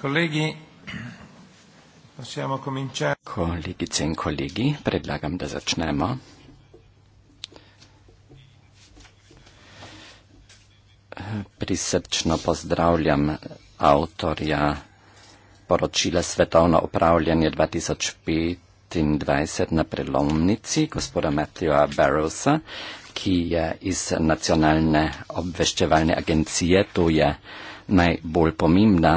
Kolegice in kolegi, predlagam, da začnemo. Prisrčno pozdravljam avtorja poročila Svetovno upravljanje 2025 na prelomnici, gospoda Matthewa Barrowsa, ki je iz Nacionalne obveščevalne agencije, to je najbolj pomembna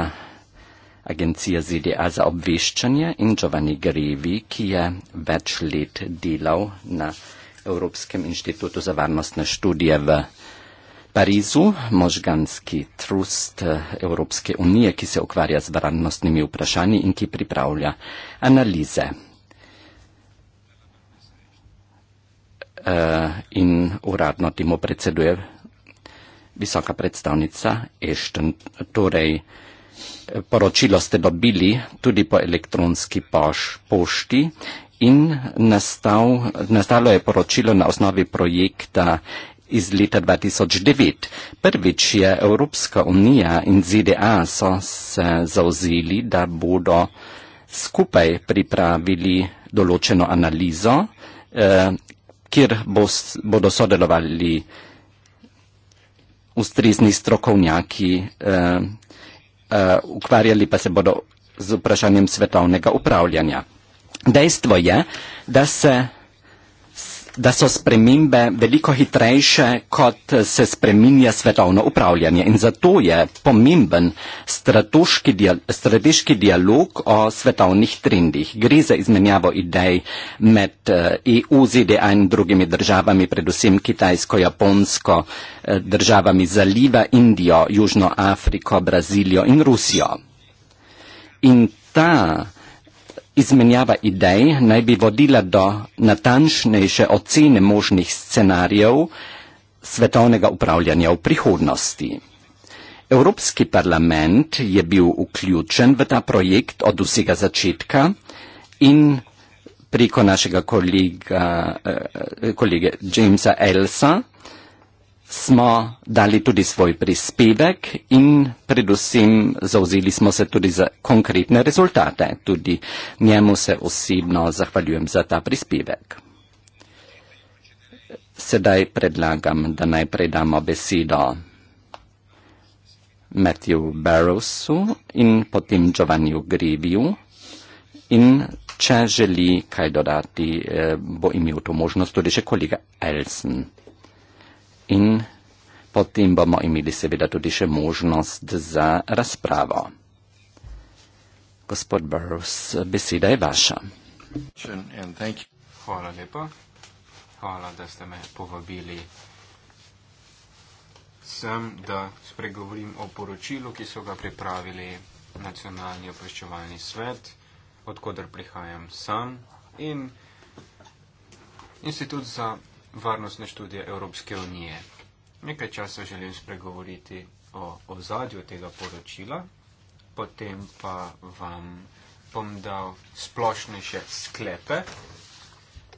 agencije ZDA za obveščanje in Giovanni Grevi, ki je več let delal na Evropskem inštitutu za varnostne študije v Parizu, možganski trust eh, Evropske unije, ki se ukvarja z varnostnimi vprašanji in ki pripravlja analize. Uh, in uradno temu predseduje visoka predstavnica Ešten. Torej, uh, poročilo ste dobili tudi po elektronski poš, pošti in nastav, nastalo je poročilo na osnovi projekta iz leta 2009. Prvič je Evropska unija in ZDA so se zauzeli, da bodo skupaj pripravili določeno analizo, eh, kjer bo, bodo sodelovali ustrezni strokovnjaki. Eh, uh, ukvarjali pa se bodo z vprašanjem svetovnega upravljanja. Dejstvo je, da se da so spremembe veliko hitrejše, kot se spreminja svetovno upravljanje. In zato je pomemben strateški dialog o svetovnih trendih. Gre za izmenjavo idej med EU, eh, e ZDA in drugimi državami, predvsem Kitajsko, Japonsko, eh, državami Zaliva, Indijo, Južno Afriko, Brazilijo in Rusijo. In ta Izmenjava idej naj bi vodila do natančnejše ocene možnih scenarijev svetovnega upravljanja v prihodnosti. Evropski parlament je bil vključen v ta projekt od vsega začetka in preko našega kolega, eh, eh, kolege Jamesa Elsa smo dali tudi svoj prispevek in predvsem zauzeli smo se tudi za konkretne rezultate. Tudi njemu se osebno zahvaljujem za ta prispevek. Sedaj predlagam, da najprej damo besedo Matthew Barrowsu in potem Giovanniu Greviju. In če želi kaj dodati, eh, bo imel to možnost tudi še kolega Elson in potem bomo imeli seveda tudi še možnost za razpravo. Gospod Burrows, beseda je vaša. Hvala lepa. Hvala, da ste me povabili sem, da spregovorim o poročilu, ki so ga pripravili Nacionalni opreščevalni svet, odkudar prihajam sam in Institut za varnostne študije Evropske unije. Nekaj časa želim spregovoriti o ozadju tega poročila, potem pa vam bom dal splošnejše sklepe,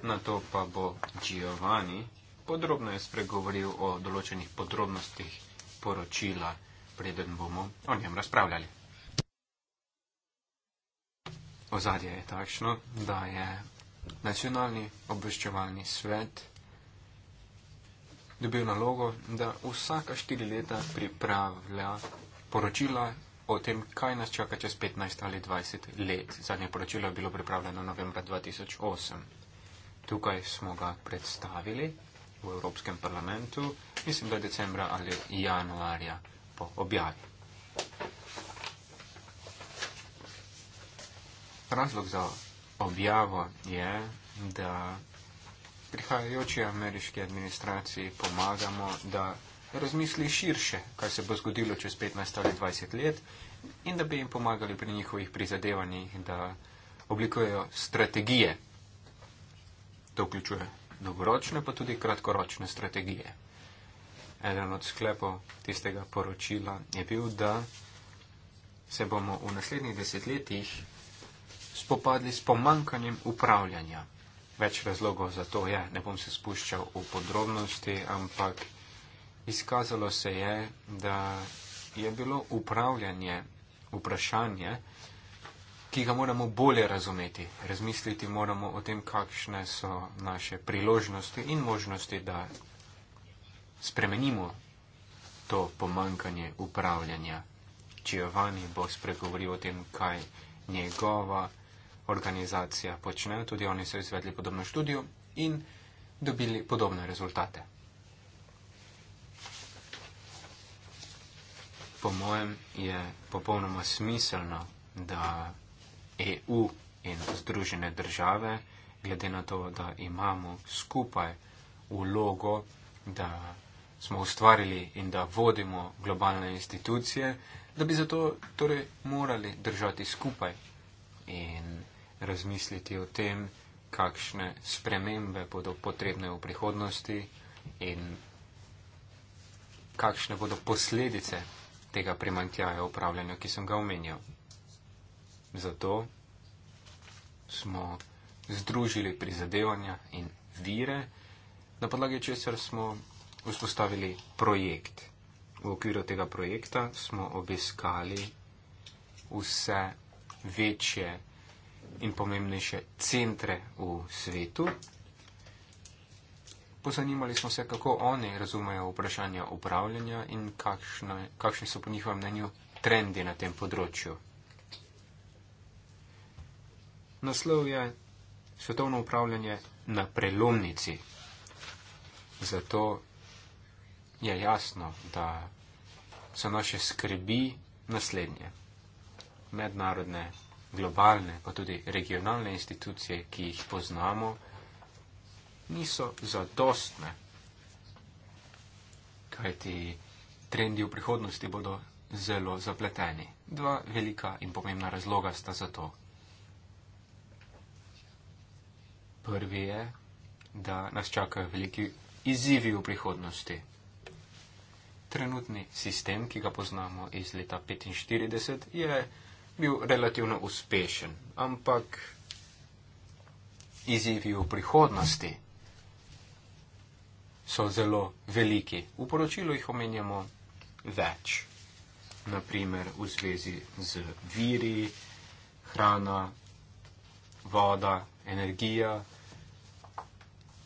na to pa bo Giovanni podrobno je spregovoril o določenih podrobnostih poročila, preden bomo o njem razpravljali. Ozadje je takšno, da je nacionalni obveščevalni svet dobil nalogo, da vsaka štiri leta pripravlja poročila o tem, kaj nas čaka čez 15 ali 20 let. Zadnje poročilo je bilo pripravljeno novembra 2008. Tukaj smo ga predstavili v Evropskem parlamentu, mislim, da decembra ali januarja po objavi. Razlog za objavo je, da prihajajoči ameriški administraciji pomagamo, da razmisli širše, kaj se bo zgodilo čez 15 ali 20 let in da bi jim pomagali pri njihovih prizadevanjih, da oblikujejo strategije. To vključuje dolgoročne, pa tudi kratkoročne strategije. Eden od sklepov tistega poročila je bil, da se bomo v naslednjih desetletjih spopadli s pomankanjem upravljanja. Več razlogov za to je, ne bom se spuščal v podrobnosti, ampak izkazalo se je, da je bilo upravljanje vprašanje, ki ga moramo bolje razumeti. Razmisliti moramo o tem, kakšne so naše priložnosti in možnosti, da spremenimo to pomankanje upravljanja. Čijovani bo spregovoril o tem, kaj njegova organizacija počne, tudi oni so izvedli podobno študijo in dobili podobne rezultate. Po mojem je popolnoma smiselno, da EU in Združene države, glede na to, da imamo skupaj ulogo, da smo ustvarili in da vodimo globalne institucije, da bi zato torej morali držati skupaj in razmisliti o tem, kakšne spremembe bodo potrebne v prihodnosti in kakšne bodo posledice tega primantjaja upravljanja, ki sem ga omenjal. Zato smo združili prizadevanja in vire, na podlagi česar smo vzpostavili projekt. V okviru tega projekta smo obiskali vse večje in pomembnejše centre v svetu. Pozanimali smo se, kako oni razumejo vprašanja upravljanja in kakšni so po njihovem mnenju trendi na tem področju. Naslov je svetovno upravljanje na prelomnici. Zato je jasno, da so naše skrbi naslednje. Mednarodne globalne, pa tudi regionalne institucije, ki jih poznamo, niso zadostne. Kaj ti trendi v prihodnosti bodo zelo zapleteni. Dva velika in pomembna razloga sta za to. Prvi je, da nas čakajo veliki izzivi v prihodnosti. Trenutni sistem, ki ga poznamo iz leta 1945, je bil relativno uspešen, ampak izzivi v prihodnosti so zelo veliki. V poročilu jih omenjamo več. Naprimer v zvezi z viri, hrana, voda, energija,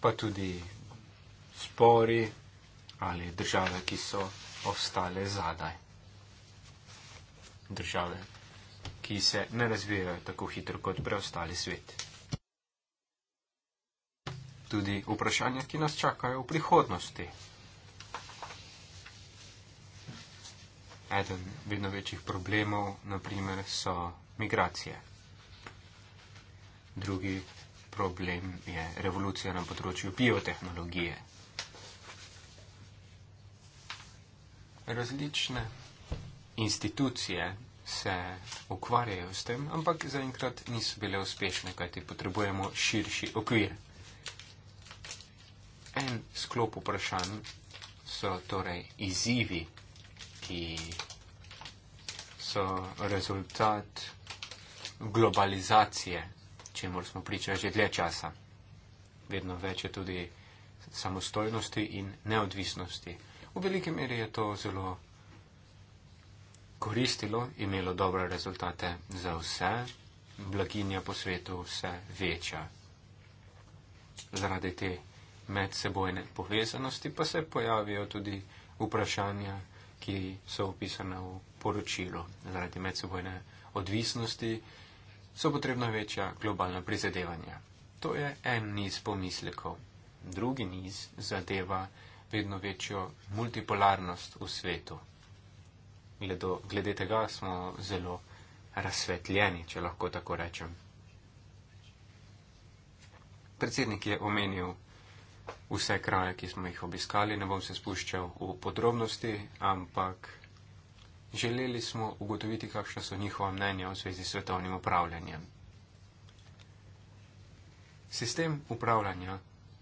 pa tudi spori ali države, ki so ostale zadaj. Države, ki se ne razvijajo tako hitro kot preostali svet. Tudi vprašanja, ki nas čakajo v prihodnosti. Eden vedno večjih problemov, naprimer, so migracije. Drugi problem je revolucija na področju biotehnologije. Različne institucije se ukvarjajo s tem, ampak zaenkrat niso bile uspešne, kajti potrebujemo širši okvir. En sklop vprašanj so torej izzivi, ki so rezultat globalizacije, čemu smo priča že dlje časa. Vedno več je tudi samostojnosti in neodvisnosti. V veliki meri je to zelo koristilo, imelo dobre rezultate za vse, blaginja po svetu vse večja. Zaradi te medsebojne povezanosti pa se pojavijo tudi vprašanja, ki so opisane v poročilu. Zaradi medsebojne odvisnosti so potrebna večja globalna prizadevanja. To je en niz pomislekov. Drugi niz zadeva vedno večjo multipolarnost v svetu gledo, glede tega smo zelo razsvetljeni, če lahko tako rečem. Predsednik je omenil vse kraje, ki smo jih obiskali, ne bom se spuščal v podrobnosti, ampak želeli smo ugotoviti, kakšna so njihova mnenja v zvezi s svetovnim upravljanjem. Sistem upravljanja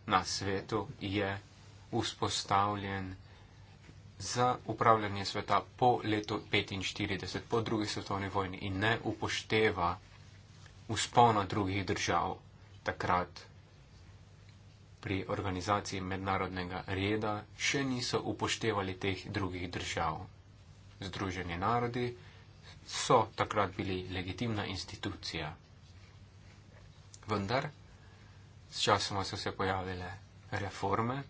na svetu je vzpostavljen za upravljanje sveta po letu 45, po drugi svetovni vojni in ne upošteva uspona drugih držav takrat pri organizaciji mednarodnega reda, še niso upoštevali teh drugih držav. Združeni narodi so takrat bili legitimna institucija. Vendar s časoma so se pojavile reforme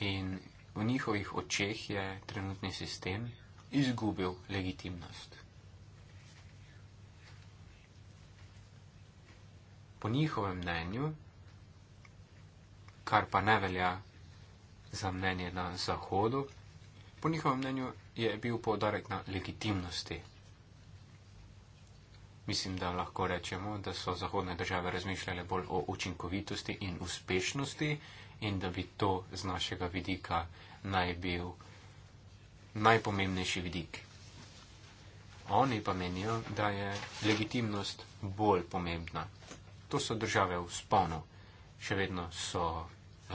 in njihovih očeh je trenutni sistem izgubil legitimnost. Po njihovem mnenju, kar pa ne velja za mnenje na Zahodu, po njihovem mnenju je bil povdarek na legitimnosti. Mislim, da lahko rečemo, da so zahodne države razmišljale bolj o učinkovitosti in uspešnosti in da bi to z našega vidika naj bil najpomembnejši vidik. Oni pa menijo, da je legitimnost bolj pomembna. To so države v sponu. Še vedno so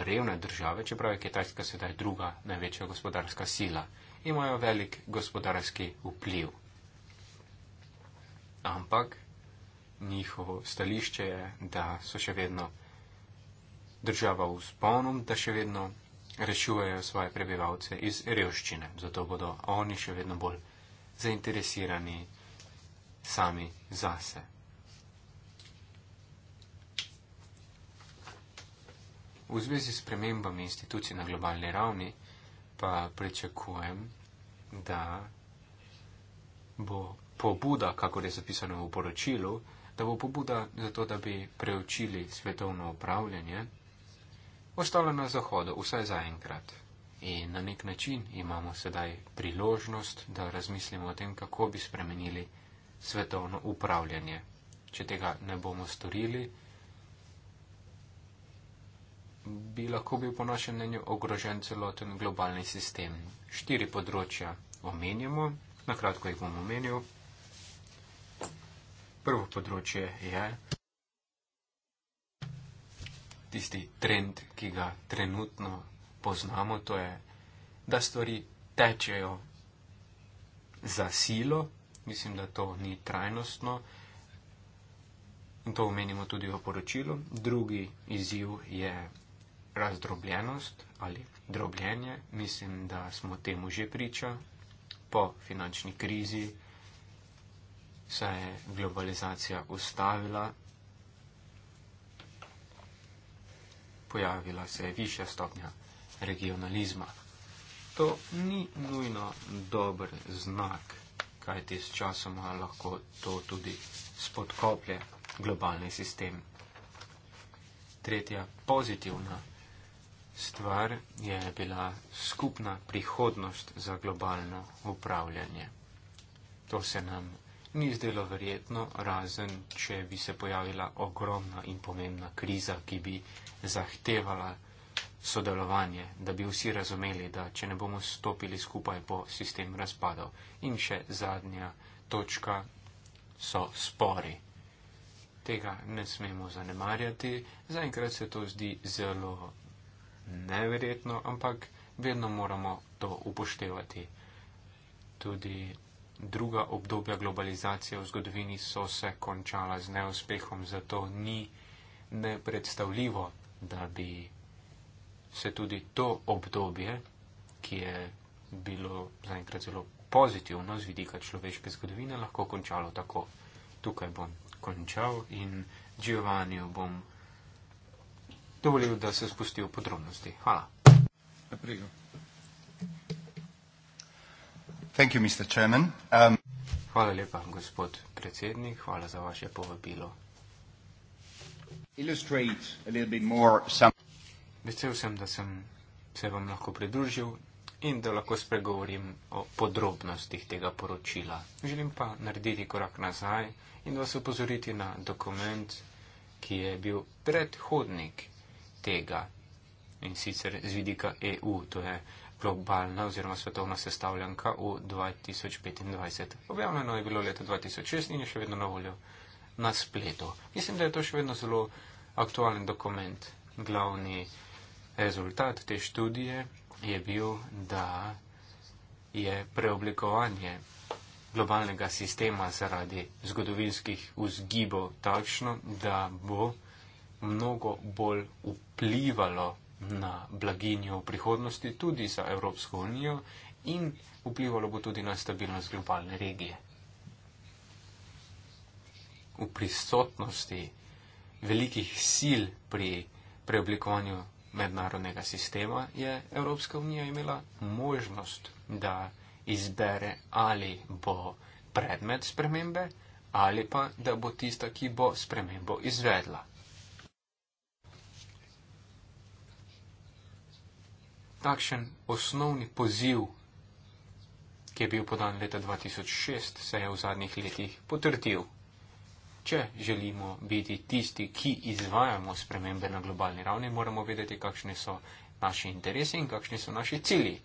revne države, čeprav je Kitajska sedaj druga največja gospodarska sila. Imajo velik gospodarski vpliv. Ampak njihovo stališče je, da so še vedno država v sponu, da še vedno rešujejo svoje prebivalce iz revščine, zato bodo oni še vedno bolj zainteresirani sami zase. V zvezi s premembami institucij na globalni ravni pa pričakujem, da bo pobuda, kako je zapisano v poročilu, da bo pobuda za to, da bi preučili svetovno upravljanje ostalo na zahodu, vsaj zaenkrat. In na nek način imamo sedaj priložnost, da razmislimo o tem, kako bi spremenili svetovno upravljanje. Če tega ne bomo storili, bi lahko bil po našem mnenju ogrožen celoten globalni sistem. Štiri področja omenjamo, na kratko jih bom omenil. Prvo področje je tisti trend, ki ga trenutno poznamo, to je, da stvari tečejo za silo, mislim, da to ni trajnostno in to omenimo tudi v poročilu. Drugi izziv je razdrobljenost ali drobljenje, mislim, da smo temu že priča po finančni krizi. Se je globalizacija ustavila, pojavila se je višja stopnja regionalizma. To ni nujno dober znak, kajti s časoma lahko to tudi spodkoplje globalni sistem. Tretja pozitivna stvar je bila skupna prihodnost za globalno upravljanje. To se nam ni zdelo verjetno, razen če bi se pojavila ogromna in pomembna kriza, ki bi zahtevala sodelovanje, da bi vsi razumeli, da če ne bomo stopili skupaj, bo sistem razpadal. In še zadnja točka so spori. Tega ne smemo zanemarjati. Zaenkrat se to zdi zelo neverjetno, ampak vedno moramo to upoštevati. Tudi druga obdobja globalizacije v zgodovini so se končala z neuspehom, zato ni nepredstavljivo, da bi se tudi to obdobje, ki je bilo zaenkrat zelo pozitivno z vidika človeške zgodovine, lahko končalo tako. Tukaj bom končal in Giovanni bom dovolil, da se spusti v podrobnosti. Hvala. Aprilu. Thank you, Mr. Chairman. Um, hvala lepa, gospod predsednik. Hvala za vaše povabilo. Vesel sem, da sem se vam lahko pridružil in da lahko spregovorim o podrobnostih tega poročila. Želim pa narediti korak nazaj in vas upozoriti na dokument, ki je bil predhodnik tega in sicer z vidika EU. To je globalna oziroma svetovna sestavljanka v 2025. Objavljeno je bilo leta 2006 in je še vedno na voljo na spletu. Mislim, da je to še vedno zelo aktualen dokument. Glavni rezultat te študije je bil, da je preoblikovanje globalnega sistema zaradi zgodovinskih vzgibov takšno, da bo mnogo bolj vplivalo na blaginjo v prihodnosti, tudi za Evropsko unijo in vplivalo bo tudi na stabilnost globalne regije. V prisotnosti velikih sil pri preoblikovanju mednarodnega sistema je Evropska unija imela možnost, da izbere ali bo predmet spremembe ali pa da bo tista, ki bo spremembo izvedla. takšen osnovni poziv, ki je bil podan leta 2006, se je v zadnjih letih potrdil. Če želimo biti tisti, ki izvajamo spremembe na globalni ravni, moramo vedeti, kakšni so naši interesi in kakšni so naši cilji.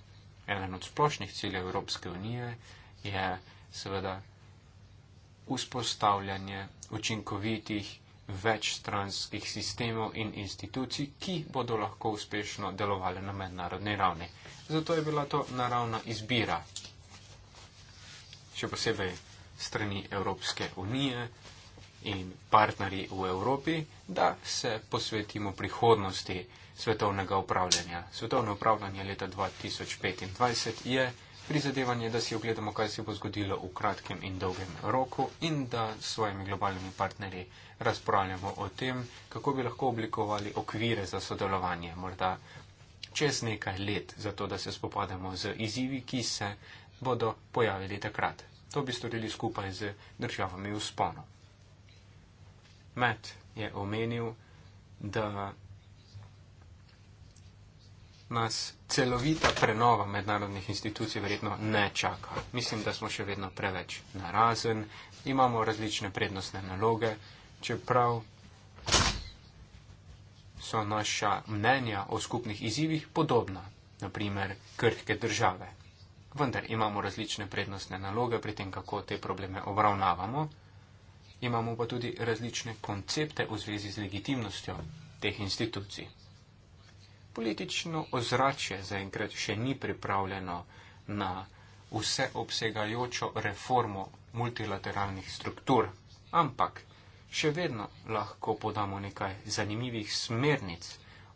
Eden od splošnih ciljev Evropske unije je seveda vzpostavljanje učinkovitih večstranskih sistemov in institucij, ki bodo lahko uspešno delovali na mednarodni ravni. Zato je bila to naravna izbira, še posebej strani Evropske unije in partnerji v Evropi, da se posvetimo prihodnosti svetovnega upravljanja. Svetovno upravljanje leta 2025 je prizadevanje, da si ogledamo, kaj se bo zgodilo v kratkem in dolgem roku in da s svojimi globalnimi partnerji razpravljamo o tem, kako bi lahko oblikovali okvire za sodelovanje, morda čez nekaj let, zato da se spopademo z izzivi, ki se bodo pojavili takrat. To bi storili skupaj z državami v sponu. Matt je omenil, da nas celovita prenova mednarodnih institucij verjetno ne čaka. Mislim, da smo še vedno preveč narazen, imamo različne prednostne naloge, čeprav so naša mnenja o skupnih izzivih podobna, naprimer krhke države. Vendar imamo različne prednostne naloge pri tem, kako te probleme obravnavamo, imamo pa tudi različne koncepte v zvezi z legitimnostjo teh institucij politično ozračje zaenkrat še ni pripravljeno na vseobsegajočo reformo multilateralnih struktur, ampak še vedno lahko podamo nekaj zanimivih smernic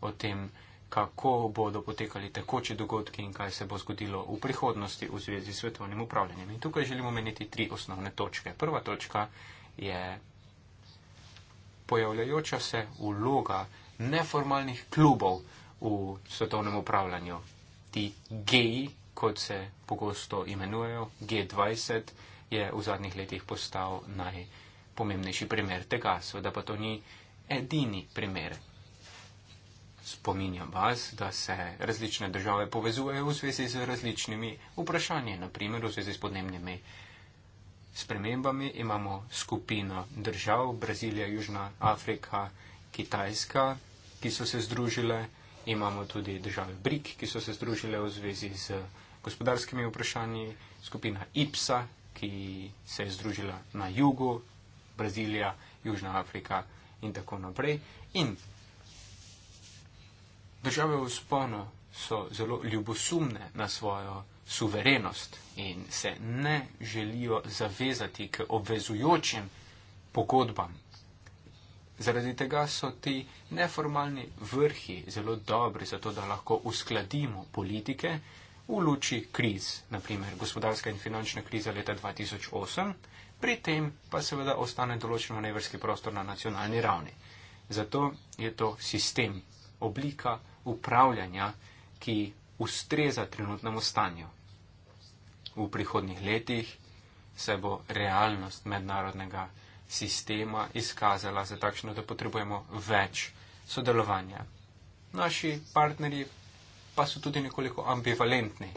o tem, kako bodo potekali tekoči dogodki in kaj se bo zgodilo v prihodnosti v zvezi s svetovnim upravljanjem. In tukaj želimo meniti tri osnovne točke. Prva točka je pojavljajoča se vloga neformalnih klubov, v svetovnem upravljanju. Ti geji, kot se pogosto imenujejo, G20, je v zadnjih letih postal najpomembnejši primer tega, seveda pa to ni edini primer. Spominjam vas, da se različne države povezujejo v zvezi z različnimi vprašanji, naprimer v zvezi s podnebnimi spremembami. Imamo skupino držav, Brazilija, Južna Afrika, Kitajska, ki so se združile imamo tudi države BRIC, ki so se združile v zvezi z gospodarskimi vprašanji, skupina IPSA, ki se je združila na jugu, Brazilija, Južna Afrika in tako naprej. In države v spono so zelo ljubosumne na svojo suverenost in se ne želijo zavezati k obvezujočim pogodbam Zaradi tega so ti neformalni vrhi zelo dobri, zato da lahko uskladimo politike v luči kriz, naprimer gospodarska in finančna kriza leta 2008, pri tem pa seveda ostane določen manevrski prostor na nacionalni ravni. Zato je to sistem, oblika upravljanja, ki ustreza trenutnemu stanju. V prihodnih letih se bo realnost mednarodnega sistema izkazala za takšno, da potrebujemo več sodelovanja. Naši partnerji pa so tudi nekoliko ambivalentni.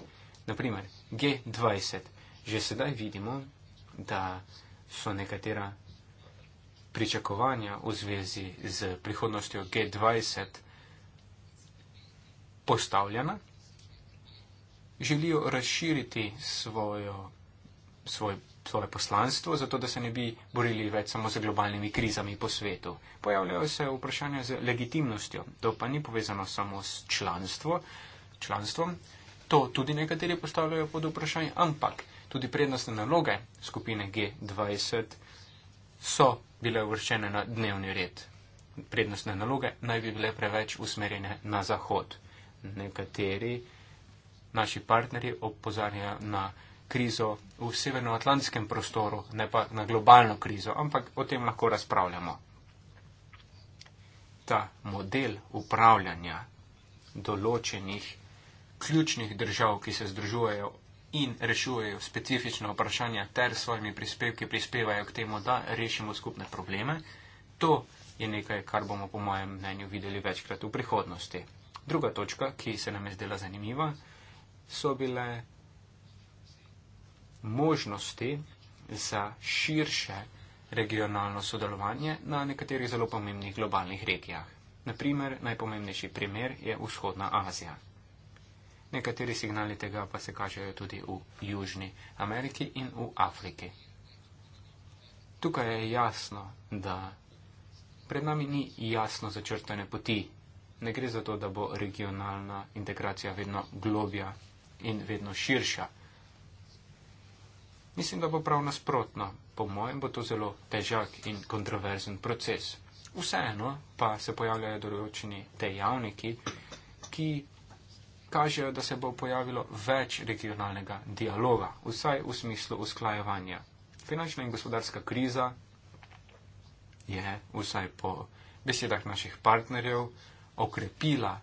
Naprimer, G20. Že sedaj vidimo, da so nekatera pričakovanja v zvezi z prihodnostjo G20 postavljena. Želijo razširiti svojo, svoj tole poslanstvo, zato da se ne bi borili več samo z globalnimi krizami po svetu. Pojavljajo se vprašanja z legitimnostjo, to pa ni povezano samo s članstvo, članstvom, to tudi nekateri postavljajo pod vprašanje, ampak tudi prednostne naloge skupine G20 so bile uvrščene na dnevni red. Prednostne naloge naj bi bile preveč usmerjene na zahod. Nekateri naši partnerji opozarjajo na krizo v severnoatlantskem prostoru, ne pa na globalno krizo, ampak o tem lahko razpravljamo. Ta model upravljanja določenih ključnih držav, ki se združujejo in rešujejo specifična vprašanja ter svojimi prispevki prispevajo k temu, da rešimo skupne probleme, to je nekaj, kar bomo po mojem mnenju videli večkrat v prihodnosti. Druga točka, ki se nam je zdela zanimiva, so bile možnosti za širše regionalno sodelovanje na nekaterih zelo pomembnih globalnih regijah. Naprimer, najpomembnejši primer je vzhodna Azija. Nekateri signali tega pa se kažejo tudi v Južni Ameriki in v Afriki. Tukaj je jasno, da pred nami ni jasno začrtane poti. Ne gre za to, da bo regionalna integracija vedno globja in vedno širša. Mislim, da bo prav nasprotno. Po mojem bo to zelo težak in kontroverzen proces. Vseeno pa se pojavljajo določeni dejavniki, ki kažejo, da se bo pojavilo več regionalnega dialoga, vsaj v smislu usklajevanja. Finančna in gospodarska kriza je, vsaj po besedah naših partnerjev, okrepila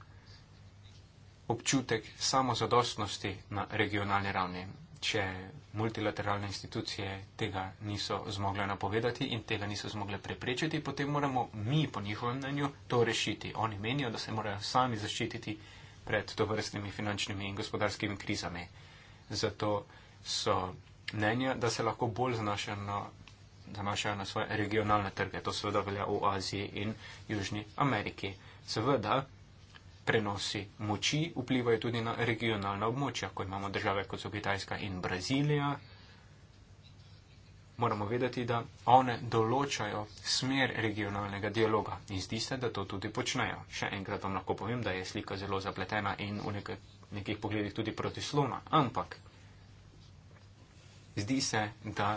občutek samozadostnosti na regionalni ravni če multilateralne institucije tega niso zmogle napovedati in tega niso zmogle preprečiti, potem moramo mi, po njihovem mnenju, to rešiti. Oni menijo, da se morajo sami zaščititi pred tovrstnimi finančnimi in gospodarskimi krizami. Zato so mnenja, da se lahko bolj zanašajo na svoje regionalne trge. To seveda velja v Aziji in Južni Ameriki. Seveda, prenosi moči vplivajo tudi na regionalna območja, ko imamo države, kot so Kitajska in Brazilija. Moramo vedeti, da one določajo smer regionalnega dialoga in zdi se, da to tudi počnejo. Še enkrat vam lahko povem, da je slika zelo zapletena in v nekaj, nekih pogledih tudi protislovna, ampak zdi se, da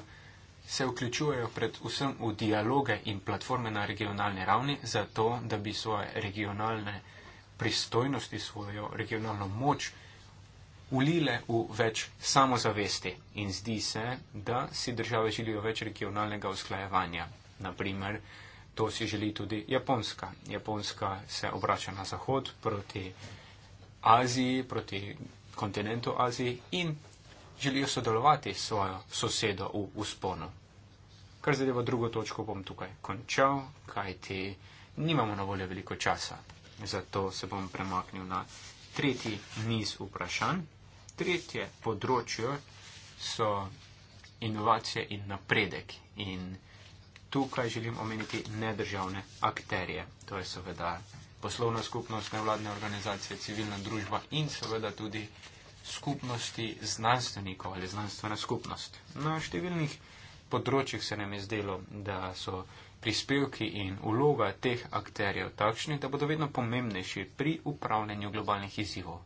se vključujejo predvsem v dialoge in platforme na regionalni ravni, zato da bi svoje regionalne pristojnosti, svojo regionalno moč ulile v več samozavesti in zdi se, da si države želijo več regionalnega usklajevanja. Naprimer, to si želi tudi Japonska. Japonska se obrača na zahod proti Aziji, proti kontinentu Aziji in želijo sodelovati s svojo sosedo v usponu. Kar zadeva drugo točko, bom tukaj končal, kajti nimamo na voljo veliko časa zato se bom premaknil na tretji niz vprašanj. Tretje področje so inovacije in napredek. In tukaj želim omeniti nedržavne akterje. To je seveda poslovna skupnost, nevladne organizacije, civilna družba in seveda tudi skupnosti znanstvenikov ali znanstvena skupnost. Na številnih področjih se nam je zdelo, da so prispevki in vloga teh akterjev takšni, da bodo vedno pomembnejši pri upravljanju globalnih izzivov.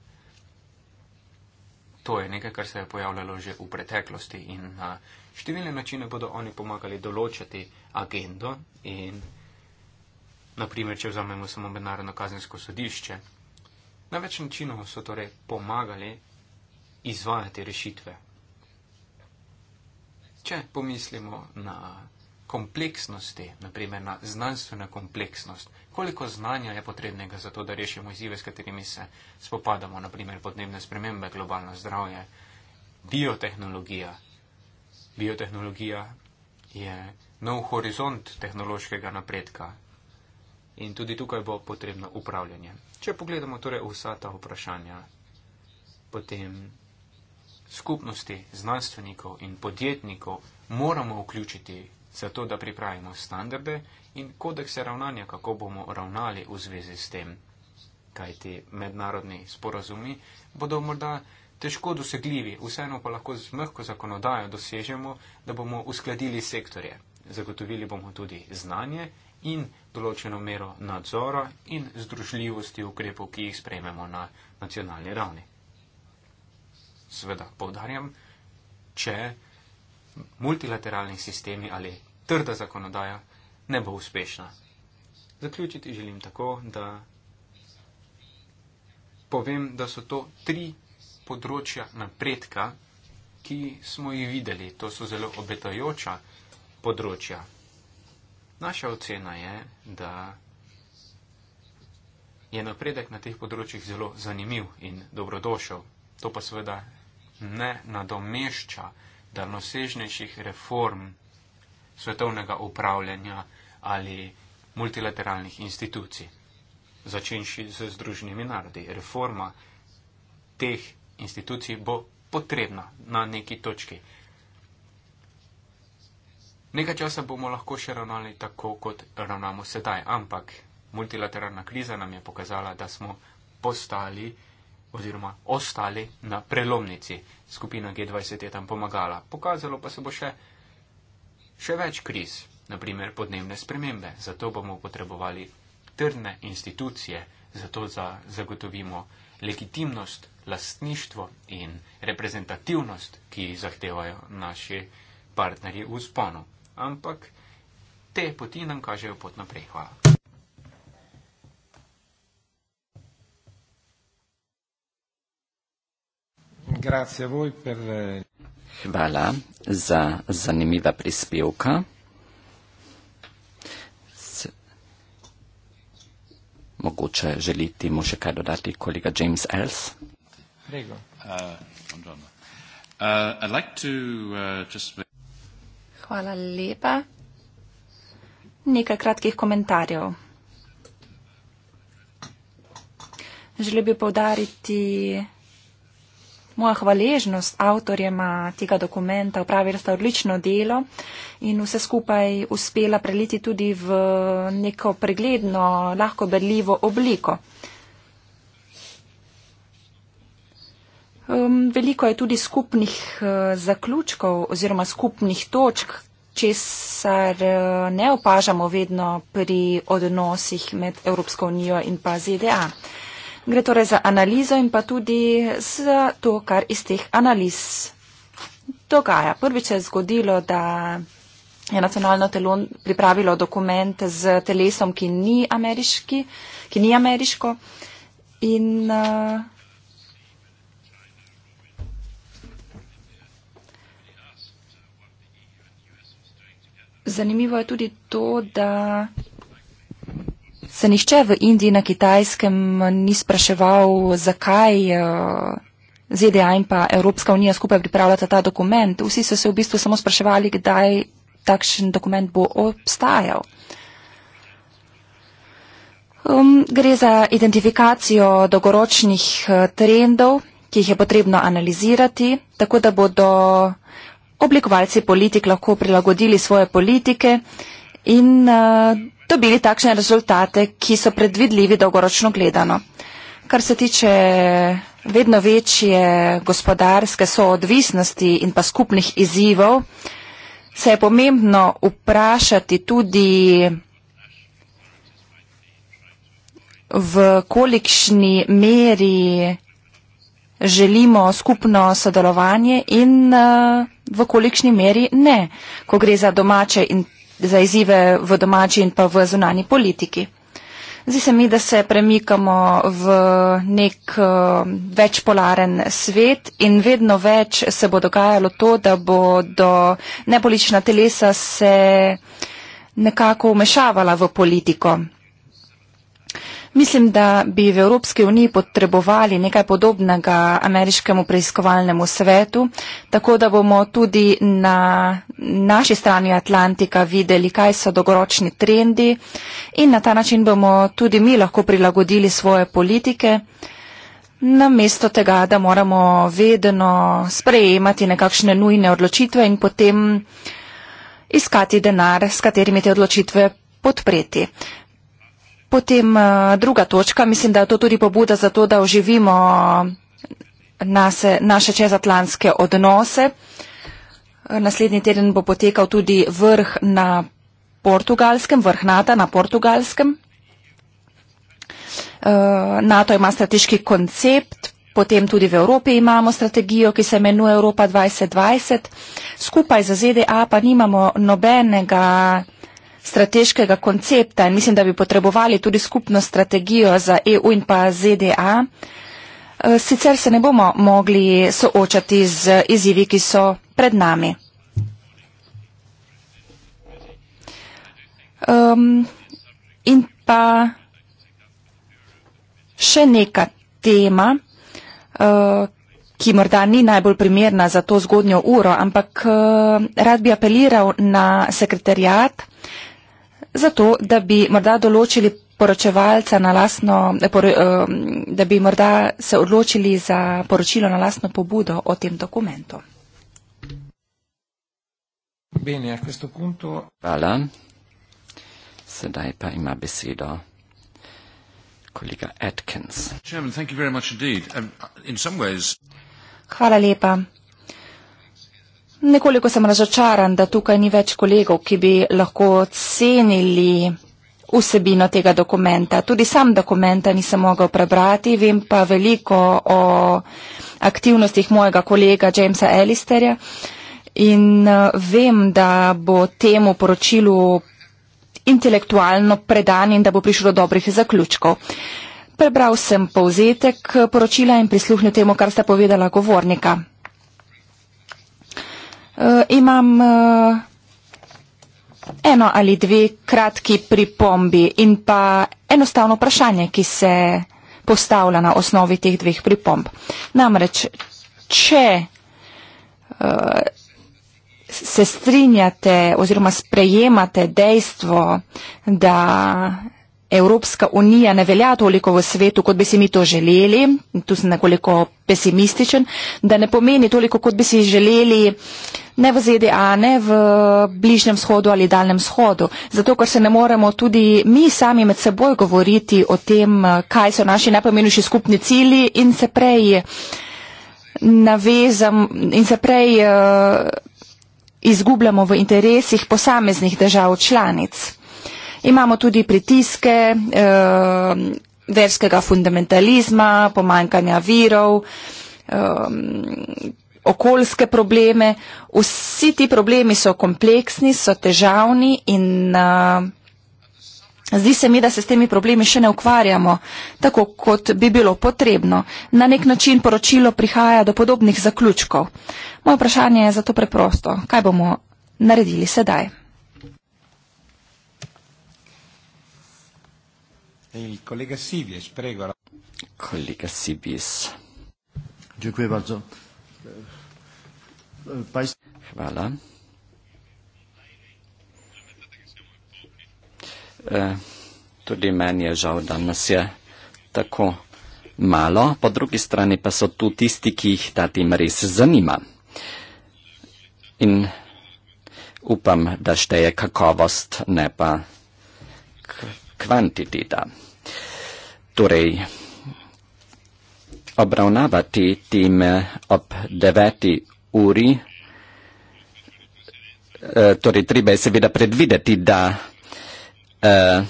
To je nekaj, kar se je pojavljalo že v preteklosti in na številne načine bodo oni pomagali določati agendo in, naprimer, če vzamemo samo mednarodno kazensko sodišče, na več načinov so torej pomagali izvajati rešitve. Če pomislimo na kompleksnosti, naprimer na znanstveno kompleksnost, koliko znanja je potrebnega za to, da rešimo izzive, s katerimi se spopadamo, naprimer podnebne spremembe, globalno zdravje, biotehnologija. Biotehnologija je nov horizont tehnološkega napredka in tudi tukaj bo potrebno upravljanje. Če pogledamo torej vsa ta vprašanja, potem skupnosti znanstvenikov in podjetnikov moramo vključiti zato da pripravimo standarde in kodekse ravnanja, kako bomo ravnali v zvezi s tem. Kaj ti mednarodni sporazumi bodo morda težko dosegljivi, vseeno pa lahko z mehko zakonodajo dosežemo, da bomo uskladili sektorje. Zagotovili bomo tudi znanje in določeno mero nadzora in združljivosti ukrepov, ki jih sprejmemo na nacionalni ravni. Sveda, povdarjam, če multilateralni sistemi ali trda zakonodaja ne bo uspešna. Zaključiti želim tako, da povem, da so to tri področja napredka, ki smo jih videli. To so zelo obetajoča področja. Naša ocena je, da je napredek na teh področjih zelo zanimiv in dobrodošel. To pa seveda ne nadomešča daljnosežnejših reform svetovnega upravljanja ali multilateralnih institucij, začenši z Združenimi narodi. Reforma teh institucij bo potrebna na neki točki. Nekaj časa bomo lahko še ravnali tako, kot ravnamo sedaj, ampak multilateralna kriza nam je pokazala, da smo postali oziroma ostali na prelomnici. Skupina G20 je tam pomagala. Pokazalo pa se bo še, še več kriz, naprimer podnebne spremembe. Zato bomo potrebovali trdne institucije, zato za, zagotovimo legitimnost, lastništvo in reprezentativnost, ki zahtevajo naši partnerji v sponu. Ampak te poti nam kažejo pot naprej. Hvala. Eh, Hvala za zanimiva prispevka. Mogoče želite mu še kaj dodati, kolega James Ells? Uh, uh, uh, Hvala lepa. Nekaj kratkih komentarjev. Želel bi povdariti moja hvaležnost avtorjema tega dokumenta, upravili sta odlično delo in vse skupaj uspela preliti tudi v neko pregledno, lahko berljivo obliko. Um, veliko je tudi skupnih uh, zaključkov oziroma skupnih točk, česar uh, ne opažamo vedno pri odnosih med Evropsko unijo in pa ZDA. Gre torej za analizo in pa tudi za to, kar iz teh analiz dogaja. Prvič se je zgodilo, da je nacionalno telo pripravilo dokument z telesom, ki ni, ameriški, ki ni ameriško. In, uh, zanimivo je tudi to, da se nišče v Indiji, na kitajskem, ni spraševal, zakaj eh, ZDA in pa Evropska unija skupaj pripravljata ta dokument. Vsi so se v bistvu samo spraševali, kdaj takšen dokument bo obstajal. Um, gre za identifikacijo dolgoročnih eh, trendov, ki jih je potrebno analizirati, tako da bodo oblikovalci politik lahko prilagodili svoje politike. Uh, in uh, dobili takšne rezultate, ki so predvidljivi dolgoročno gledano. Kar se tiče vedno večje gospodarske soodvisnosti in pa skupnih izzivov, se je pomembno vprašati tudi v kolikšni meri želimo skupno sodelovanje in uh, v kolikšni meri ne. Ko gre za domače in za izzive v domači in pa v zunani politiki. Zdi se mi, da se premikamo v nek uh, večpolaren svet in vedno več se bo dogajalo to, da bodo nepolitična telesa se nekako umešavala v politiko. Mislim, da bi v Evropski uniji potrebovali nekaj podobnega ameriškemu preiskovalnemu svetu, tako da bomo tudi na naši strani Atlantika videli, kaj so dogoročni trendi in na ta način bomo tudi mi lahko prilagodili svoje politike. Namesto tega, da moramo vedno sprejemati nekakšne nujne odločitve in potem iskati denar, s katerimi te odločitve podpreti. Potem eh, druga točka, mislim, da je to tudi pobuda za to, da oživimo eh, nase, naše čezatlantske odnose. Eh, naslednji teden bo potekal tudi vrh na portugalskem, vrh NATO na portugalskem. NATO ima strateški koncept. Potem tudi v Evropi imamo strategijo, ki se imenuje Evropa 2020. Skupaj za ZDA pa nimamo nobenega strateškega koncepta in mislim, da bi potrebovali tudi skupno strategijo za EU in pa ZDA. Eh, sicer se ne bomo mogli soočati z izzivi, ki so pred nami. Um, in pa še neka tema, uh, ki morda ni najbolj primerna za to zgodnjo uro, ampak uh, rad bi apeliral na sekretarjat, zato, da bi morda določili poročevalca na lastno, eh, eh, da bi morda se odločili za poročilo na lastno pobudo o tem dokumentu. Bene, a questo punto... Hvala. Sedaj pa ima besedo kolega Atkins. Chairman, thank you very much indeed. Um, in some ways... Hvala lepa. Nekoliko sem razočaran, da tukaj ni več kolegov, ki bi lahko ocenili vsebino tega dokumenta. Tudi sam dokumenta nisem mogel prebrati, vem pa veliko o aktivnostih mojega kolega Jamesa Elisterja in eh, vem, da bo temu poročilu intelektualno predan in da bo prišlo do dobrih zaključkov. Prebral sem povzetek poročila in prisluhnil temu, kar sta povedala govornika. Uh, imam uh, eno ali dve kratki pripombi in pa enostavno vprašanje, ki se postavlja na osnovi teh dveh pripomb. Namreč, če uh, se strinjate oziroma sprejemate dejstvo, da Evropska unija ne velja toliko v svetu, kot bi si mi to želeli, tu sem nekoliko pesimističen, da ne pomeni toliko, kot bi si želeli ne v ZDA, ne v bližnjem shodu ali daljnem shodu. Zato, ker se ne moremo tudi mi sami med seboj govoriti o tem, kaj so naši najpomenjši skupni cilji in se prej navezam in se prej uh, izgubljamo v interesih posameznih držav članic. Imamo tudi pritiske uh, verskega fundamentalizma, pomankanja virov, um, okoljske probleme. Vsi ti problemi so kompleksni, so težavni in uh, zdi se mi, da se s temi problemi še ne ukvarjamo tako, kot bi bilo potrebno. Na nek način poročilo prihaja do podobnih zaključkov. Moje vprašanje je zato preprosto. Kaj bomo naredili sedaj? Il collega Sibies, prego. Collega Sibies. Dziękuję bardzo. Hvala. E, tudi meni je žal, da nas je tako malo, po drugi strani pa so tu tisti, ki jih ta tim res zanima. In upam, da šteje kakovost, ne pa kvantiteta. Torej, obravnavati teme ob deveti uri, eh, torej treba je seveda predvideti, da eh,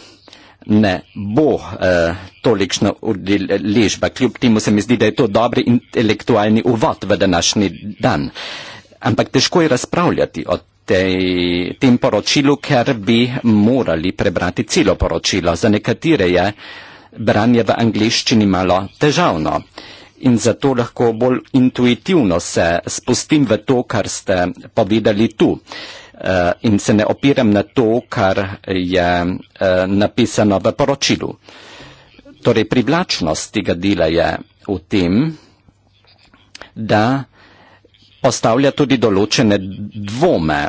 ne bo eh, tolikšna udeležba. Kljub temu se mi zdi, da je to dober intelektualni uvod v današnji dan. Ampak težko je razpravljati o tej, tem poročilu, ker bi morali prebrati celo poročilo. Za nekatere je branje v angliščini malo težavno in zato lahko bolj intuitivno se spustim v to, kar ste povedali tu. Eh, in se ne opiram na to, kar je eh, napisano v poročilu. Torej, privlačnost tega dela je v tem, da postavlja tudi določene dvome.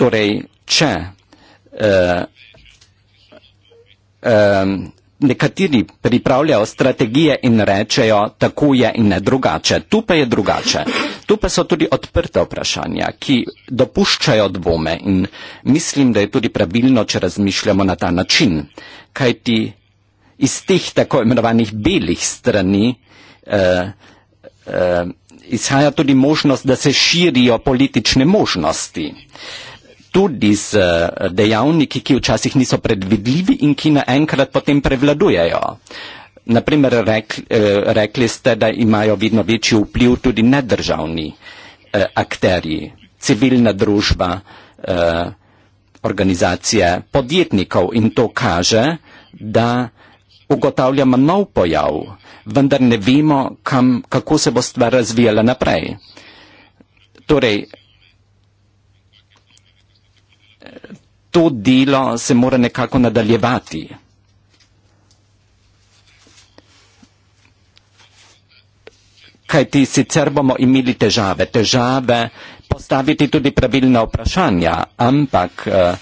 Torej, če eh, eh, nekateri pripravljajo strategije in rečejo, tako je in ne drugače, tu pa je drugače. Tu pa so tudi odprte vprašanja, ki dopuščajo dvome in mislim, da je tudi pravilno, če razmišljamo na ta način. Kaj ti iz teh tako imenovanih belih strani eh, eh, izhaja tudi možnost, da se širijo politične možnosti. Tudi z eh, dejavniki, ki včasih niso predvidljivi in ki naenkrat potem prevladujejo. Naprimer, rekl, eh, rekli ste, da imajo vidno večji vpliv tudi nedržavni eh, akterji, civilna družba, organizacije podjetnikov in to kaže, da ugotavljamo nov pojav vendar ne vemo, kam, kako se bo stvar razvijala naprej. Torej, to delo se mora nekako nadaljevati. Kajti sicer bomo imeli težave, težave postaviti tudi pravilna vprašanja, ampak eh,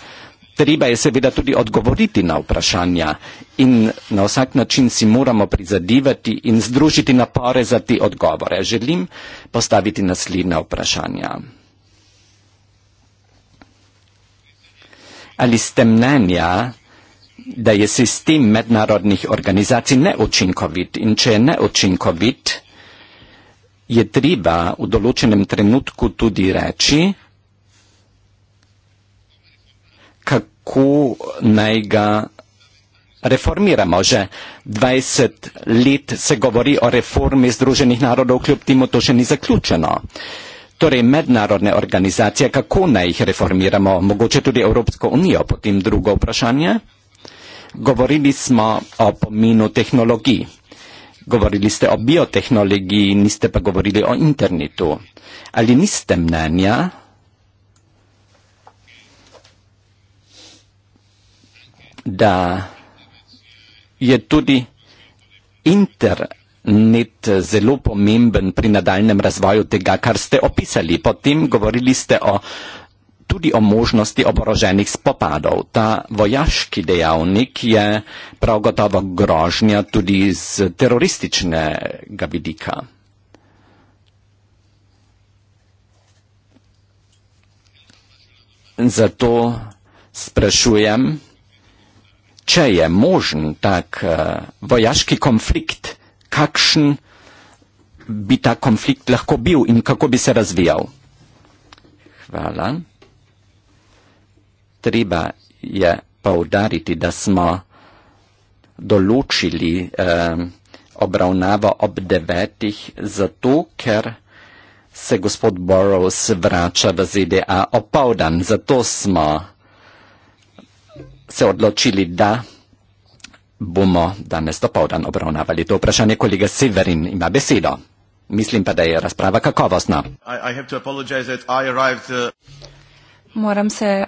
Treba je seveda tudi odgovoriti na vprašanja in na vsak način si moramo prizadivati in združiti napore za te odgovore. Želim postaviti naslednja vprašanja. Ali ste mnenja, da je sistem mednarodnih organizacij neučinkovit in če je neučinkovit, je treba v določenem trenutku tudi reči, kako naj ga reformiramo. Že 20 let se govori o reformi Združenih narodov, kljub temu to še ni zaključeno. Torej, mednarodne organizacije, kako naj jih reformiramo, mogoče tudi Evropsko unijo, potem drugo vprašanje. Govorili smo o pomenu tehnologij. Govorili ste o biotehnologiji, niste pa govorili o internetu. Ali niste mnenja, da je tudi internet zelo pomemben pri nadaljnem razvoju tega, kar ste opisali. Potem govorili ste o, tudi o možnosti oboroženih spopadov. Ta vojaški dejavnik je prav gotovo grožnja tudi z terorističnega vidika. Zato sprašujem, če je možen tak uh, vojaški konflikt, kakšen bi ta konflikt lahko bil in kako bi se razvijal. Hvala. Treba je poudariti, da smo določili eh, obravnavo ob devetih, zato ker se gospod Borrows vrača v ZDA opoldan. Zato smo se odločili, da bomo danes dopoldan obravnavali to vprašanje. Kolega Severin ima besedo. Mislim pa, da je razprava kakovostna. I, I arrived, uh... Moram se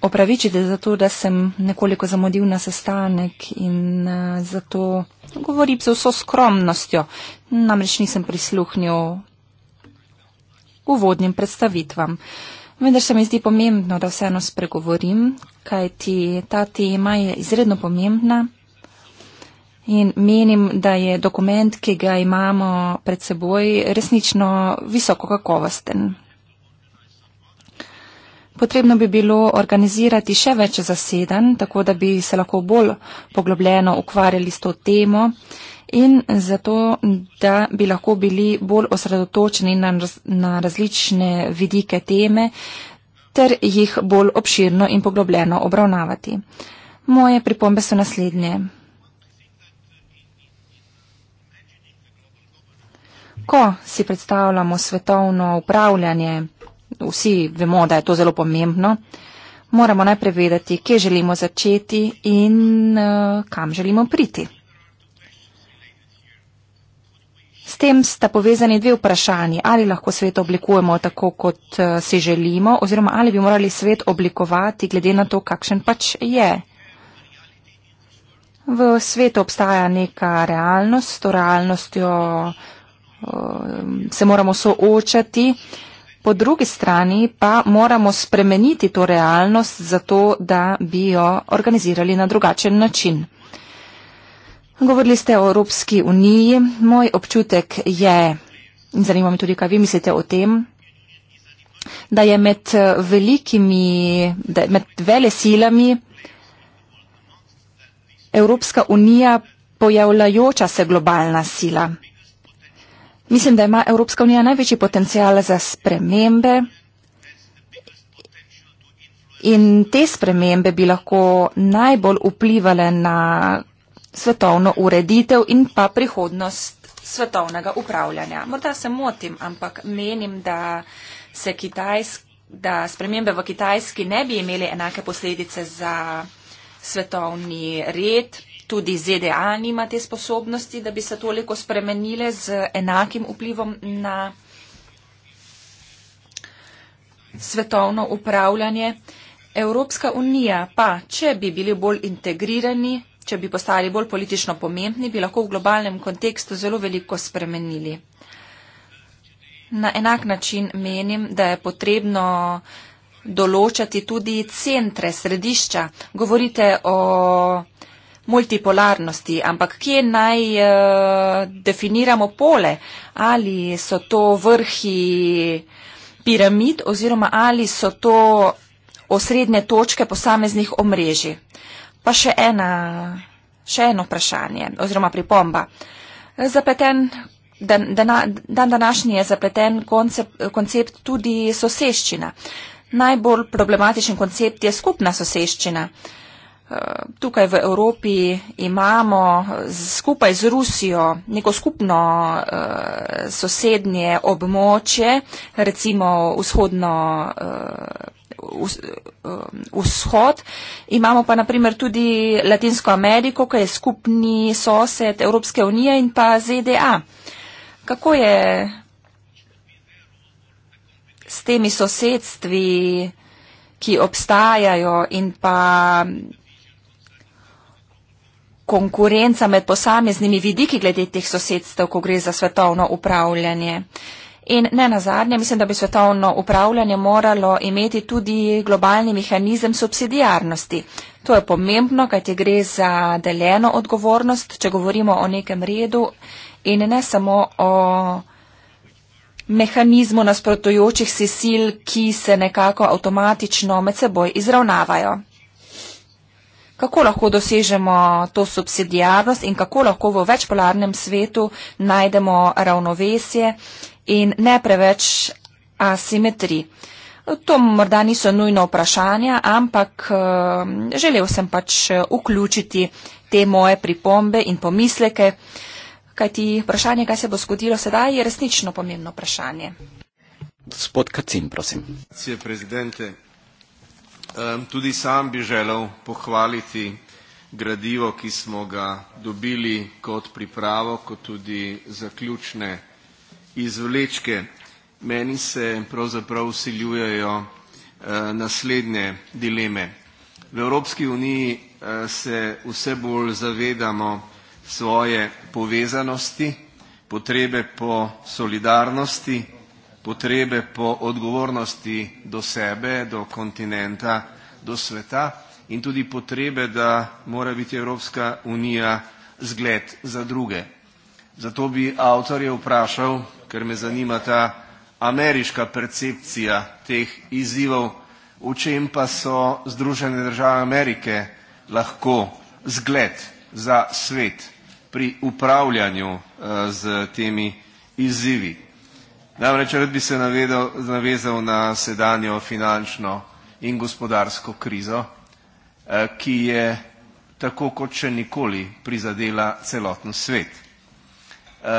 opravičiti za to, da sem nekoliko zamudil na sestanek in uh, zato govorim z vso skromnostjo. Namreč nisem prisluhnil uvodnim predstavitvam. Uh, Vendar se mi zdi pomembno, da vseeno spregovorim, kaj ti ta tema je izredno pomembna in menim, da je dokument, ki ga imamo pred seboj, resnično visoko kakovosten. Potrebno bi bilo organizirati še več zasedanj, tako da bi se lahko bolj poglobljeno ukvarjali s to temo in zato, da bi lahko bili bolj osredotočeni na, na različne vidike teme ter jih bolj obširno in poglobljeno obravnavati. Moje pripombe so naslednje. Ko si predstavljamo svetovno upravljanje, vsi vemo, da je to zelo pomembno, moramo najprej vedeti, kje želimo začeti in uh, kam želimo priti. tem sta povezani dve vprašanji. Ali lahko svet oblikujemo tako, kot eh, si želimo, oziroma ali bi morali svet oblikovati glede na to, kakšen pač je. V svetu obstaja neka realnost, to realnostjo eh, se moramo soočati. Po drugi strani pa moramo spremeniti to realnost zato, da bi jo organizirali na drugačen način. Govorili ste o Evropski uniji. Moj občutek je, in zanima me tudi, kaj vi mislite o tem, da je med velikimi, da je med vele silami Evropska unija pojavljajoča se globalna sila. Mislim, da ima Evropska unija največji potencial za spremembe in te spremembe bi lahko najbolj vplivale na svetovno ureditev in pa prihodnost svetovnega upravljanja. Morda se motim, ampak menim, da se Kitajsk, da spremembe v Kitajski ne bi imeli enake posledice za svetovni red. Tudi ZDA nima te sposobnosti, da bi se toliko spremenile z enakim vplivom na svetovno upravljanje. Evropska unija pa, če bi bili bolj integrirani, če bi postali bolj politično pomembni, bi lahko v globalnem kontekstu zelo veliko spremenili. Na enak način menim, da je potrebno določati tudi centre, središča. Govorite o multipolarnosti, ampak kje naj eh, definiramo pole? Ali so to vrhi piramid oziroma ali so to osrednje točke posameznih omrežij? Pa še ena, še eno vprašanje oziroma pripomba. Zapleten, dan, dan današnji je zapleten koncept, koncept tudi soseščina. Najbolj problematičen koncept je skupna soseščina. Tukaj v Evropi imamo skupaj z Rusijo neko skupno eh, sosednje območje, recimo vzhodno eh, Um, vzhod. Imamo pa naprimer tudi Latinsko Ameriko, ki je skupni sosed Evropske unije in pa ZDA. Kako je s temi sosedstvi, ki obstajajo in pa konkurenca med posameznimi vidiki glede teh sosedstv, ko gre za svetovno upravljanje? Uh, In ne nazadnje, mislim, da bi svetovno upravljanje moralo imeti tudi globalni mehanizem subsidijarnosti. To je pomembno, kajti gre za deljeno odgovornost, če govorimo o nekem redu in ne samo o mehanizmu nasprotujočih si sil, ki se nekako avtomatično med seboj izravnavajo. Kako lahko dosežemo to subsidijarnost in kako lahko v večpolarnem svetu najdemo ravnovesje in ne preveč asimetrij. To morda niso nujno vprašanja, ampak ehm, želel sem pač eh, vključiti te moje pripombe in pomisleke, kajti vprašanje, kaj se bo zgodilo sedaj, je resnično pomembno vprašanje. Gospod Kacin, prosim. Hvala, prezidente. Ehm, tudi sam bi želel pohvaliti gradivo, ki smo ga dobili kot pripravo, kot tudi zaključne iz vlečke. Meni se pravzaprav usiljujejo eh, naslednje dileme. V Evropski uniji eh, se vse bolj zavedamo svoje povezanosti, potrebe po solidarnosti, potrebe po odgovornosti do sebe, do kontinenta, do sveta in tudi potrebe, da mora biti Evropska unija zgled za druge. Zato bi avtorje vprašal, ker me zanima ta ameriška percepcija teh izzivov, v čem pa so Združene države Amerike lahko zgled za svet pri upravljanju z eh, temi izzivi. Namreč rad bi se navedel, navezal na sedanjo finančno in gospodarsko krizo, eh, ki je tako kot še nikoli prizadela celoten svet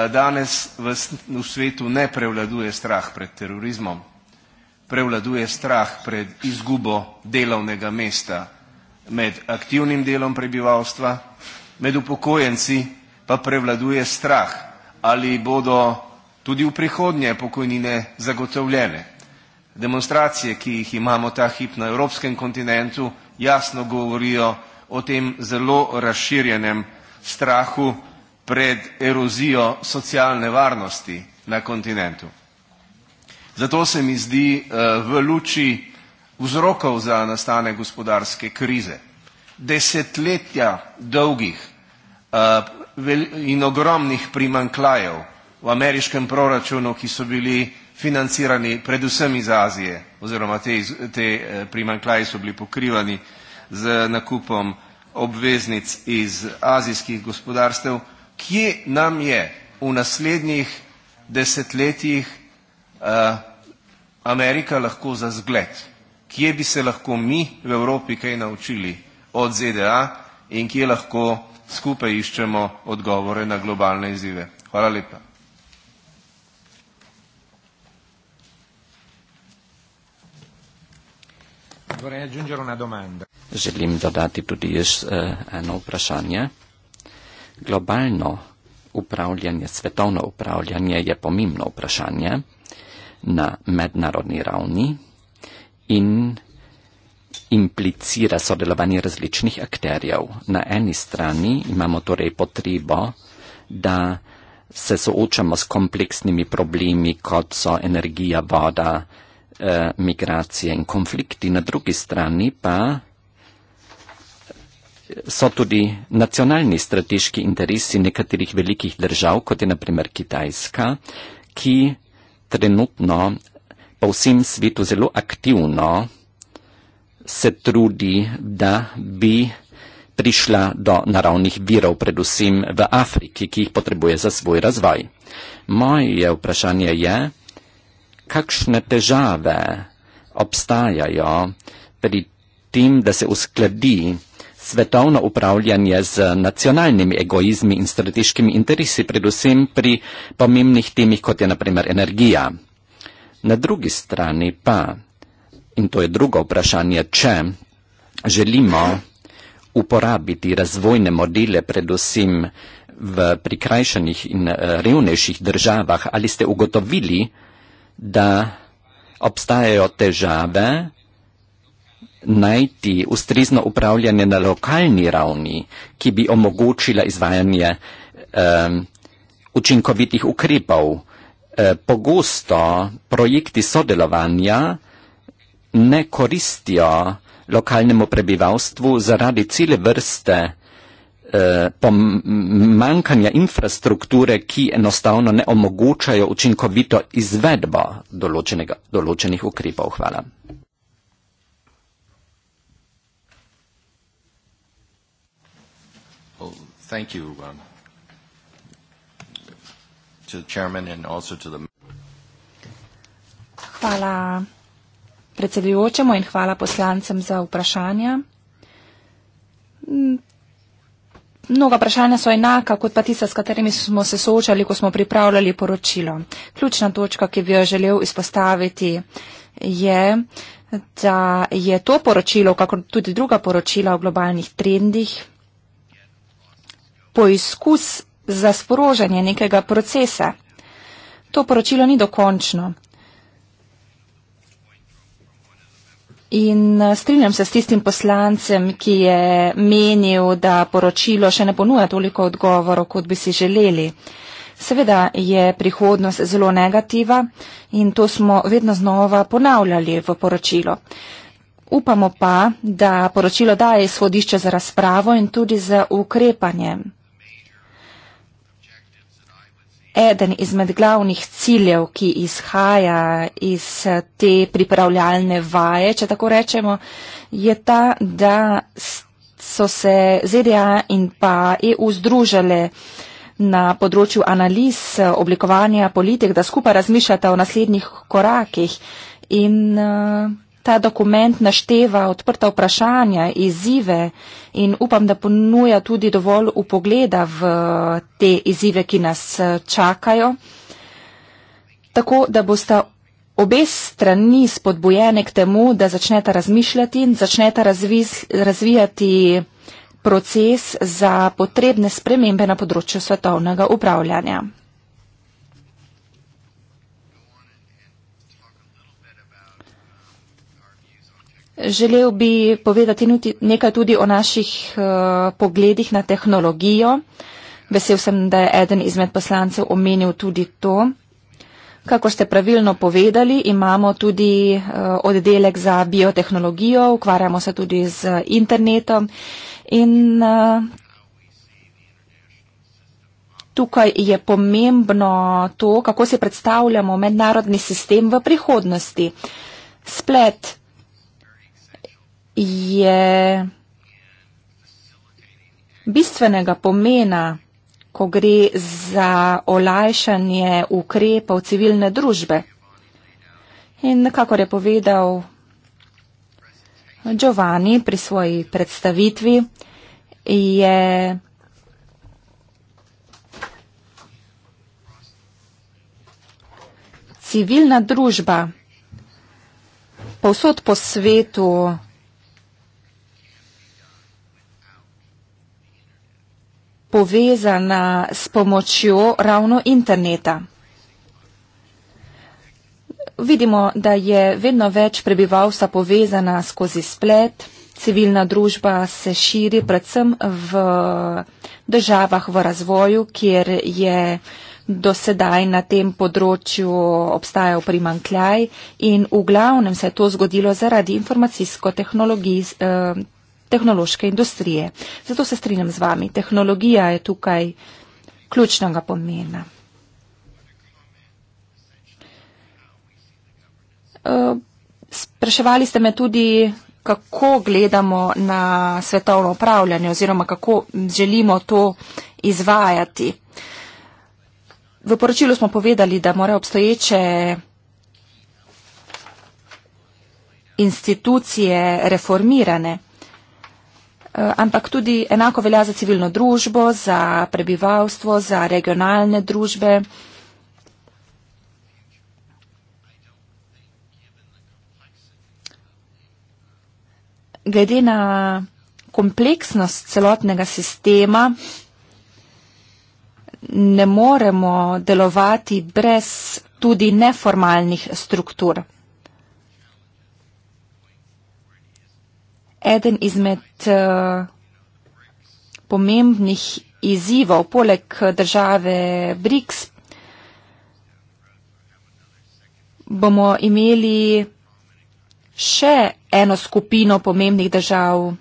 danes v, v svetu ne prevladuje strah pred terorizmom, prevladuje strah pred izgubo delovnega mesta med aktivnim delom prebivalstva, med upokojenci pa prevladuje strah, ali bodo tudi v prihodnje pokojnine zagotovljene. Demonstracije, ki jih imamo ta hip na evropskem kontinentu, jasno govorijo o tem zelo razširjenem strahu pred erozijo socialne varnosti na kontinentu. Zato se mi zdi eh, v luči vzrokov za nastane gospodarske krize, desetletja dolgih eh, in ogromnih primanklajev v ameriškem proračunu, ki so bili financirani predvsem iz Azije oziroma te, te eh, primanklaje so bili pokrivani z nakupom obveznic iz azijskih gospodarstev, kje nam je v naslednjih desetletjih eh, Amerika lahko za zgled, kje bi se lahko mi v Evropi kaj naučili od ZDA in kje lahko skupaj iščemo odgovore na globalne izzive. Hvala lepa. Želim dodati tudi jaz eh, eno vprašanje globalno upravljanje, svetovno upravljanje je pomembno vprašanje na mednarodni ravni in implicira sodelovanje različnih akterjev. Na eni strani imamo torej potrebo, da se soočamo s kompleksnimi problemi, kot so energija, voda, eh, migracije in konflikti, na drugi strani pa so tudi nacionalni strateški interesi nekaterih velikih držav, kot je naprimer Kitajska, ki trenutno po vsem svetu zelo aktivno se trudi, da bi prišla do naravnih virov, predvsem v Afriki, ki jih potrebuje za svoj razvoj. Moje vprašanje je, kakšne težave obstajajo pri tem, da se uskladi svetovno upravljanje z nacionalnimi egoizmi in strateškimi interesi, predvsem pri pomembnih temih, kot je naprimer energija. Na drugi strani pa, in to je drugo vprašanje, če želimo uporabiti razvojne modele, predvsem v prikrajšanih in eh, revnejših državah, ali ste ugotovili, da obstajajo težave, najti ustrezno upravljanje na lokalni ravni, ki bi omogočila izvajanje um, učinkovitih ukrepov. E, pogosto projekti sodelovanja ne koristijo lokalnemu prebivalstvu zaradi cele vrste e, pomankanja infrastrukture, ki enostavno ne omogočajo učinkovito izvedbo določenih ukrepov. Hvala. thank you um, to the chairman and also to the. Hvala predsedujočemu in hvala poslancem za vprašanja. Mnoga vprašanja so enaka kot pa tista, s katerimi smo se soočali, ko smo pripravljali poročilo. Ključna točka, ki bi jo želel izpostaviti, je, da je to poročilo, kako tudi druga poročila o globalnih trendih, poizkus za sprožanje nekega procesa. To poročilo ni dokončno. In eh, strinjam se s tistim poslancem, ki je menil, da poročilo še ne ponuja toliko odgovorov, kot bi si želeli. Seveda je prihodnost zelo negativa in to smo vedno znova ponavljali v poročilo. Upamo pa, da poročilo daje izhodišče za razpravo in tudi za ukrepanje eden izmed glavnih ciljev, ki izhaja iz te pripravljalne vaje, če tako rečemo, je ta, da so se ZDA in pa EU združile na področju analiz oblikovanja politik, da skupaj razmišljata o naslednjih korakih in uh, ta dokument našteva odprta vprašanja, izzive in upam, da ponuja tudi dovolj upogleda v te izzive, ki nas čakajo, tako da boste obe strani spodbojene k temu, da začnete razmišljati in začnete razvijati proces za potrebne spremembe na področju svetovnega upravljanja. Želel bi povedati nekaj tudi o naših uh, pogledih na tehnologijo. Vesel sem, da je eden izmed poslancev omenil tudi to. Kako ste pravilno povedali, imamo tudi uh, oddelek za biotehnologijo, ukvarjamo se tudi z internetom in uh, tukaj je pomembno to, kako se predstavljamo mednarodni sistem v prihodnosti. Splet je bistvenega pomena, ko gre za olajšanje ukrepov civilne družbe. In kako je povedal Giovanni pri svoji predstavitvi, je civilna družba povsod po svetu povezana s pomočjo ravno interneta. Vidimo, da je vedno več prebivalstva povezana skozi splet, civilna družba se širi predvsem v državah v razvoju, kjer je do sedaj na tem področju obstajal primankljaj in v glavnem se je to zgodilo zaradi informacijsko-tehnologije tehnološke industrije. Zato se strinjam z vami, tehnologija je tukaj ključnega pomena. Eh, spraševali ste me tudi, kako gledamo na svetovno upravljanje oziroma kako želimo to izvajati. V poročilu smo povedali, da mora obstoječe institucije reformirane. Eh, ampak tudi enako velja za civilno družbo, za prebivalstvo, za regionalne družbe. Glede na kompleksnost celotnega sistema ne moremo delovati brez tudi neformalnih struktur. eden izmed eh, pomembnih izzivov poleg eh, države BRICS. Bomo imeli še eno skupino pomembnih držav,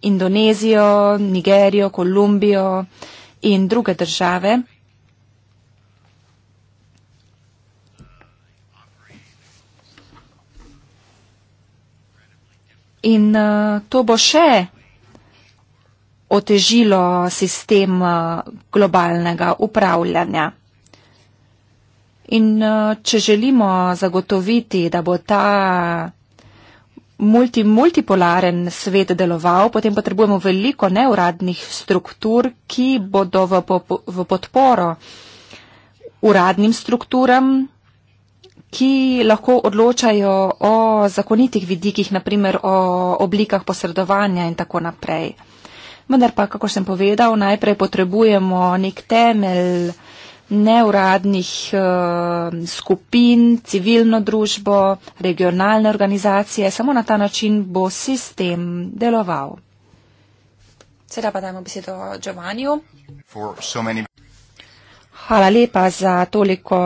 Indonezijo, Nigerijo, Kolumbijo in druge države. In uh, to bo še otežilo sistem uh, globalnega upravljanja. In uh, če želimo zagotoviti, da bo ta multi, multipolaren svet deloval, potem potrebujemo veliko neuradnih struktur, ki bodo v, v podporo uradnim strukturam ki lahko odločajo o zakonitih vidikih, naprimer o oblikah posredovanja in tako naprej. Vendar pa, kako sem povedal, najprej potrebujemo nek temelj neuradnih uh, skupin, civilno družbo, regionalne organizacije. Samo na ta način bo sistem deloval. Sedaj pa dajmo besedo Giovanniju. Hvala lepa za toliko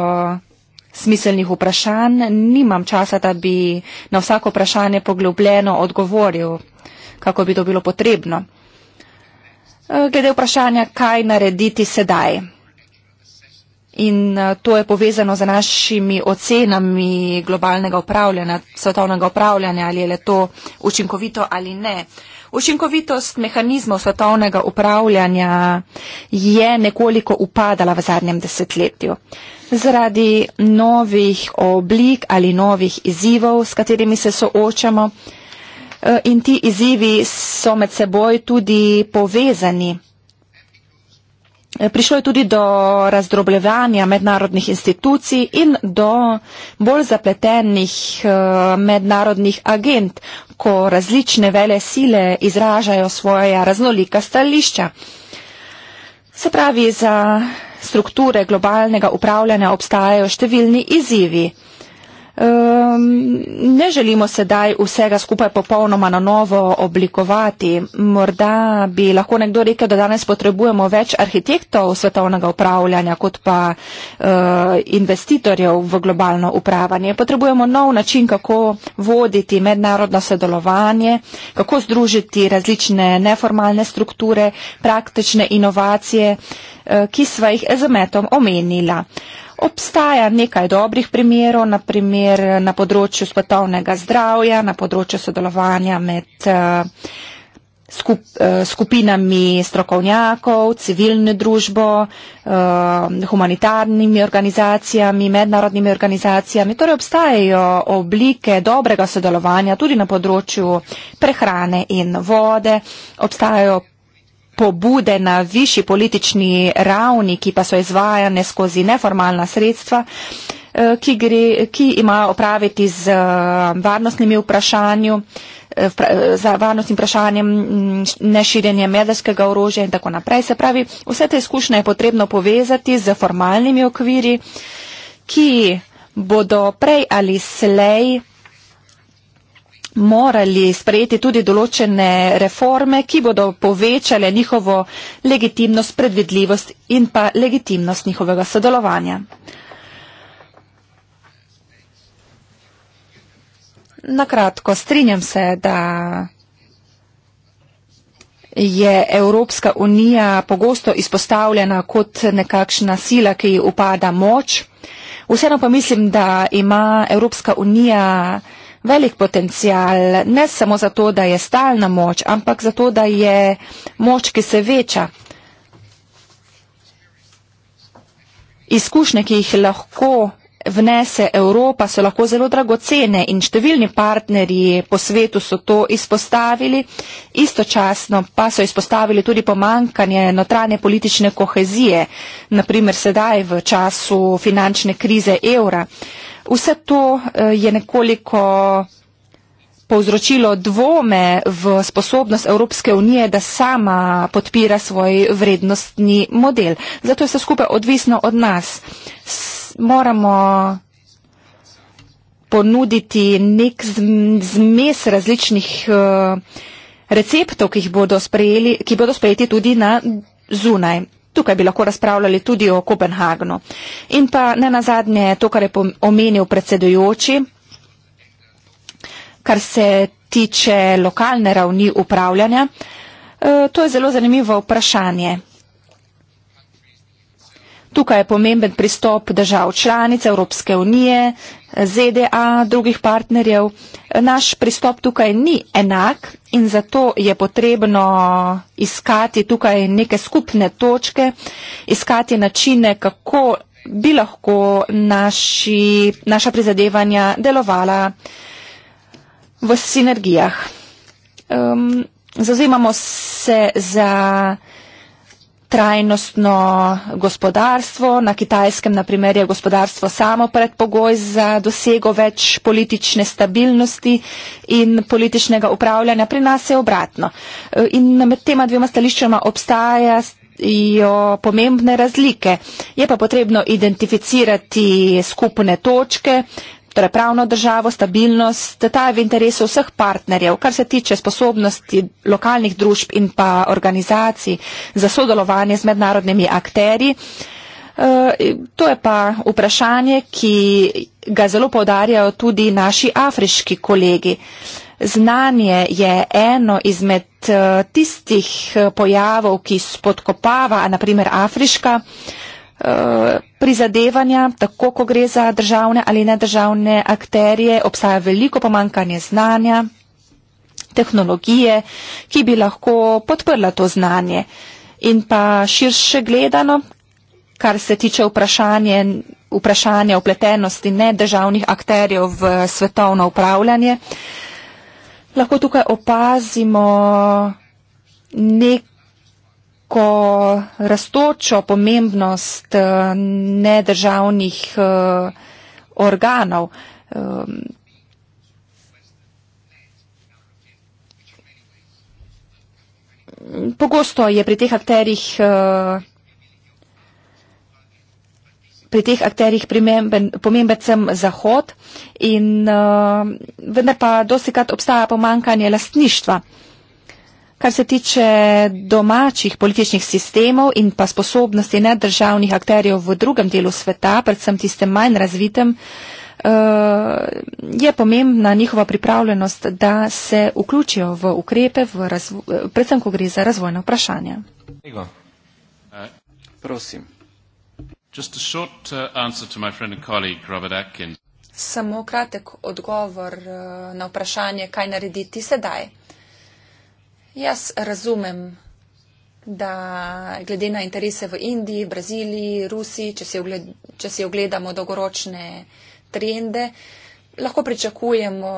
smiselnih vprašanj, nimam časa, da bi na vsako vprašanje poglobljeno odgovoril, kako bi to bilo potrebno. E, glede vprašanja, kaj narediti sedaj. In e, to je povezano z našimi ocenami globalnega upravljanja, svetovnega upravljanja, ali je le to učinkovito ali ne. Učinkovitost mehanizmov svetovnega upravljanja je nekoliko upadala v zadnjem desetletju. Zaradi novih oblik ali novih izzivov, s katerimi se soočamo, eh, in ti izzivi so med seboj tudi povezani. Eh, prišlo je tudi do razdrobljevanja mednarodnih institucij in do bolj zapletenih eh, mednarodnih agent, ko različne vele sile izražajo svoja raznolika stališča. Se pravi, za strukture globalnega upravljanja obstajajo številni izzivi. Um, ne želimo sedaj vsega skupaj popolnoma na novo oblikovati. Morda bi lahko nekdo rekel, da danes potrebujemo več arhitektov svetovnega upravljanja kot pa uh, investitorjev v globalno upravljanje. Potrebujemo nov način, kako voditi mednarodno sodelovanje, kako združiti različne neformalne strukture, praktične inovacije, uh, ki sva jih z metom omenila. Uh, Obstaja nekaj dobrih primerov, naprimer na področju svetovnega zdravja, na področju sodelovanja med eh, eh, skupinami strokovnjakov, civilne družbo, eh, humanitarnimi organizacijami, mednarodnimi organizacijami. Torej obstajajo oblike dobrega sodelovanja tudi na področju prehrane in vode, obstajajo pobude na višji politični ravni, ki pa so izvajane skozi neformalna sredstva, eh, ki, gre, ki ima opraviti z eh, varnostnimi vprašanji, eh, za varnostnim vprašanjem mm, neširjenja medarskega orožja in tako naprej. Se pravi, vse te izkušnje je potrebno povezati z formalnimi okviri, ki bodo prej ali slej morali sprejeti tudi določene reforme, ki bodo povečale njihovo legitimnost, predvidljivost in pa legitimnost njihovega sodelovanja. Nakratko, strinjam se, da je Evropska unija pogosto izpostavljena kot nekakšna sila, ki upada moč. Vseeno pa mislim, da ima Evropska unija velik potencial, ne samo zato, da je stalna moč, ampak zato, da je moč, ki se veča. Izkušnje, ki jih lahko vnese Evropa, so lahko zelo dragocene in številni partnerji po svetu so to izpostavili. Istočasno pa so izpostavili tudi pomankanje notranje politične kohezije, naprimer sedaj v času finančne krize evra. Uh, Vse to eh, je nekoliko povzročilo dvome v sposobnost Evropske unije, da sama podpira svoj vrednostni model. Zato je vse skupaj odvisno od nas. Moramo ponuditi nek zmes različnih eh, receptov, ki, bodo sprejeli, ki bodo sprejeti tudi na zunaj. Tukaj bi lahko razpravljali tudi o Kopenhagnu. In pa ne nazadnje to, kar je omenil predsedujoči, kar se tiče lokalne ravni upravljanja. Eh, to je zelo zanimivo vprašanje. Tukaj je pomemben pristop držav članic Evropske unije, ZDA, drugih partnerjev. Naš pristop tukaj ni enak in zato je potrebno iskati tukaj neke skupne točke, iskati načine, kako bi lahko naši, naša prizadevanja delovala v sinergijah. Um, zazemamo se za trajnostno gospodarstvo. Na kitajskem, na primer, je gospodarstvo samo predpogoj za dosego več politične stabilnosti in političnega upravljanja. Pri nas je obratno. E, in med tema dvema stališčama obstaja pomembne razlike. Je pa potrebno identificirati skupne točke, torej pravno državo, stabilnost, ta je v interesu vseh partnerjev, kar se tiče sposobnosti lokalnih družb in pa organizacij za sodelovanje z mednarodnimi akteri. E, to je pa vprašanje, ki ga zelo povdarjajo tudi naši afriški kolegi. Znanje je eno izmed e, tistih e, pojavov, ki spodkopava, a naprimer afriška, Eh, prizadevanja, tako ko gre za državne ali nedržavne akterje, obstaja veliko pomankanje znanja, tehnologije, ki bi lahko podprla to znanje. In pa širše gledano, kar se tiče vprašanje, vprašanje opletenosti nedržavnih akterjev v svetovno upravljanje, lahko tukaj opazimo nek visoko rastočo pomembnost eh, nedržavnih eh, organov. Ehm, pogosto je pri teh akterjih, eh, pri teh akterjih primemben, pomemben sem Zahod, in, vendar pa dosti krat obstaja pomankanje lastništva. Kar se tiče domačih političnih sistemov in pa sposobnosti neddržavnih akterjev v drugem delu sveta, predvsem tistem manj razvitem, eh, je pomembna njihova pripravljenost, da se vključijo v ukrepe, v predvsem ko gre za razvojno vprašanje. Ego. Eh. Prosim. Just a short eh, answer to my friend and colleague Robert Atkins. Samo kratek odgovor na vprašanje, kaj narediti sedaj. Jaz razumem, da glede na interese v Indiji, Braziliji, Rusiji, če si ogledamo dolgoročne trende, lahko pričakujemo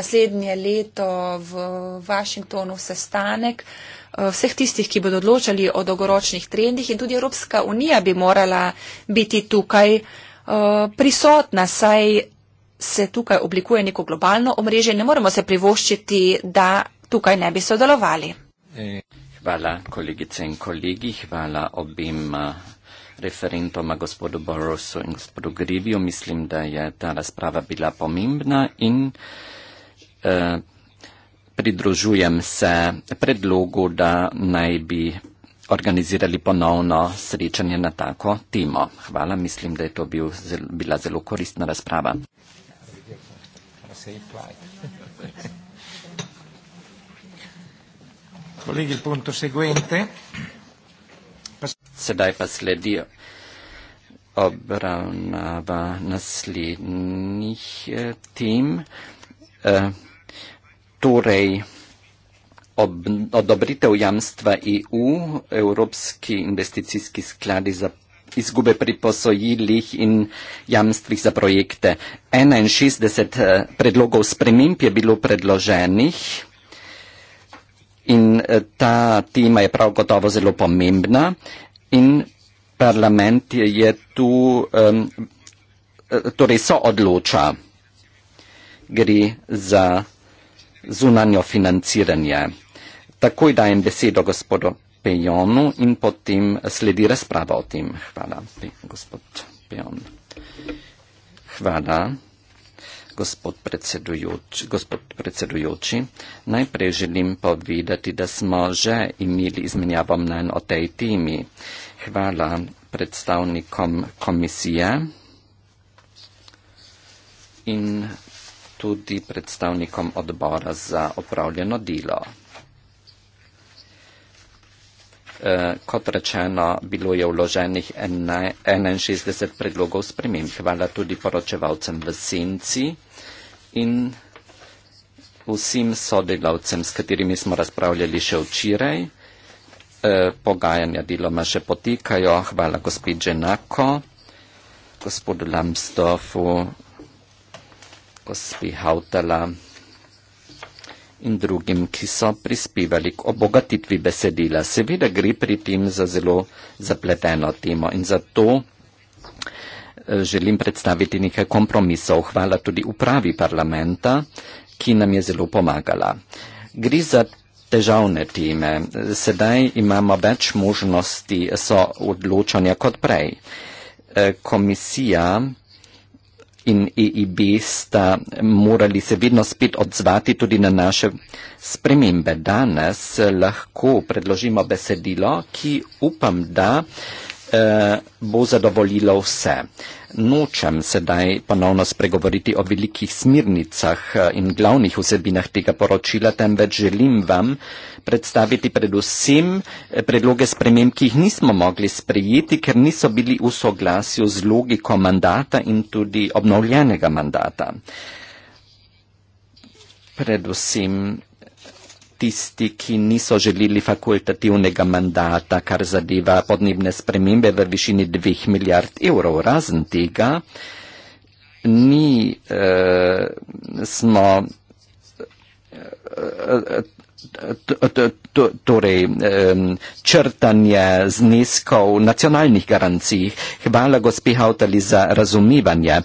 naslednje leto v Vašingtonu sestanek eh, vseh tistih, ki bodo odločali o dolgoročnih trendih in tudi Evropska unija bi morala biti tukaj eh, prisotna, saj se tukaj oblikuje neko globalno omrežje. Ne moremo se privoščiti, da tukaj ne bi sodelovali. Hvala, kolegice in kolegi, hvala obima referentoma gospodu Borosu in gospodu Griviju. Mislim, da je ta razprava bila pomembna in eh, pridružujem se predlogu, da naj bi organizirali ponovno srečanje na tako temo. Hvala, mislim, da je to bil, zel, bila zelo koristna razprava. Ja, Sedaj pa sledijo obravnava naslednjih eh, tim. Eh, torej, odobritev jamstva EU, Evropski investicijski skladi za izgube pri posojilih in jamstvih za projekte. 61 eh, predlogov sprememb je bilo predloženih. In eh, ta tema je prav gotovo zelo pomembna in parlament je tu, um, torej so odloča, gre za zunanjo financiranje. Takoj dajem besedo gospodu Pejonu in potem sledi razprava o tem. Hvala, gospod Pejon. Hvala gospod, predsedujoč, gospod predsedujoči. Najprej želim povedati, da smo že imeli izmenjavo mnen o tej temi. Hvala predstavnikom komisije in tudi predstavnikom odbora za opravljeno delo. E, kot rečeno, bilo je vloženih 61 predlogov spremem. Hvala tudi poročevalcem v Senci in vsem sodelavcem, s katerimi smo razpravljali še včeraj. E, pogajanja deloma še potekajo. Hvala gospod Dženako, gospodu Lamstofu, gospi Hautala in drugim, ki so prispevali k obogatitvi besedila. Seveda gre pri tem za zelo zapleteno temo in zato želim predstaviti nekaj kompromisov. Hvala tudi upravi parlamenta, ki nam je zelo pomagala. Gre za težavne time. Sedaj imamo več možnosti so odločanja kot prej. E, komisija in EIB sta morali se vedno spet odzvati tudi na naše spremembe. Danes eh, lahko predložimo besedilo, ki upam, da Eh, bo zadovoljilo vse. Nočem sedaj ponovno spregovoriti o velikih smirnicah eh, in glavnih vsebinah tega poročila, temveč želim vam predstaviti predvsem eh, predloge sprememb, ki jih nismo mogli sprejeti, ker niso bili v soglasju z logiko mandata in tudi obnovljenega mandata. Predvsem tisti, ki niso želeli fakultativnega mandata, kar zadeva podnebne spremembe v višini 2 milijard evrov. Razen tega, mi eh, smo. Eh, eh torej črtanje zneskov nacionalnih garancij. Hvala gospe Hautali za razumivanje.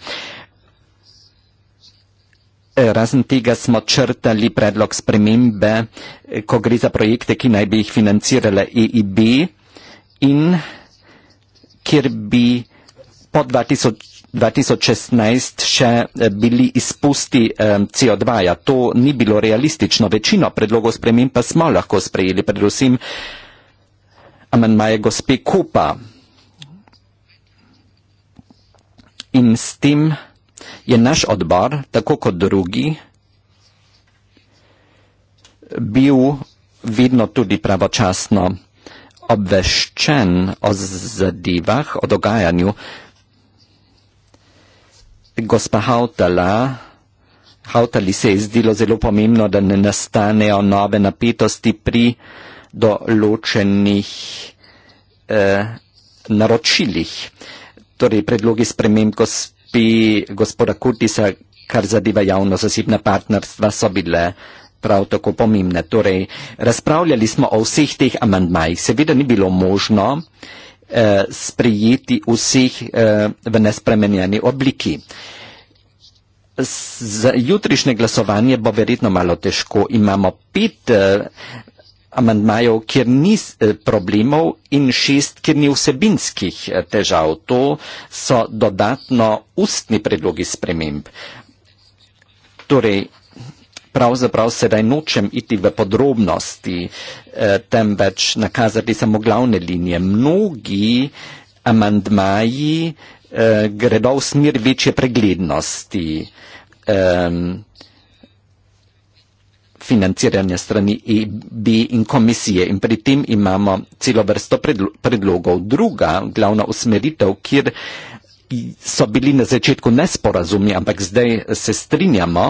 Eh, razen tega smo črtali predlog spremembe, eh, ko gre za projekte, ki naj bi jih financirala EIB in kjer bi po 2016 še eh, bili izpusti CO2. -ja. To ni bilo realistično. Večino predlogov sprememb pa smo lahko sprejeli, predvsem amenmaje gospe Kupa. In s tem je naš odbor, tako kot drugi, bil vidno tudi pravočasno obveščen o zadevah, o dogajanju. Gospa Hautala, Hautali se je zdelo zelo pomembno, da ne nastanejo nove napetosti pri določenih eh, naročilih. Torej, predlogi sprememb gospod bi gospoda Kurtisa, kar zadeva javno zasebna partnerstva, so bile prav tako pomembne. Torej, razpravljali smo o vseh teh amandmajih. Seveda ni bilo možno eh, sprejeti vseh eh, v nespremenjeni obliki. Z, z, jutrišnje glasovanje bo verjetno malo težko. Imamo pet. Eh, amandmajev, kjer ni eh, problemov in šest, kjer ni vsebinskih eh, težav. To so dodatno ustni predlogi sprememb. Torej, pravzaprav sedaj nočem iti v podrobnosti, eh, temveč nakazati samo glavne linije. Mnogi amandmaji gredo v smer večje preglednosti. Ehm, financiranja strani IB e in komisije in pri tem imamo celo vrsto predlogov. Druga glavna usmeritev, kjer so bili na začetku nesporazumi, ampak zdaj se strinjamo,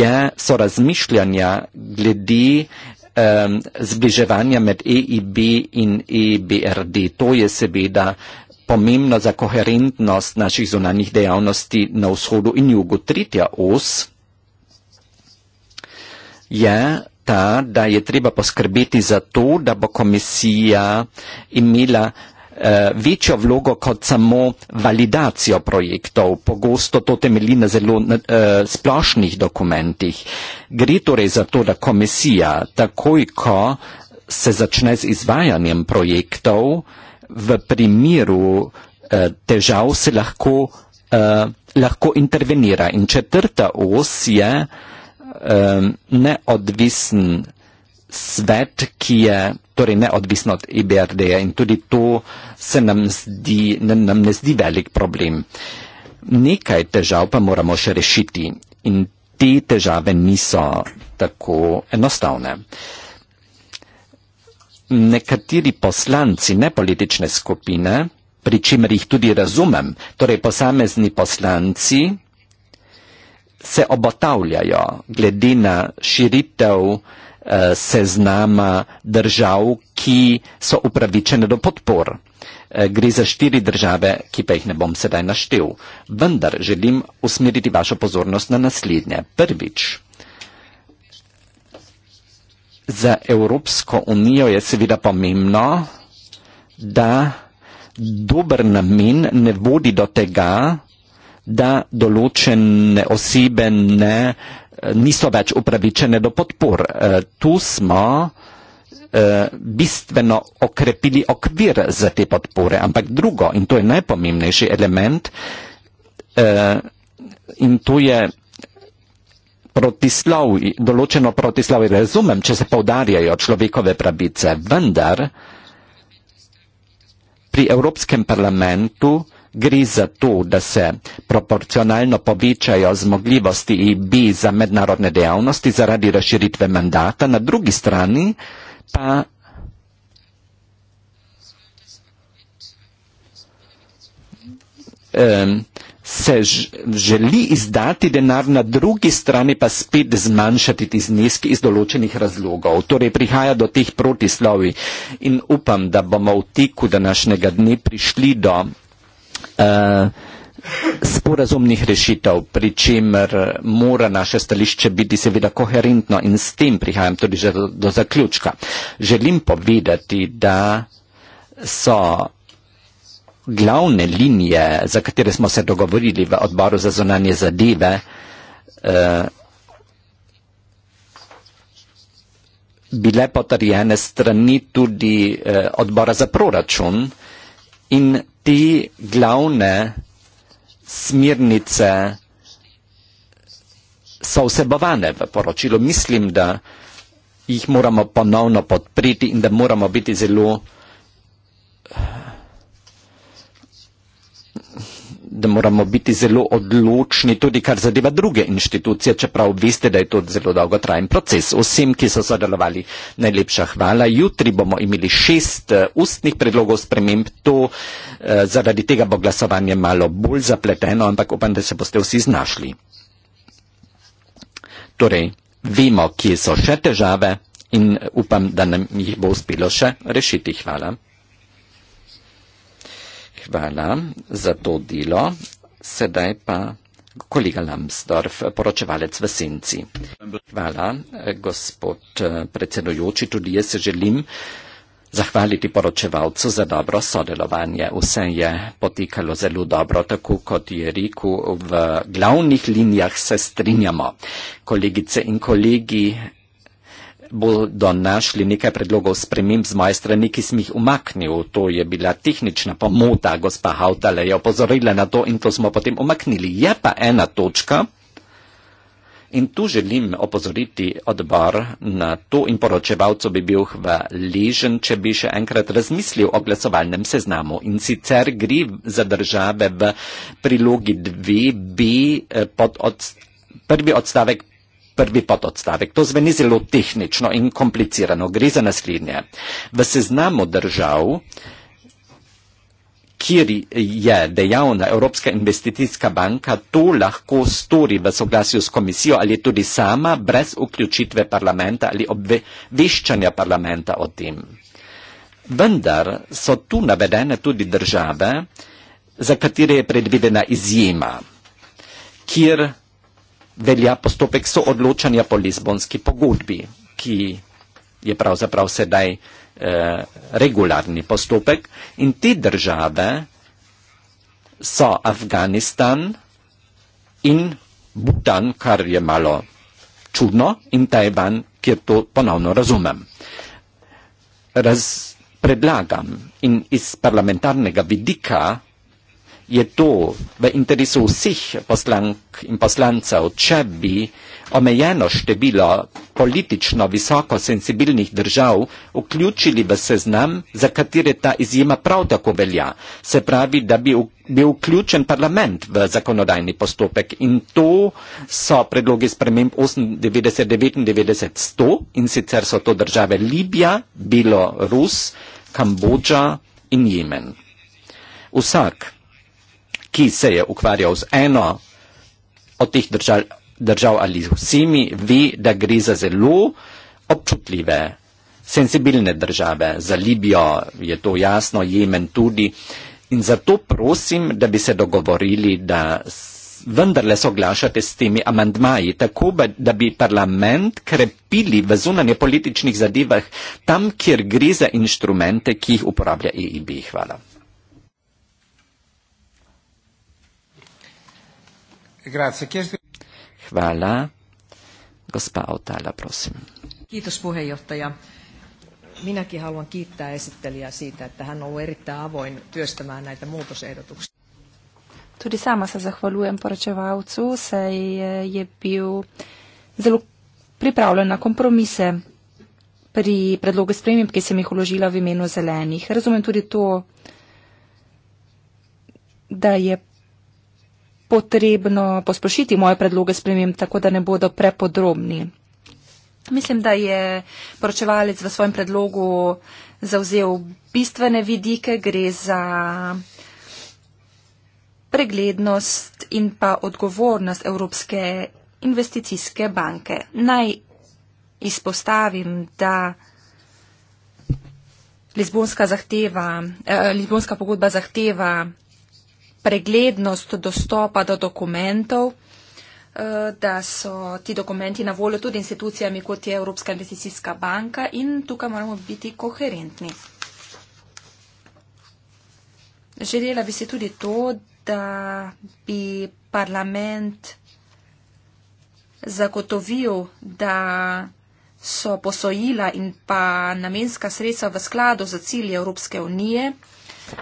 je, so razmišljanja glede um, zbliževanja med EIB in EBRD. To je seveda pomembno za koherentnost naših zunanjih dejavnosti na vzhodu in jugu. Tretja os je ta, da je treba poskrbeti za to, da bo komisija imela uh, večjo vlogo kot samo validacijo projektov. Pogosto to temelji na zelo uh, splošnih dokumentih. Gre torej za to, da komisija takoj, ko se začne z izvajanjem projektov, v primeru uh, težav se lahko, uh, lahko intervenira. In četrta os je, uh, um, neodvisen svet, ki je torej neodvisen od IBRD-ja e in tudi to se nam, zdi, ne, nam ne zdi velik problem. Nekaj težav pa moramo še rešiti in te težave niso tako enostavne. Nekateri poslanci nepolitične skupine, pri čemer jih tudi razumem, torej posamezni poslanci, se obotavljajo glede na širitev eh, seznama držav, ki so upravičene do podpor. Eh, gre za štiri države, ki pa jih ne bom sedaj naštel. Vendar želim usmeriti vašo pozornost na naslednje. Prvič, za Evropsko unijo je seveda pomembno, da dober namen ne vodi do tega, da da določene osebe ne, eh, niso več upravičene do podpor. Eh, tu smo eh, bistveno okrepili okvir za te podpore. Ampak drugo, in to je najpomembnejši element, in to je protislav, določeno protislav, razumem, če se povdarjajo človekove pravice, vendar pri Evropskem parlamentu gre za to, da se proporcionalno povečajo zmogljivosti IB e za mednarodne dejavnosti zaradi razširitve mandata, na drugi strani pa um, se želi izdati denar, na drugi strani pa spet zmanjšati ti zneski iz določenih razlogov. Torej prihaja do teh protislovi in upam, da bomo v teku današnjega dne prišli do Eh, sporazumnih rešitev, pri čemer mora naše stališče biti seveda koherentno in s tem prihajam tudi že do, do zaključka. Želim povedati, da so glavne linije, za katere smo se dogovorili v odboru za zonanje zadeve, eh, bile potrjene strani tudi eh, odbora za proračun in tri glavne smernice so vsebovane v poročilu. Mislim, da jih moramo ponovno podpriti in da moramo biti zelo uh, da moramo biti zelo odločni tudi kar zadeva druge inštitucije, čeprav veste, da je to zelo dolgotrajen proces. Vsem, ki so sodelovali, najlepša hvala. Jutri bomo imeli šest eh, ustnih predlogov sprememb. To eh, zaradi tega bo glasovanje malo bolj zapleteno, ampak upam, da se boste vsi znašli. Torej, vemo, kje so še težave in eh, upam, da nam jih bo uspelo še rešiti. Hvala hvala za to delo. Sedaj pa kolega Lambsdorff, poročevalec v Senci. Hvala, gospod predsedujoči. Tudi jaz se želim zahvaliti poročevalcu za dobro sodelovanje. Vse je potekalo zelo dobro, tako kot je rekel, v glavnih linijah se strinjamo. Kolegice in kolegi, bodo našli nekaj predlogov sprememb z moje strani, ki sem jih umaknil. To je bila tehnična pomota, gospa Hautale je opozorila na to in to smo potem umaknili. Je pa ena točka in tu želim opozoriti odbor na to in poročevalcu bi bil hvaležen, če bi še enkrat razmislil o glasovalnem seznamu. In sicer gre za države v prilogi 2b eh, pod od, prvi odstavek prvi pododstavek. To zveni zelo tehnično in komplicirano. Gre za naslednje. V seznamu držav, kjer je dejavna Evropska investicijska banka, to lahko stori v soglasju s komisijo ali tudi sama, brez vključitve parlamenta ali obveščanja parlamenta o tem. Vendar so tu navedene tudi države, za katere je predvidena izjema, kjer velja postopek soodločanja po Lizbonski pogodbi, ki je pravzaprav sedaj eh, regularni postopek. In te države so Afganistan in Butan, kar je malo čudno, in Tajvan, kjer to ponovno razumem. Raz predlagam in iz parlamentarnega vidika je to v interesu vseh poslank in poslancev, če bi omejeno število politično visoko sensibilnih držav vključili v seznam, za katere ta izjema prav tako velja. Se pravi, da bi bil vključen parlament v zakonodajni postopek in to so predlogi sprememb 98-99-100 in sicer so to države Libija, Belorus, Kambodža in Jemen. Vsak ki se je ukvarjal z eno od teh držav, držav ali vsemi, ve, da gre za zelo občutljive, sensibilne države. Za Libijo je to jasno, Jemen tudi. In zato prosim, da bi se dogovorili, da vendarle soglašate s temi amandmaji, tako da bi parlament krepili v zunanje političnih zadevah tam, kjer gre za inštrumente, ki jih uporablja EIB. Hvala. Grazie. Chiesto... Hvala. Gospa Otala, prosim. Kiitos puheenjohtaja. Minäkin haluan kiittää esittelijää siitä, että hän on ollut erittäin avoin työstämään näitä muutosehdotuksia. Tudi sama se zahvaljujem poročevalcu, se je bil zelo pripravljen na kompromise pri predlogu sprememb, ki sem jih vložila v imenu zelenih. Razumem tudi to, da je potrebno posprošiti moje predloge spremem, tako da ne bodo prepodrobni. Mislim, da je poročevalec v svojem predlogu zauzel bistvene vidike, gre za preglednost in pa odgovornost Evropske investicijske banke. Naj izpostavim, da Lizbonska, zahteva, eh, Lizbonska pogodba zahteva preglednost dostopa do dokumentov, eh, da so ti dokumenti na voljo tudi institucijami, kot je Evropska investicijska banka in tukaj moramo biti koherentni. Želela bi se tudi to, da bi parlament zagotovil, da so posojila in pa namenska sredstva v skladu za cilje Evropske unije. Uh,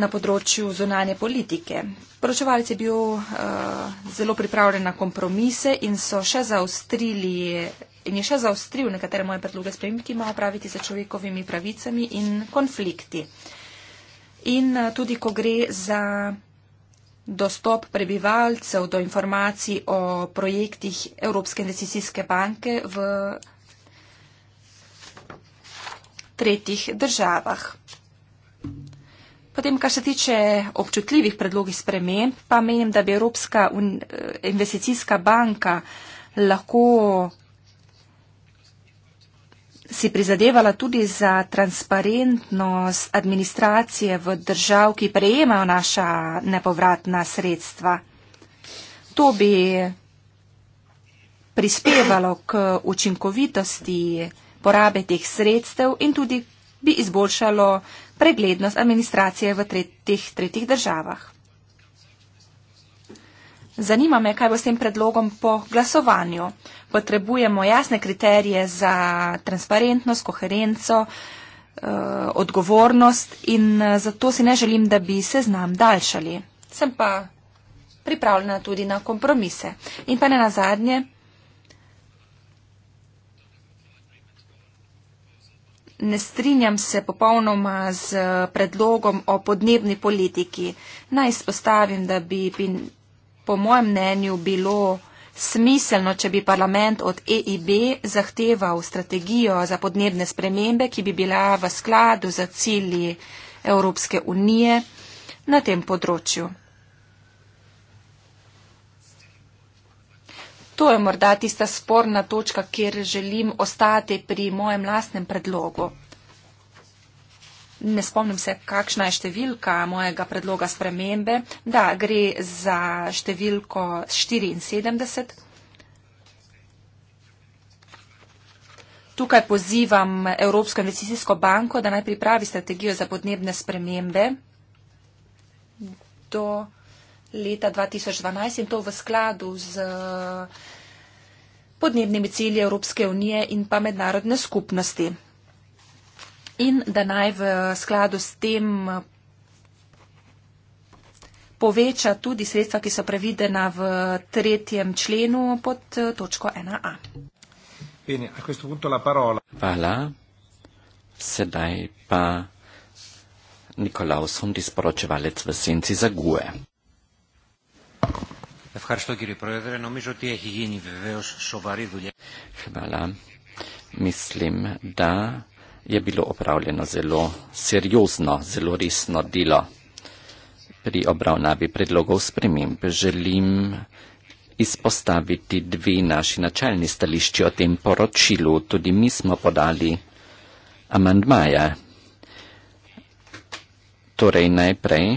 na področju zonanje politike. Poročevalec je bil uh, zelo pripravljen na kompromise in so še zaustrili in je še zaustril nekatere moje predloge sprememb, ki imajo praviti za človekovimi pravicami in konflikti. In uh, tudi, ko gre za dostop prebivalcev do informacij o projektih Evropske investicijske banke v tretjih državah. Potem, kar se tiče občutljivih predlogih sprememb, pa menim, da bi Evropska un, investicijska banka lahko si prizadevala tudi za transparentnost administracije v držav, ki prejemajo naša nepovratna sredstva. To bi prispevalo k učinkovitosti porabe teh sredstev in tudi bi izboljšalo preglednost administracije v teh tretjih državah. Zanima me, kaj bo s tem predlogom po glasovanju. Potrebujemo jasne kriterije za transparentnost, koherenco, eh, odgovornost in eh, zato si ne želim, da bi se znam daljšali. Sem pa pripravljena tudi na kompromise. In pa ne na zadnje. ne strinjam se popolnoma z eh, predlogom o podnebni politiki. Naj spostavim, da bi po mojem mnenju bilo smiselno, če bi parlament od EIB zahteval strategijo za podnebne spremembe, ki bi bila v skladu za cilji Evropske unije na tem področju. to je morda tista sporna točka, kjer želim ostati pri mojem lastnem predlogu. Ne spomnim se, kakšna je številka mojega predloga spremembe. Da, gre za številko 74. Tukaj pozivam Evropsko investicijsko banko, da naj pripravi strategijo za podnebne spremembe do 2030 leta 2012 in to v skladu z eh, podnebnimi cilji Evropske unije in pa mednarodne skupnosti. In da naj v skladu s tem poveča tudi sredstva, ki so previdena v tretjem členu pod eh, točko 1a. Bene, a questo punto la parola. Hvala. Sedaj pa Nikolausom, disporočevalec v senci za GUE. Ευχαριστώ κύριε Πρόεδρε. Νομίζω ότι έχει γίνει βεβαίως σοβαρή δουλειά. Χαμπαλά. Μισλίμ, δα, je bilo opravljeno zelo seriozno, zelo resno delo pri obravnavi predlogov sprememb. Želim izpostaviti dve naši načeljni stališči o tem poročilu. Tudi mi smo podali amandmaje. Torej najprej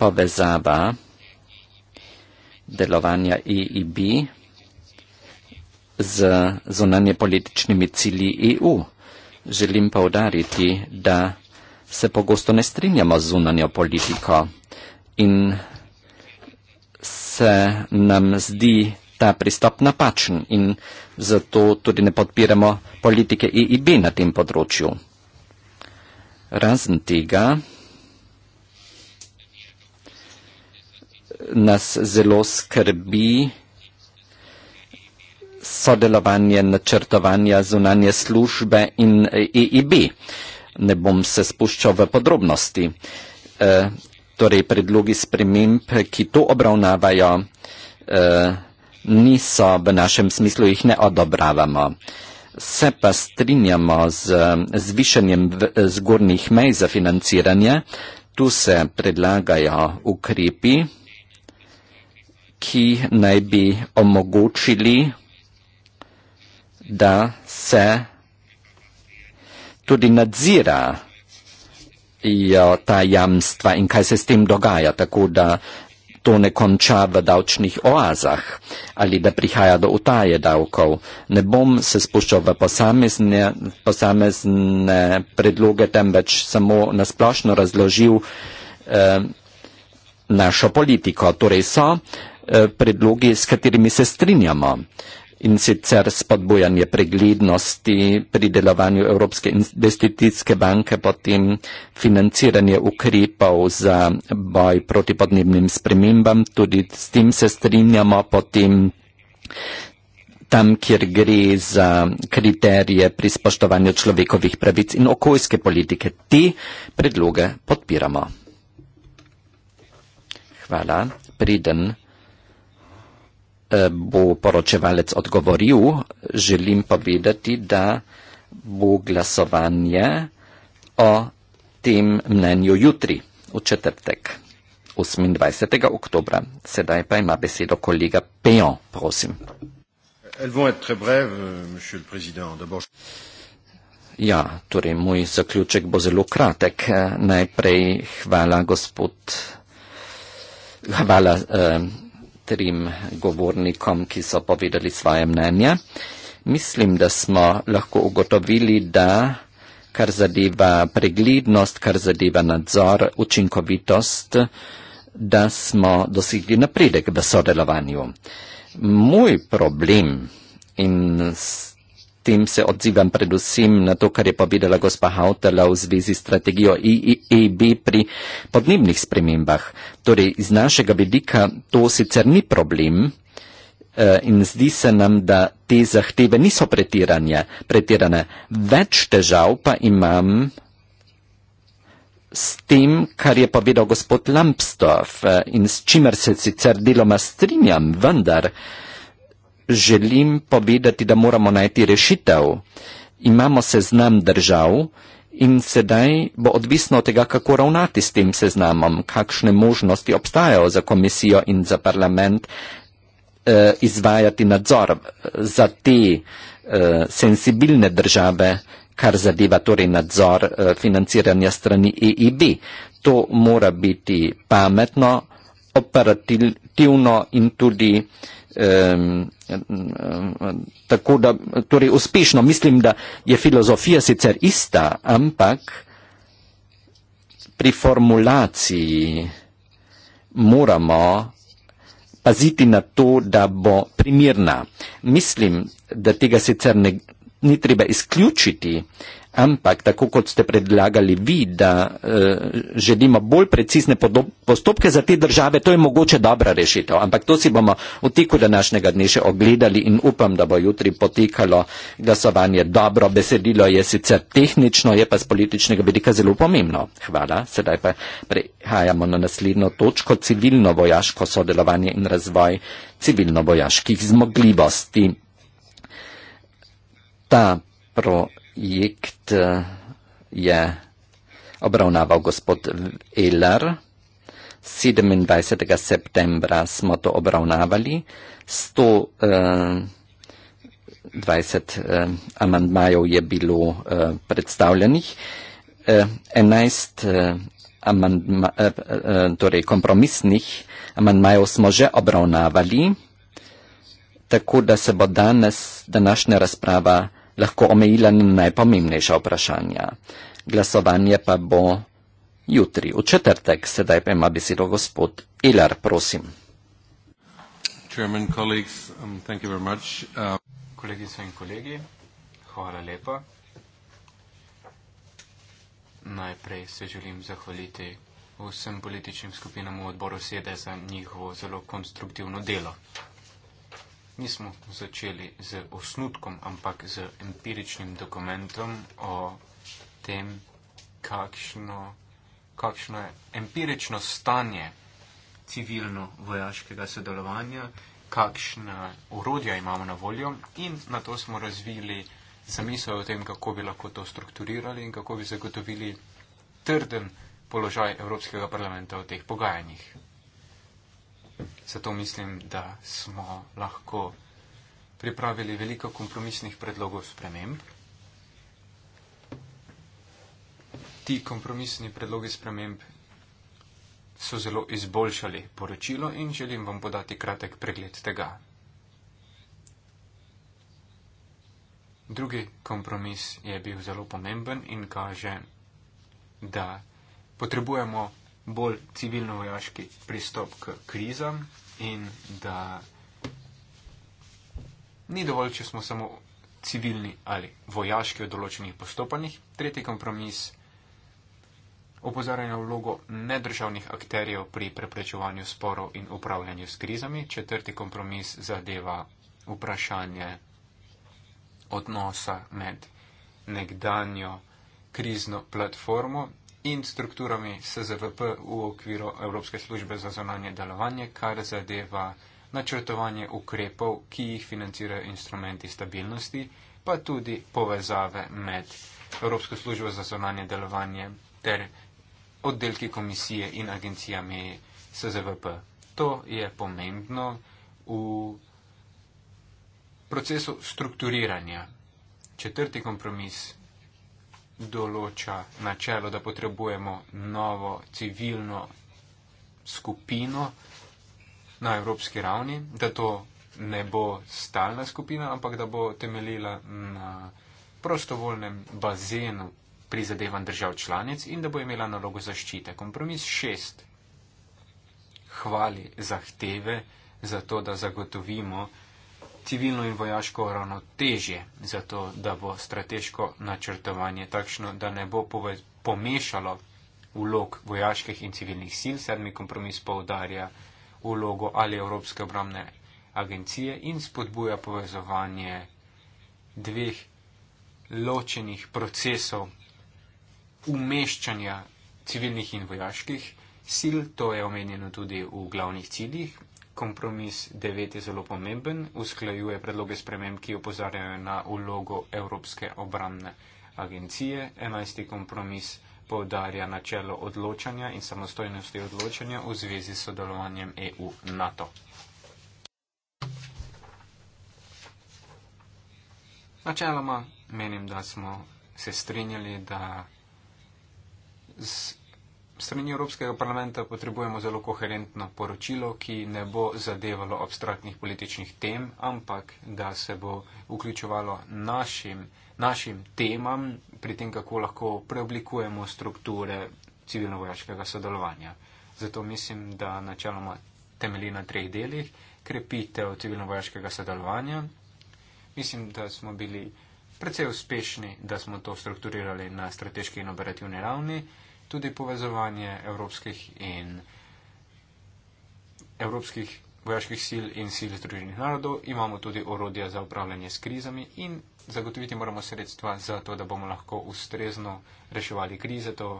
povezava delovanja EIB z zunanje političnimi cilji EU. Želim pa udariti, da se pogosto ne strinjamo z zunanjo politiko in se nam zdi ta pristop napačen in zato tudi ne podpiramo politike EIB na tem področju. Razen tega, nas zelo skrbi sodelovanje načrtovanja zunanje službe in EIB. Eh, e ne bom se spuščal v podrobnosti. E, torej, predlogi sprememb, ki to obravnavajo, e, niso v našem smislu, jih ne odobravamo. Se pa strinjamo z zvišanjem zgornjih mej za financiranje. Tu se predlagajo ukrepi ki naj bi omogočili, da se tudi nadzira ta jamstva in kaj se s tem dogaja, tako da to ne konča v davčnih oazah ali da prihaja do utaje davkov. Ne bom se spuščal v posamezne, posamezne predloge, temveč samo nasplošno razložil eh, našo politiko. Torej so Eh, predlogi, s katerimi se strinjamo. In sicer spodbojanje preglednosti pri delovanju Evropske investicijske banke, potem financiranje ukrepov za boj proti podnebnim spremembam, tudi s tem se strinjamo, potem tam, kjer gre za kriterije pri spoštovanju človekovih pravic in okoljske politike. Te predloge podpiramo. Hvala. Preden. Eh, bo poročevalec odgovoril, želim povedati, da bo glasovanje o tem mnenju jutri, v četrtek, 28. oktober. Sedaj pa ima besedo kolega Pejon, prosim. Euh, ja, torej moj zaključek bo zelo kratek. Eh, najprej hvala gospod. Hvala. Uh, trim govornikom, ki so povedali svoje mnenje. Mislim, da smo lahko ugotovili, da kar zadeva preglednost, kar zadeva nadzor, učinkovitost, da smo dosegli napredek v sodelovanju. Moj problem in s tem se odzivam predvsem na to, kar je povedala gospa Hautala v zvezi s strategijo EIB e pri podnebnih spremembah. Torej, iz našega vidika to sicer ni problem eh, in zdi se nam, da te zahteve niso pretirane. Več težav pa imam s tem, kar je povedal gospod Lampstov eh, in s čimer se sicer deloma strinjam, vendar želim povedati, da moramo najti rešitev. Imamo seznam držav in sedaj bo odvisno od tega, kako ravnati s tem seznamom, kakšne možnosti obstajajo za komisijo in za parlament eh, izvajati nadzor eh, za te eh, sensibilne države, kar zadeva torej nadzor eh, financiranja strani EIB. To mora biti pametno, operativno in tudi um, tako da, torej uspešno mislim, da je filozofija sicer ista, ampak pri formulaciji moramo paziti na to, da bo primirna. Mislim, da tega sicer ne, ni treba izključiti, ampak tako kot ste predlagali vi, da uh, eh, želimo bolj precizne postopke za te države, to je mogoče dobra rešitev. Ampak to si bomo v teku današnjega dne še ogledali in upam, da bo jutri potekalo glasovanje dobro. Besedilo je sicer tehnično, je pa z političnega vidika zelo pomembno. Hvala. Sedaj pa prehajamo na naslednjo točko civilno-vojaško sodelovanje in razvoj civilno-vojaških zmogljivosti. Ta pro, projekt eh, je obravnaval gospod Elar. 27. septembra smo to obravnavali. 120 eh, eh, amandmajev je bilo predstavljenih. 11 amandma, torej kompromisnih amandmajev smo že obravnavali, tako da se bo danes današnja razprava lahko omejila na najpomembnejša vprašanja. Glasovanje pa bo jutri, v četrtek. Sedaj pa ima besedo gospod Ilar, prosim. Chairman, colleagues, um, thank you very much. Uh... Kolegice in kolegi, hvala lepa. Najprej se želim zahvaliti vsem političnim skupinam v odboru sede za njihovo zelo konstruktivno delo nismo začeli z osnutkom, ampak z empiričnim dokumentom o tem, kakšno, kakšno je empirično stanje civilno-vojaškega sodelovanja, kakšna urodja imamo na voljo in na to smo razvili zamisel o tem, kako bi lahko to strukturirali in kako bi zagotovili trden položaj Evropskega parlamenta v teh pogajanjih. Zato mislim, da smo lahko pripravili veliko kompromisnih predlogov sprememb. Ti kompromisni predlogi sprememb so zelo izboljšali poročilo in želim vam podati kratek pregled tega. Drugi kompromis je bil zelo pomemben in kaže, da potrebujemo bolj civilno-vojaški pristop k krizam in da ni dovolj, če smo samo civilni ali vojaški v določenih postopanjih. Tretji kompromis opozarjanje vlogo nedržavnih akterjev pri preprečevanju sporov in upravljanju s krizami. Četrti kompromis zadeva vprašanje odnosa med nekdanjo krizno platformo in strukturami SZVP v okviru Evropske službe za zonanje delovanje, kar zadeva načrtovanje ukrepov, ki jih financirajo instrumenti stabilnosti, pa tudi povezave med Evropsko službo za zonanje delovanje ter oddelki komisije in agencijami SZVP. To je pomembno v procesu strukturiranja. Četrti kompromis določa načelo, da potrebujemo novo civilno skupino na evropski ravni, da to ne bo stalna skupina, ampak da bo temeljila na prostovoljnem bazenu prizadevan držav članic in da bo imela nalogo zaščite. Kompromis šest hvali zahteve za to, da zagotovimo civilno in vojaško ravnotežje, zato da bo strateško načrtovanje takšno, da ne bo pomešalo vlog vojaških in civilnih sil. Sedmi kompromis povdarja vlogo ali Evropske obramne agencije in spodbuja povezovanje dveh ločenih procesov umeščanja civilnih in vojaških sil, to je omenjeno tudi v glavnih ciljih kompromis 9 je zelo pomemben, usklajuje predloge sprememb, ki opozarjajo na ulogo Evropske obramne agencije. 11. kompromis povdarja načelo odločanja in samostojnosti odločanja v zvezi s sodelovanjem EU-NATO. Načeloma menim, da smo se strinjali, da z strani Evropskega parlamenta potrebujemo zelo koherentno poročilo, ki ne bo zadevalo abstraktnih političnih tem, ampak da se bo vključevalo našim, našim temam pri tem, kako lahko preoblikujemo strukture civilno-vojaškega sodelovanja. Zato mislim, da načeloma temelji na treh delih. Krepitev civilno-vojaškega sodelovanja. Mislim, da smo bili. Predvsej uspešni, da smo to strukturirali na strateški in operativni ravni tudi povezovanje evropskih in evropskih vojaških sil in sil združenih narodov, imamo tudi orodja za upravljanje s krizami in zagotoviti moramo sredstva za to, da bomo lahko ustrezno reševali krize. To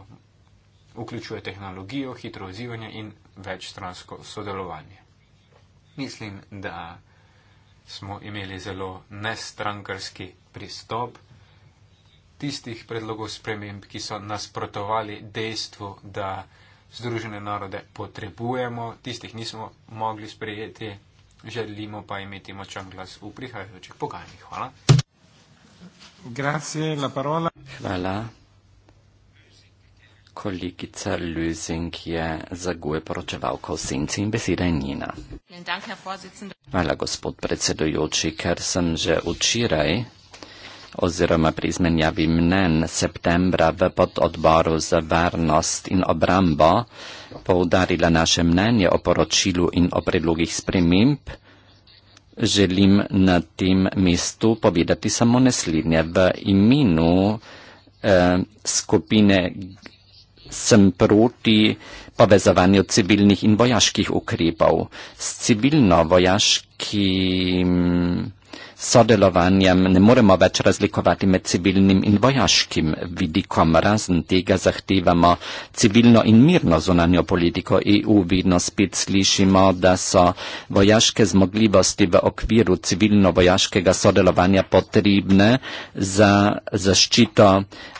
vključuje tehnologijo, hitro odzivanje in večstransko sodelovanje. Mislim, da smo imeli zelo nestrankarski pristop tistih predlogov sprememb, ki so nasprotovali dejstvu, da združene narode potrebujemo, tistih nismo mogli sprejeti, želimo pa imeti močan glas v prihajajočih pogajanjih. Hvala. Grazie, Hvala. Kolegica Lüzing je zaguje poročevalko senci in beseda je njena. Hvala, gospod predsedujoči, ker sem že včeraj oziroma pri izmenjavi mnen septembra v pododboru za varnost in obrambo poudarila naše mnenje o poročilu in o predlogih sprememb, želim na tem mestu povedati samo naslednje. V imenu eh, skupine sem proti povezovanju civilnih in vojaških ukrepov. S civilno-vojaškim sodelovanjem ne moremo več razlikovati med civilnim in vojaškim vidikom. Razen tega zahtevamo civilno in mirno zunanjo politiko EU. Vedno spet slišimo, da so vojaške zmogljivosti v okviru civilno-vojaškega sodelovanja potrebne za zaščito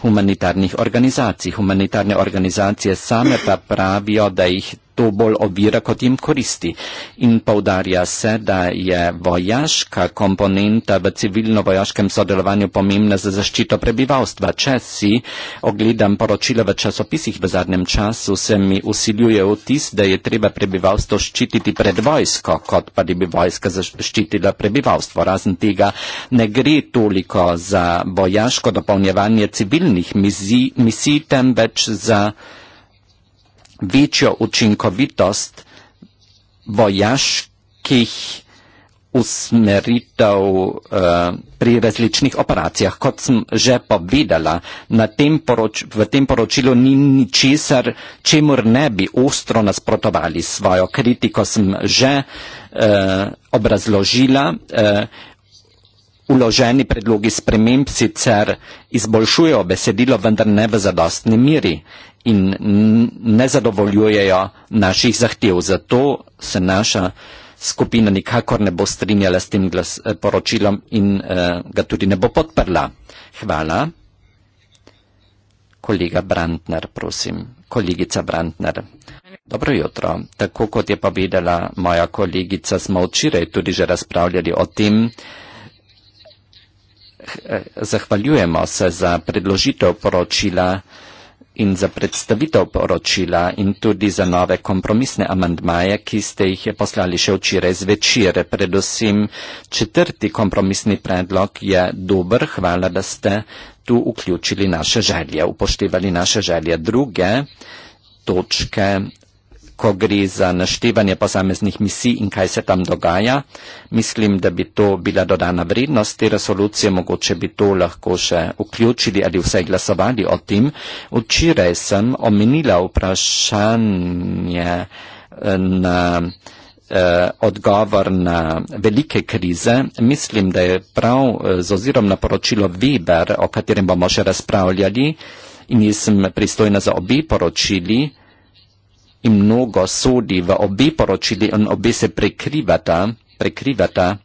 humanitarnih organizacij. Humanitarne organizacije same pa pravijo, da jih to bolj ovira, kot jim koristi. In povdarja se, da je vojaška komponenta v civilno-vojaškem sodelovanju pomembna za zaščito prebivalstva. Če si ogledam poročila v časopisih v zadnjem času, se mi usiljuje vtis, da je treba prebivalstvo ščititi pred vojsko, kot pa da bi vojska zaščitila prebivalstvo. Razen tega ne gre toliko za vojaško dopolnjevanje civilnih misij, misij temveč za večjo učinkovitost vojaških usmeritev uh, pri različnih operacijah. Kot sem že povedala, na tem poroč, v tem poročilu ni ničesar, čemur ne bi ostro nasprotovali svojo kritiko, sem že uh, obrazložila. Uh, eh, Uloženi predlogi sprememb sicer izboljšujejo besedilo, vendar ne v zadostni miri. Uh, in ne zadovoljujejo naših zahtev. Zato se naša skupina nikakor ne bo strinjala s tem glas, eh, poročilom in uh, ga tudi ne bo podprla. Hvala. Kolega Brandner, prosim. Kolegica Brandner. Dobro jutro. Tako kot je povedala moja kolegica, smo včeraj tudi že razpravljali o tem. Eh, zahvaljujemo se za predložitev poročila in za predstavitev poročila in tudi za nove kompromisne amandmaje, ki ste jih poslali še včeraj zvečer. Predvsem četrti kompromisni predlog je dober, hvala, da ste tu vključili naše želje, upoštevali naše želje. Druge točke ko gre za naštevanje posameznih misij in kaj se tam dogaja. Mislim, da bi to bila dodana vrednost te resolucije, mogoče bi to lahko še vključili ali vsaj glasovali o tem. Včeraj sem omenila vprašanje eh, na eh, odgovor na velike krize. Mislim, da je prav eh, z ozirom na poročilo Weber, o katerem bomo še razpravljali, in jaz sem pristojna za obe poročili, i mnogo sudi v obi poročili in obi se prekrivata, prekrivata.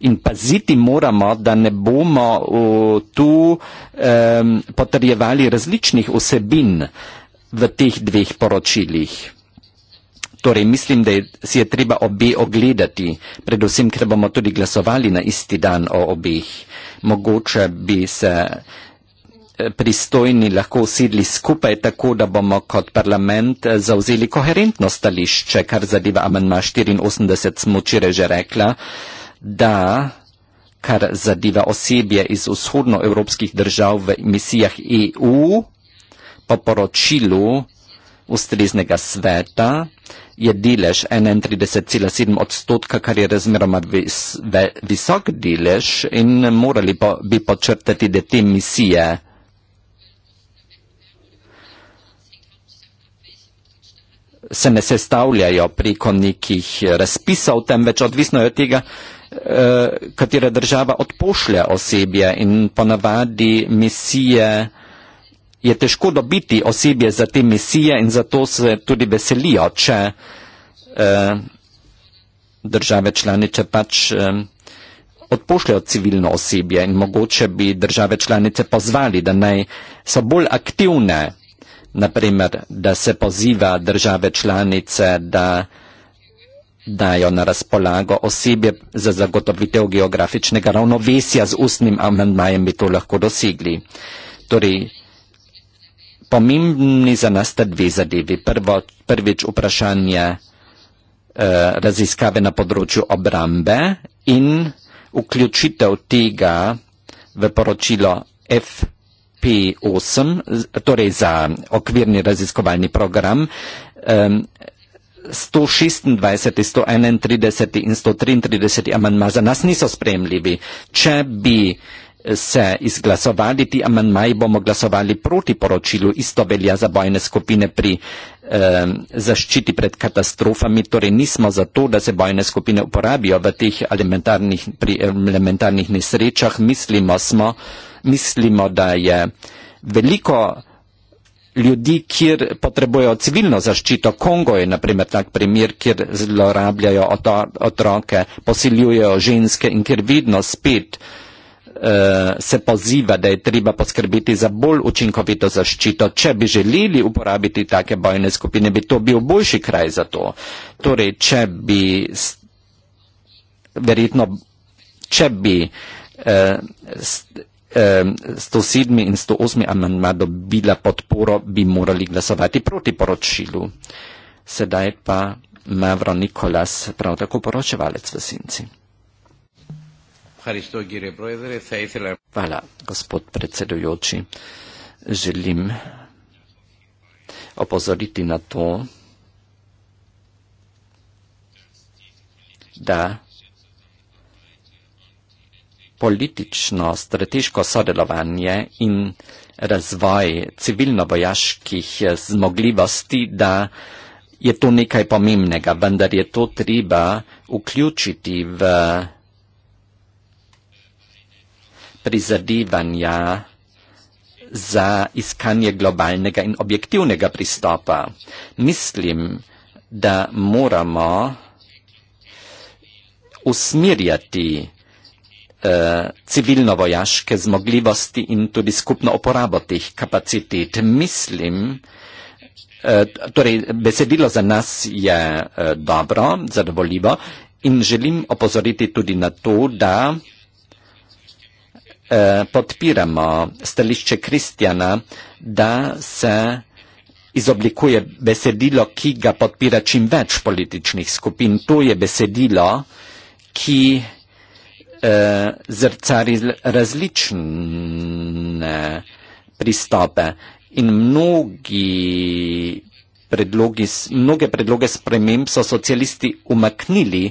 In paziti moramo, da ne bomo uh, tu um, potrjevali različnih osebin v teh dveh poročilih. Torej mislim, da je, si je treba obe ogledati, predvsem, ker bomo tudi glasovali na isti dan o obeh. Mogoče bi se pristojni lahko usidli skupaj, tako da bomo kot parlament eh, zauzeli koherentno stališče, kar zadeva amenma 84, smo včeraj že rekla, da kar zadeva osebje iz vzhodnoevropskih držav v misijah EU, po poročilu ustreznega sveta je delež 31,7 odstotka, kar je razmeroma vis, visok delež in morali bi počrtati, da te misije se ne sestavljajo preko nekih razpisov, temveč odvisno je od tega, eh, katera država odpošlja osebje in ponavadi misije je težko dobiti osebje za te misije in zato se tudi veselijo, če eh, države članice pač eh, odpošljajo civilno osebje in mogoče bi države članice pozvali, da naj so bolj aktivne Naprimer, da se poziva države članice, da dajo na razpolago osebje za zagotovitev geografičnega ravnovesja z ustnim amendmajem bi to lahko dosegli. Torej, pomembni za nas sta dve zadevi. Prvo, prvič vprašanje eh, raziskave na področju obrambe in vključitev tega v poročilo F. P8, torej za okvirni raziskovalni program, 126, 131 in 133 amandma za nas niso spremljivi. Če bi se izglasovali ti amenmaji, bomo glasovali proti poročilu isto velja za bojne skupine pri eh, zaščiti pred katastrofami, torej nismo za to, da se bojne skupine uporabijo v teh elementarnih, pri elementarnih nesrečah, mislimo, smo, mislimo, da je veliko ljudi, kjer potrebujejo civilno zaščito, Kongo je naprimer tak primer, kjer zlorabljajo otroke, posiljujejo ženske in kjer vidno spet Eh, se poziva, da je treba poskrbiti za bolj učinkovito zaščito. Če bi želeli uporabiti take bojne skupine, bi to bil boljši kraj za to. Torej, če bi, verjetno, če bi eh, 107 in 108 amandma dobila podporo, bi morali glasovati proti poročilu. Sedaj pa Mavro Nikolas, prav tako poročevalec v Sinci. Ευχαριστώ κύριε Πρόεδρε. Θα ήθελα... Βάλα, γοσπότ πρετσεδοιότσι, ζελίμ, οποζορίτη να το, да politično strateško sodelovanje in razvoj civilno-vojaških zmogljivosti, da je to nekaj pomembnega, vendar je to treba vključiti v prizadevanja za iskanje globalnega in objektivnega pristopa. Mislim, da moramo usmirjati eh, civilno-vojaške zmogljivosti in tudi skupno oporabo teh kapacitet. Mislim, eh, torej besedilo za nas je eh, dobro, zadovoljivo in želim opozoriti tudi na to, da Eh, podpiramo stališče Kristjana, da se izoblikuje besedilo, ki ga podpira čim več političnih skupin. To je besedilo, ki eh, zrcari različne pristope in mnogi predlogi, mnoge predloge sprememb so socialisti umaknili eh,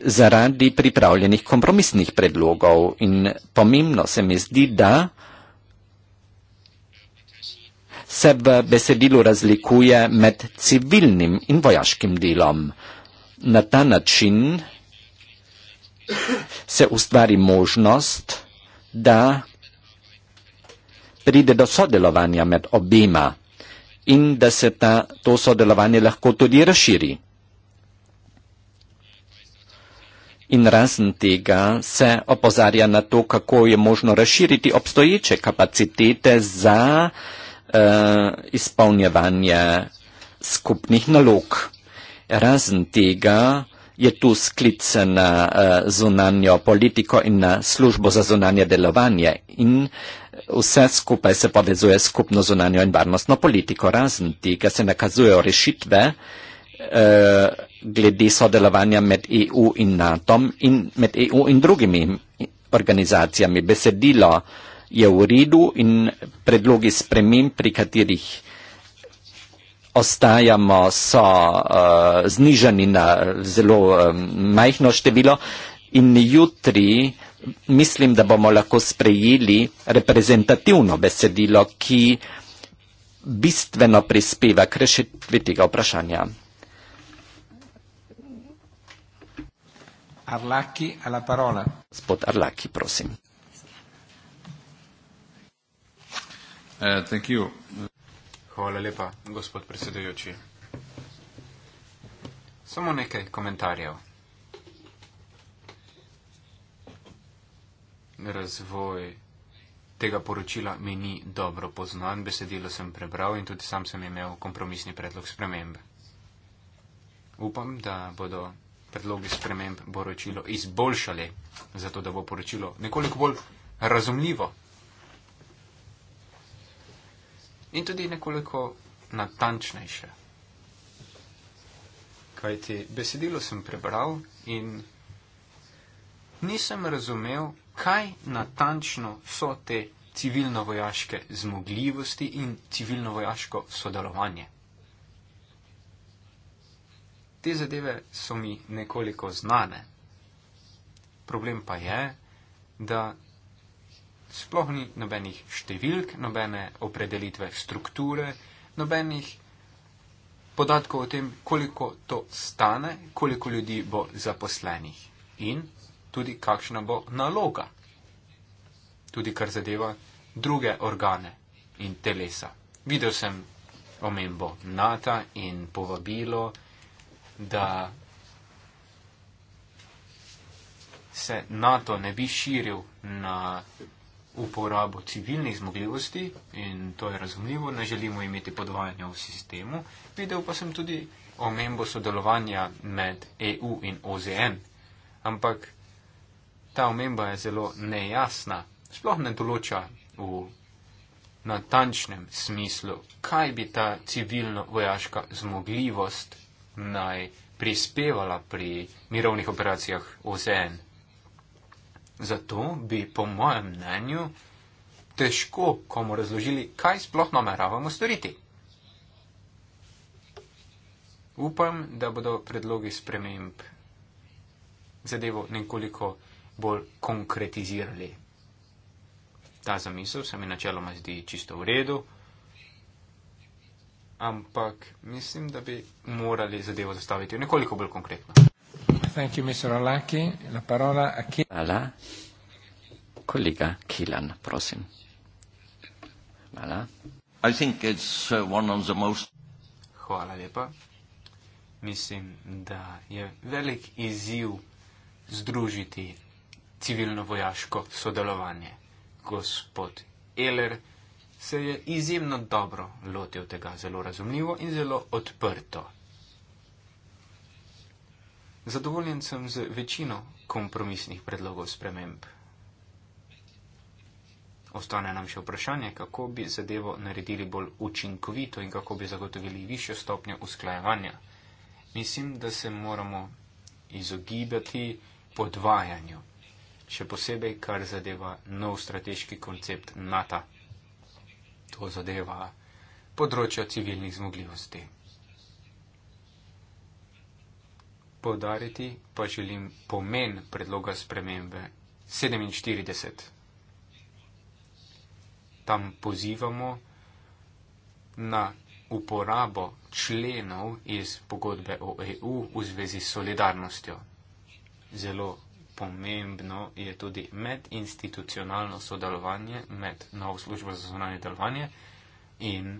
zaradi pripravljenih kompromisnih predlogov in pomembno se mi zdi, da se v besedilu razlikuje med civilnim in vojaškim delom. Na ta način se ustvari možnost, da pride do sodelovanja med obema in da se ta, to sodelovanje lahko tudi razširi. In razen tega se opozarja na to, kako je možno razširiti obstoječe kapacitete za uh, izpolnjevanje skupnih nalog. Razen tega je tu sklic na uh, eh, zunanjo politiko in na službo za zunanje delovanje in vse skupaj se povezuje skupno zunanjo in varnostno politiko. Razen tega se nakazujejo rešitve, uh, eh, glede sodelovanja med EU in NATO in med EU in drugimi organizacijami. Besedilo je v redu in predlogi spremem, pri katerih ostajamo, so eh, znižani na zelo eh, majhno število in jutri mislim, da bomo lahko sprejeli reprezentativno besedilo, ki bistveno prispeva k rešitvi tega vprašanja. Arlacchi alla parola. Spot Arlacchi, prosim. Uh, Hvala lepa, gospod predsedujoči. Samo nekaj komentarjev. Razvoj tega poročila mi ni dobro poznan, besedilo sem prebral in tudi sam sem imel kompromisni predlog spremembe. Upam, da bodo predlogi sprememb poročilo izboljšali, zato da bo poročilo nekoliko bolj razumljivo in tudi nekoliko natančnejše. Kajti besedilo sem prebral in nisem razumel, kaj natančno so te civilno-vojaške zmogljivosti in civilno-vojaško sodelovanje te zadeve so mi nekoliko znane. Problem pa je, da sploh ni nobenih številk, nobene opredelitve strukture, nobenih podatkov o tem, koliko to stane, koliko ljudi bo zaposlenih in tudi kakšna bo naloga. Tudi kar zadeva druge organe in telesa. Videl sem omembo NATO in povabilo, da se NATO ne bi širil na uporabo civilnih zmogljivosti in to je razumljivo, ne želimo imeti podvajanja v sistemu. Videl pa sem tudi omembo sodelovanja med EU in OZN, ampak ta omemba je zelo nejasna, sploh ne določa v natančnem smislu, kaj bi ta civilno-vojaška zmogljivost naj prispevala pri mirovnih operacijah OZN. Zato bi, po mojem mnenju, težko komu razložili, kaj sploh nameravamo storiti. Upam, da bodo predlogi sprememb zadevo nekoliko bolj konkretizirali. Ta zamisel se mi načeloma zdi čisto v redu ampak mislim, da bi morali zadevo zastaviti nekoliko bolj konkretno. Thank you, Mr. Alaki. La parola a chi? Hvala. Kolega Kilan, prosim. Hvala. I think it's uh, one of the most... Hvala lepa. Mislim, da je velik izziv združiti civilno-vojaško sodelovanje. Gospod Eler, se je izjemno dobro lotil tega, zelo razumljivo in zelo odprto. Zadovoljen sem z večino kompromisnih predlogov sprememb. Ostane nam še vprašanje, kako bi zadevo naredili bolj učinkovito in kako bi zagotovili višjo stopnjo usklajevanja. Mislim, da se moramo izogibati podvajanju, še posebej, kar zadeva nov strateški koncept NATO to zadeva področja civilnih zmogljivosti. Podariti pa želim pomen predloga spremembe 47. Tam pozivamo na uporabo členov iz pogodbe o EU v zvezi s solidarnostjo. Zelo pomembno je tudi medinstitucionalno sodelovanje med novo službo za zunanje delovanje in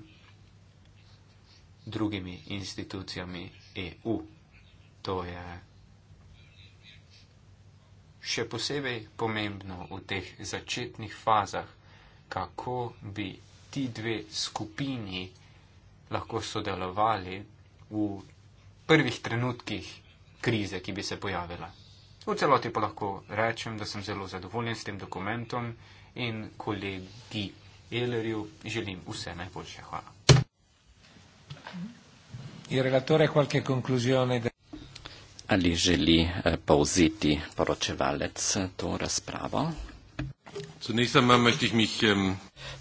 drugimi institucijami EU. To je še posebej pomembno v teh začetnih fazah, kako bi ti dve skupini lahko sodelovali v prvih trenutkih krize, ki bi se pojavila. V celoti pa lahko rečem, da sem zelo zadovoljen s tem dokumentom in kolegi Elerju želim vse najboljše. Hvala. Ali želi eh, povziti poročevalec to razpravo? Ehm,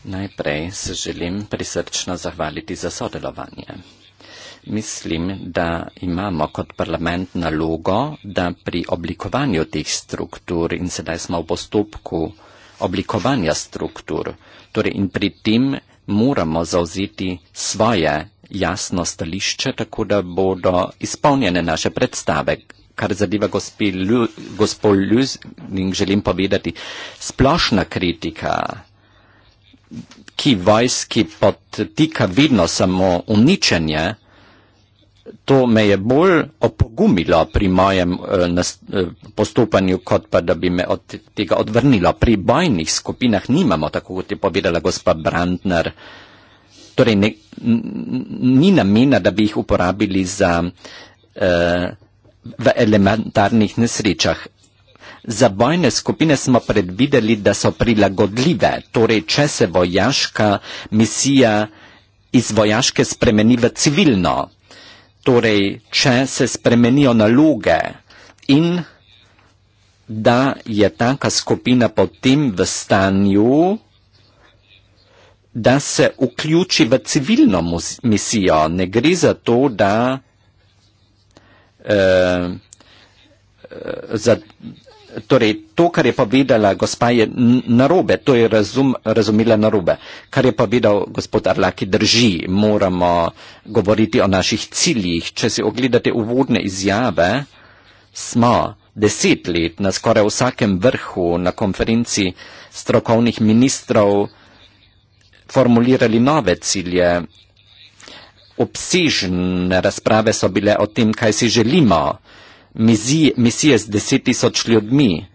Najprej se želim prisrčno zahvaliti za sodelovanje mislim, da imamo kot parlament nalogo, da pri oblikovanju teh struktur in sedaj smo v postopku oblikovanja struktur, torej in pri tem moramo zauzeti svoje jasno stališče, tako da bodo izpolnjene naše predstave, kar zadeva gospod Ljuzning, želim povedati, splošna kritika, ki vojski potika vidno samo uničenje, to me je bolj opogumilo pri mojem eh, eh postopanju, kot pa da bi me od tega odvrnilo. Pri bojnih skupinah nimamo, tako kot je povedala gospa Brandner, torej ne, ni namena, da bi jih uporabili za, eh, v elementarnih nesrečah. Za bojne skupine smo predvideli, da so prilagodljive, torej če se vojaška misija iz vojaške spremeni v civilno, torej, če se spremenijo naloge in da je taka skupina potem v stanju, da se vključi v civilno misijo. Ne gre za to, da eh, eh za, torej to, kar je povedala gospa, je narobe, to je razum, razumela narobe. Kar je povedal gospod Arlaki, drži, moramo govoriti o naših ciljih. Če si ogledate uvodne izjave, smo deset let na skoraj vsakem vrhu na konferenci strokovnih ministrov formulirali nove cilje. Obsežne razprave so bile o tem, kaj si želimo misije z deset tisoč ljudmi,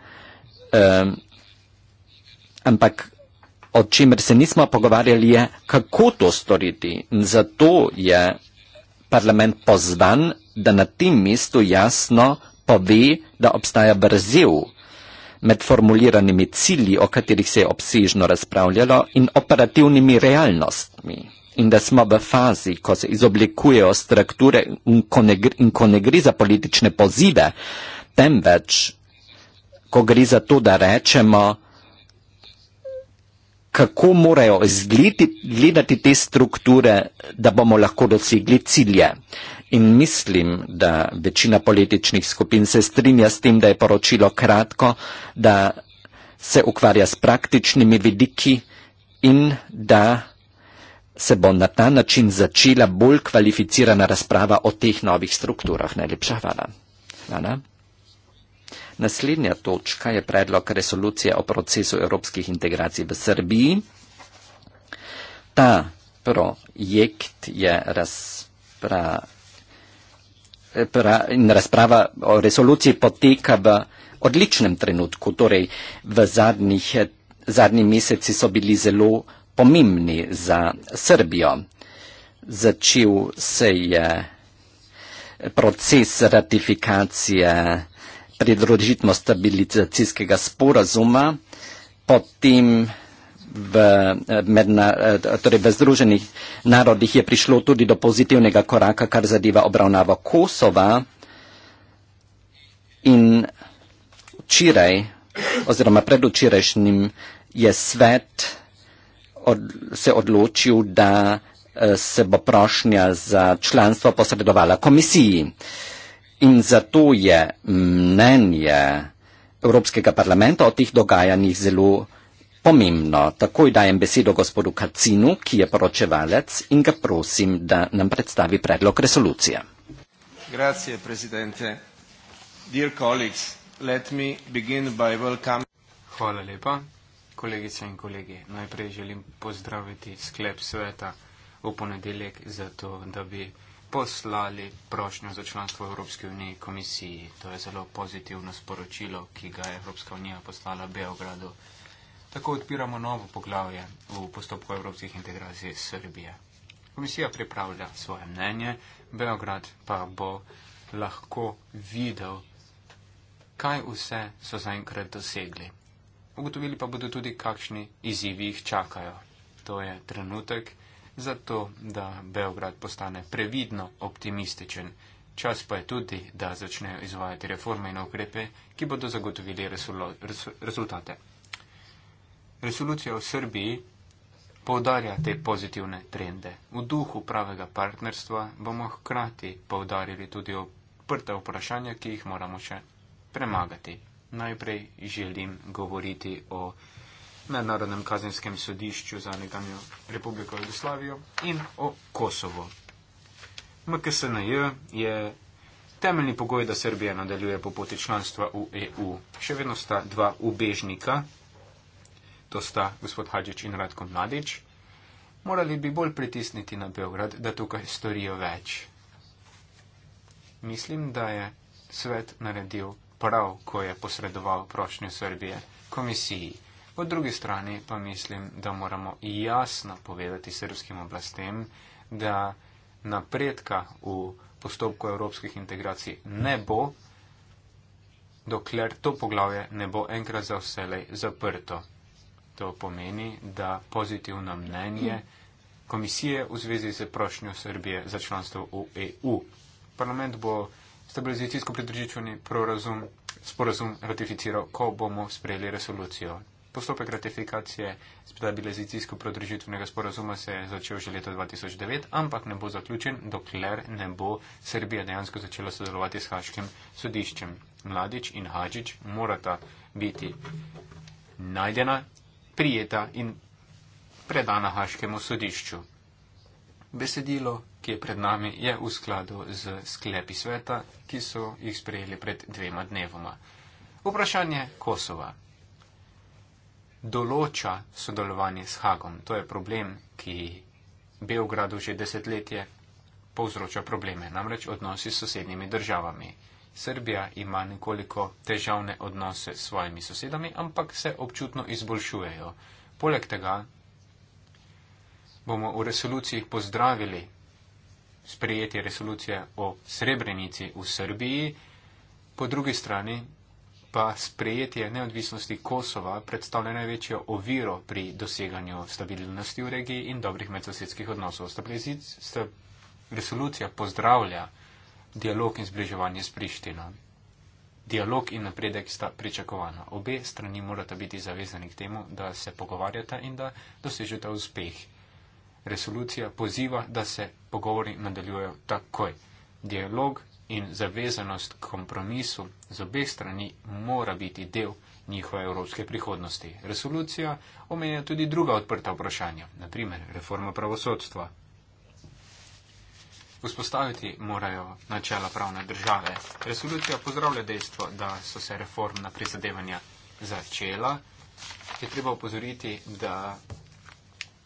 eh, ampak o čemer se nismo pogovarjali je, kako to storiti. In zato je parlament pozvan, da na tem mestu jasno pove, da obstaja brzel med formuliranimi cilji, o katerih se je obsežno razpravljalo, in operativnimi realnostmi in da smo v fazi, ko se izoblikujejo strukture in ko, ne, in ko ne gre za politične pozive, temveč, ko gre za to, da rečemo, kako morajo izgledati te strukture, da bomo lahko dosegli cilje. In mislim, da večina političnih skupin se strinja s tem, da je poročilo kratko, da se ukvarja s praktičnimi vidiki in da se bo na ta način začela bolj kvalificirana razprava o teh novih strukturah. Najlepša hvala. hvala. Naslednja točka je predlog resolucije o procesu evropskih integracij v Srbiji. Ta projekt je razpra, pra, in razprava o resoluciji poteka v odličnem trenutku, torej v zadnjih, zadnji meseci so bili zelo pomembni za Srbijo. Začel se je proces ratifikacije pridružitno stabilizacijskega sporazuma, potem v, medna, torej v Združenih narodih je prišlo tudi do pozitivnega koraka, kar zadeva obravnavo Kosova in včeraj oziroma predvčerajšnjim je svet od, se odločil, da eh, se bo prošnja za članstvo posredovala komisiji. In zato je mnenje Evropskega parlamenta o teh dogajanjih zelo pomembno. Takoj dajem besedo gospodu Kacinu, ki je poročevalec in ga prosim, da nam predstavi predlog resolucije. Grazie, presidente. Dear colleagues, let me begin by welcoming... Hvala lepa kolegice in kolegi. Najprej želim pozdraviti sklep sveta v ponedeljek za to, da bi poslali prošnjo za članstvo Evropske unije komisiji. To je zelo pozitivno sporočilo, ki ga je Evropska unija poslala Beogradu. Tako odpiramo novo poglavje v postopku evropskih integracij Srbije. Komisija pripravlja svoje mnenje, Beograd pa bo lahko videl, kaj vse so zaenkrat dosegli ugotovili pa bodo tudi, kakšni izzivi jih čakajo. To je trenutek za to, da Beograd postane previdno optimističen. Čas pa je tudi, da začnejo izvajati reforme in ukrepe, ki bodo zagotovili rezultate. Resolucija o Srbiji poudarja te pozitivne trende. V duhu pravega partnerstva bomo hkrati poudarili tudi oprta vprašanja, ki jih moramo še premagati. Najprej želim govoriti o Mednarodnem kazenskem sodišču za nekdanjo Republiko Jugoslavijo in o Kosovo. MKSNJ je temeljni pogoj, da Srbija nadaljuje po poti članstva v EU. Še vedno sta dva ubežnika, to sta gospod Hadžič in Radko Mladič. Morali bi bolj pritisniti na Beograd, da tukaj storijo več. Mislim, da je svet naredil prav, ko je posredoval prošnjo Srbije komisiji. Po drugi strani pa mislim, da moramo jasno povedati srpskim oblastem, da napredka v postopku evropskih integracij ne bo, dokler to poglavje ne bo enkrat za vselej zaprto. To pomeni, da pozitivno mnenje komisije v zvezi z prošnjo Srbije za članstvo v EU. Parlament bo stabilizacijsko pridružitveni sporazum ratificiral, ko bomo sprejeli resolucijo. Postopek ratifikacije stabilizacijsko pridružitvenega sporazuma se je začel že leta 2009, ampak ne bo zaključen, dokler ne bo Srbija dejansko začela sodelovati s Haškim sodiščem. Mladič in Hadžič morata biti najdena, prijeta in predana Haškemu sodišču. Besedilo ki je pred nami, je v skladu z sklepi sveta, ki so jih sprejeli pred dvema dnevoma. Vprašanje Kosova. Določa sodelovanje s Hagom. To je problem, ki Beogradu že desetletje povzroča probleme, namreč odnosi s sosednjimi državami. Srbija ima nekoliko težavne odnose s svojimi sosedami, ampak se občutno izboljšujejo. Poleg tega bomo v resoluciji pozdravili sprejetje resolucije o Srebrenici v Srbiji, po drugi strani pa sprejetje neodvisnosti Kosova predstavlja največjo oviro pri doseganju stabilnosti v regiji in dobrih medsosedskih odnosov. Resolucija pozdravlja dialog in zbliževanje s Prištino. Dialog in napredek sta pričakovana. Obe strani morata biti zavezani k temu, da se pogovarjata in da dosežeta uspeh resolucija poziva, da se pogovori nadaljujejo takoj. Dialog in zavezanost k kompromisu z obeh strani mora biti del njihove evropske prihodnosti. Resolucija omenja tudi druga odprta vprašanja, naprimer reforma pravosodstva. Vzpostaviti morajo načela pravne države. Resolucija pozdravlja dejstvo, da so se reformna prizadevanja začela. Je treba upozoriti, da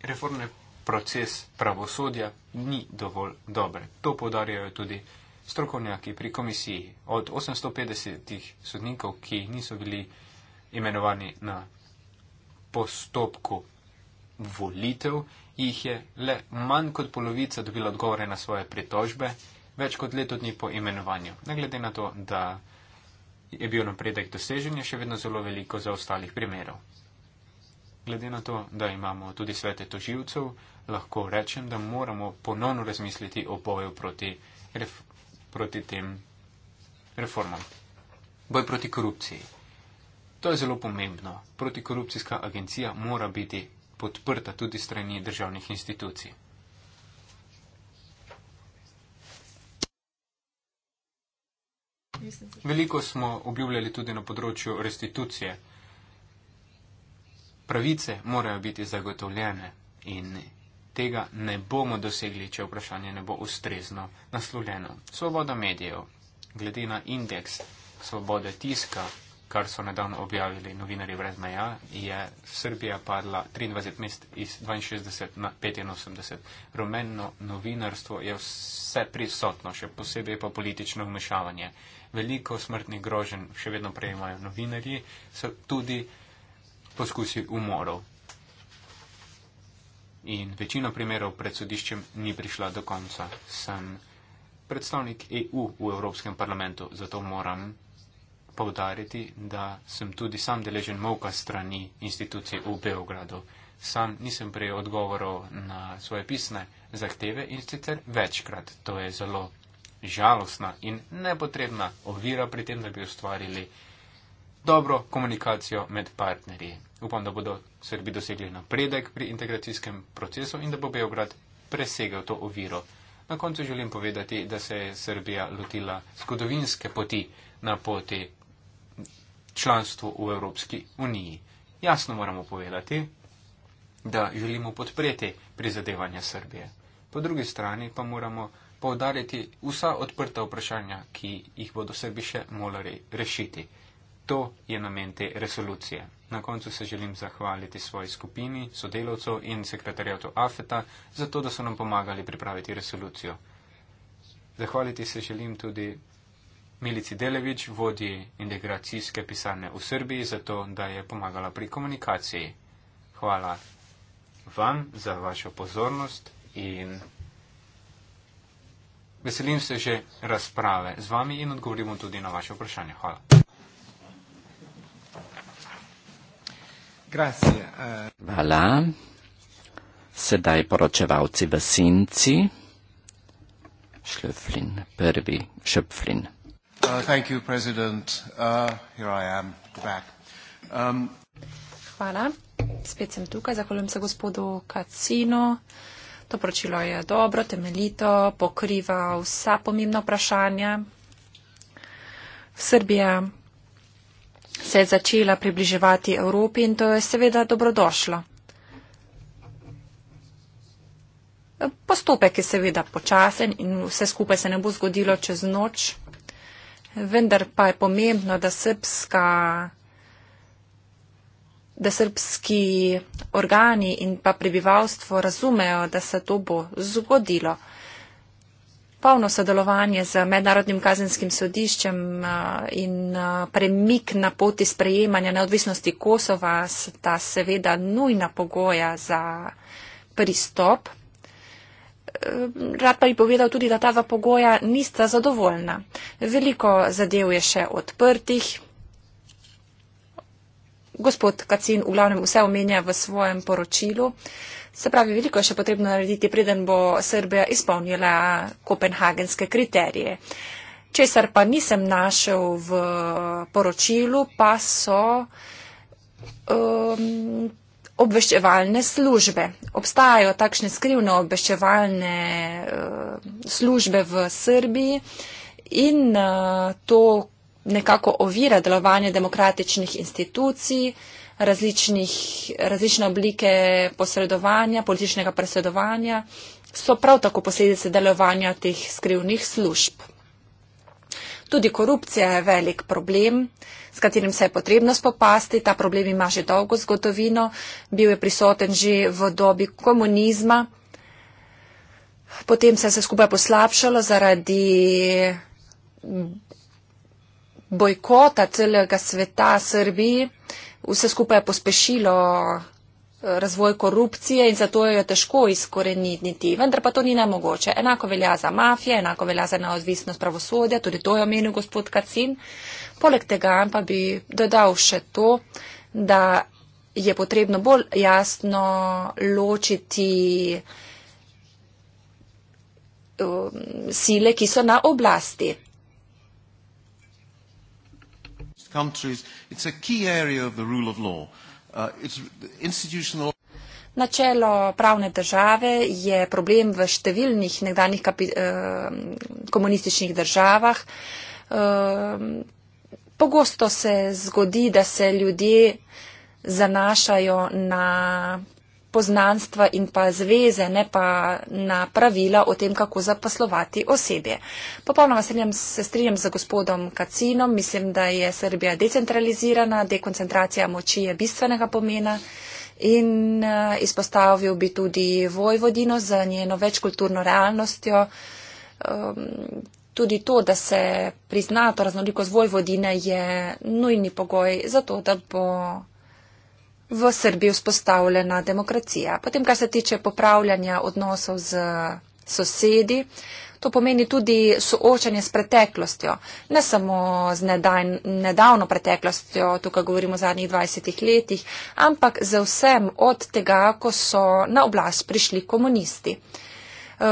reformne proces pravosodja ni dovolj dober. To podarjajo tudi strokovnjaki pri komisiji. Od 850 sodnikov, ki niso bili imenovani na postopku volitev, jih je le manj kot polovica dobila odgovore na svoje pritožbe, več kot leto dni po imenovanju. Ne glede na to, da je bil napredek doseženje še vedno zelo veliko za ostalih primerov glede na to, da imamo tudi svete toživcev, lahko rečem, da moramo ponovno razmisliti o boju proti, ref, proti tem reformam. Boj proti korupciji. To je zelo pomembno. Protikorupcijska agencija mora biti podprta tudi strani državnih institucij. Veliko smo obljubljali tudi na področju restitucije pravice morajo biti zagotovljene in tega ne bomo dosegli, če vprašanje ne bo ustrezno naslovljeno. Svoboda medijev, glede na indeks svobode tiska, kar so nedavno objavili novinari brez meja, je Srbija padla 23 mest iz 62 na 85. Rumeno novinarstvo je vse prisotno, še posebej pa politično vmešavanje. Veliko smrtnih grožen še vedno prejemajo novinari, so tudi poskusi umorov. In večino primerov pred sodiščem ni prišla do konca. Sem predstavnik EU v Evropskem parlamentu, zato moram povdariti, da sem tudi sam deležen mavka strani institucije v Beogradu. Sam nisem prej odgovoril na svoje pisne zahteve in sicer večkrat. To je zelo žalostna in nepotrebna ovira pri tem, da bi ustvarili dobro komunikacijo med partnerji. Upam, da bodo Srbi dosegli napredek pri integracijskem procesu in da bo Beograd presegel to oviro. Na koncu želim povedati, da se je Srbija lotila zgodovinske poti na poti članstvu v Evropski uniji. Jasno moramo povedati, da želimo podpreti prizadevanja Srbije. Po drugi strani pa moramo povdariti vsa odprta vprašanja, ki jih bodo Srbi še morali rešiti. To je namen te resolucije. Na koncu se želim zahvaliti svoji skupini, sodelovcev in sekretarjatu AFETA za to, da so nam pomagali pripraviti resolucijo. Zahvaliti se želim tudi Milici Delevič, vodji integracijske pisarne v Srbiji, za to, da je pomagala pri komunikaciji. Hvala vam za vašo pozornost in veselim se že razprave z vami in odgovorimo tudi na vaše vprašanje. Hvala. Eh. Hvala. Sedaj poročevalci v Sinci. Šlöflin, prvi Šöpflin. Uh, uh, um, Hvala, spet sem tukaj, zahvaljujem se gospodu Kacino. To poročilo je dobro, temeljito, pokriva vsa pomembna vprašanja. Srbija se je začela približevati Evropi in to je seveda dobrodošlo. Postopek je seveda počasen in vse skupaj se ne bo zgodilo čez noč, vendar pa je pomembno, da srpska da srpski organi in pa prebivalstvo razumejo, da se to bo zgodilo polno sodelovanje z mednarodnim kazenskim sodiščem eh, in eh, premik na poti sprejemanja neodvisnosti Kosova sta seveda nujna pogoja za pristop. Eh, rad pa bi povedal tudi, da ta dva pogoja nista zadovoljna. Veliko zadev je še odprtih. Gospod Kacin v glavnem vse omenja v svojem poročilu. Se pravi, veliko je še potrebno narediti, preden bo Srbija izpolnila kopenhagenske kriterije. Česar pa nisem našel v poročilu, pa so um, obveščevalne službe. Obstajajo takšne skrivne obveščevalne uh, službe v Srbiji in uh, to nekako ovira delovanje demokratičnih institucij. Uh, različne oblike posredovanja, političnega presedovanja, so prav tako posledice delovanja teh skrivnih služb. Tudi korupcija je velik problem, s katerim se je potrebno spopasti. Ta problem ima že dolgo zgodovino, bil je prisoten že v dobi komunizma. Potem se je vse skupaj poslabšalo zaradi bojkota celega sveta Srbiji, vse skupaj pospešilo eh, razvoj korupcije in zato jo je težko izkoreniti, vendar pa to ni nemogoče. Enako velja za mafije, enako velja za neodvisnost pravosodja, tudi to je omenil gospod Kacin. Poleg tega pa bi dodal še to, da je potrebno bolj jasno ločiti um, sile, ki so na oblasti. Countries. It's a key area of the rule of law. Uh, it's institutional. Načelo pravne države je problem v številnih nekdanjih kapi, eh, komunističnih državah. Eh, pogosto se zgodi, da se ljudje zanašajo na poznanstva in pa zveze, ne pa na pravila o tem, kako zaposlovati osebje. Popolnoma strinjam, se strinjam z gospodom Kacinom, mislim, da je Srbija decentralizirana, dekoncentracija moči je bistvenega pomena. In eh, izpostavil bi tudi Vojvodino za njeno večkulturno realnostjo. Ehm, tudi to, da se prizna to raznolikost Vojvodine, je nujni pogoj za to, da bo v Srbiji vzpostavljena demokracija. Potem, kar se tiče popravljanja odnosov z sosedi, to pomeni tudi soočanje s preteklostjo, ne samo z nedaj, nedavno preteklostjo, tukaj govorimo o zadnjih 20 letih, ampak z vsem od tega, ko so na oblast prišli komunisti. Eh,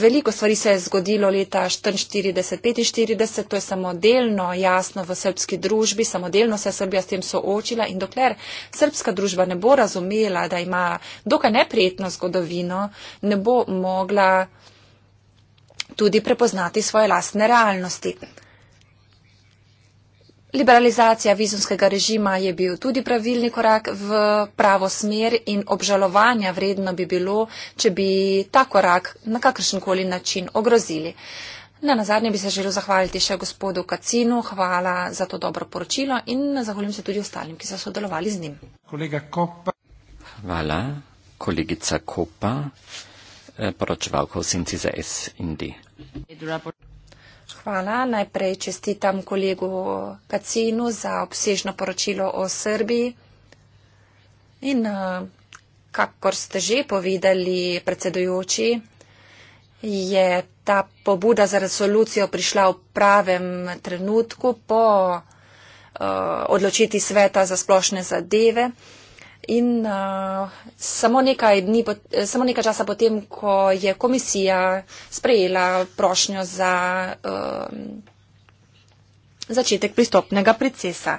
veliko stvari se je zgodilo leta 1944-1945, to je samodelno jasno v srpski družbi, samodelno se je Srbija s tem soočila in dokler srpska družba ne bo razumela, da ima dokaj neprijetno zgodovino, ne bo mogla tudi prepoznati svoje lastne realnosti. Liberalizacija vizumskega režima je bil tudi pravilni korak v pravo smer in obžalovanja vredno bi bilo, če bi ta korak na kakršenkoli način ogrozili. Na nazadnje bi se želel zahvaliti še gospodu Kacinu, hvala za to dobro poročilo in zahvalim se tudi ostalim, ki so sodelovali z njim. Kolega Kopa. Hvala, kolegica Kopa, eh, poročevalko v Sinci za S in D hvala. Najprej čestitam kolegu Kacinu za obsežno poročilo o Srbiji. In eh, kakor ste že povedali, predsedujoči, je ta pobuda za resolucijo prišla v pravem trenutku po eh, odločiti sveta za splošne zadeve in uh, samo, nekaj dni, eh, samo nekaj časa potem, ko je komisija sprejela prošnjo za uh, začetek pristopnega procesa.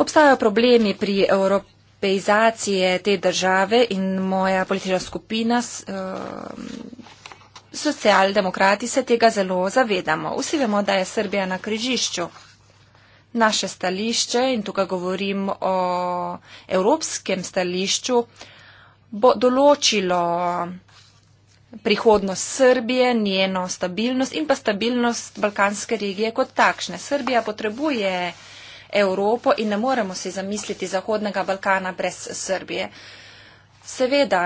Obstajajo problemi pri evropeizaciji te države in moja politična skupina. Uh, Socialdemokrati se tega zelo zavedamo. Vsi vemo, da je Srbija na križišču naše stališče, in tukaj govorim o evropskem stališču, bo določilo prihodnost Srbije, njeno stabilnost in pa stabilnost balkanske regije kot takšne. Srbija potrebuje Evropo in ne moremo si zamisliti Zahodnega Balkana brez Srbije. Seveda,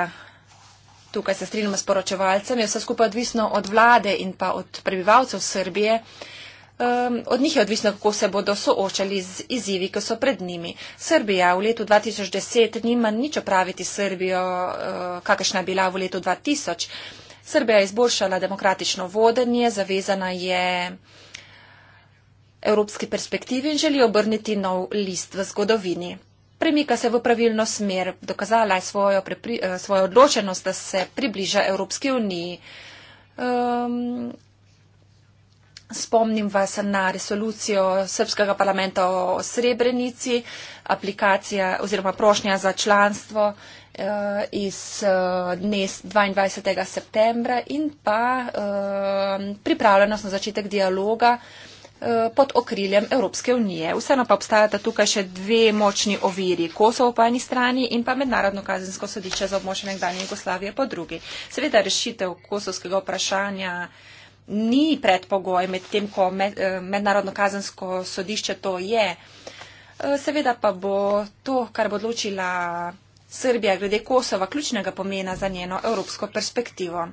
tukaj se strinjamo s poročevalcem, je vse skupaj odvisno od vlade in pa od prebivalcev Srbije um, od njih je odvisno, kako se bodo soočali z izzivi, ki so pred njimi. Srbija v letu 2010 nima nič opraviti Srbijo, uh, kakršna je bila v letu 2000. Srbija je izboljšala demokratično vodenje, zavezana je evropski perspektivi in želi obrniti nov list v zgodovini. Premika se v pravilno smer, dokazala je svojo, prepri, eh, svojo odločenost, da se približa Evropski uniji. Um, spomnim vas na resolucijo Srpskega parlamenta o Srebrenici, aplikacija oziroma prošnja za članstvo eh, iz eh, dne 22. septembra in pa eh, pripravljenost na začetek dialoga pod okriljem Evropske unije. Vseeno pa obstajata tukaj še dve močni oviri, Kosovo po eni strani in pa Mednarodno kazensko sodišče za območje nekdanje Jugoslavije po drugi. Seveda rešitev kosovskega vprašanja ni predpogoj med tem, ko med, eh, mednarodno kazansko sodišče to je. Eh, seveda pa bo to, kar bo odločila Srbija glede Kosova, ključnega pomena za njeno evropsko perspektivo.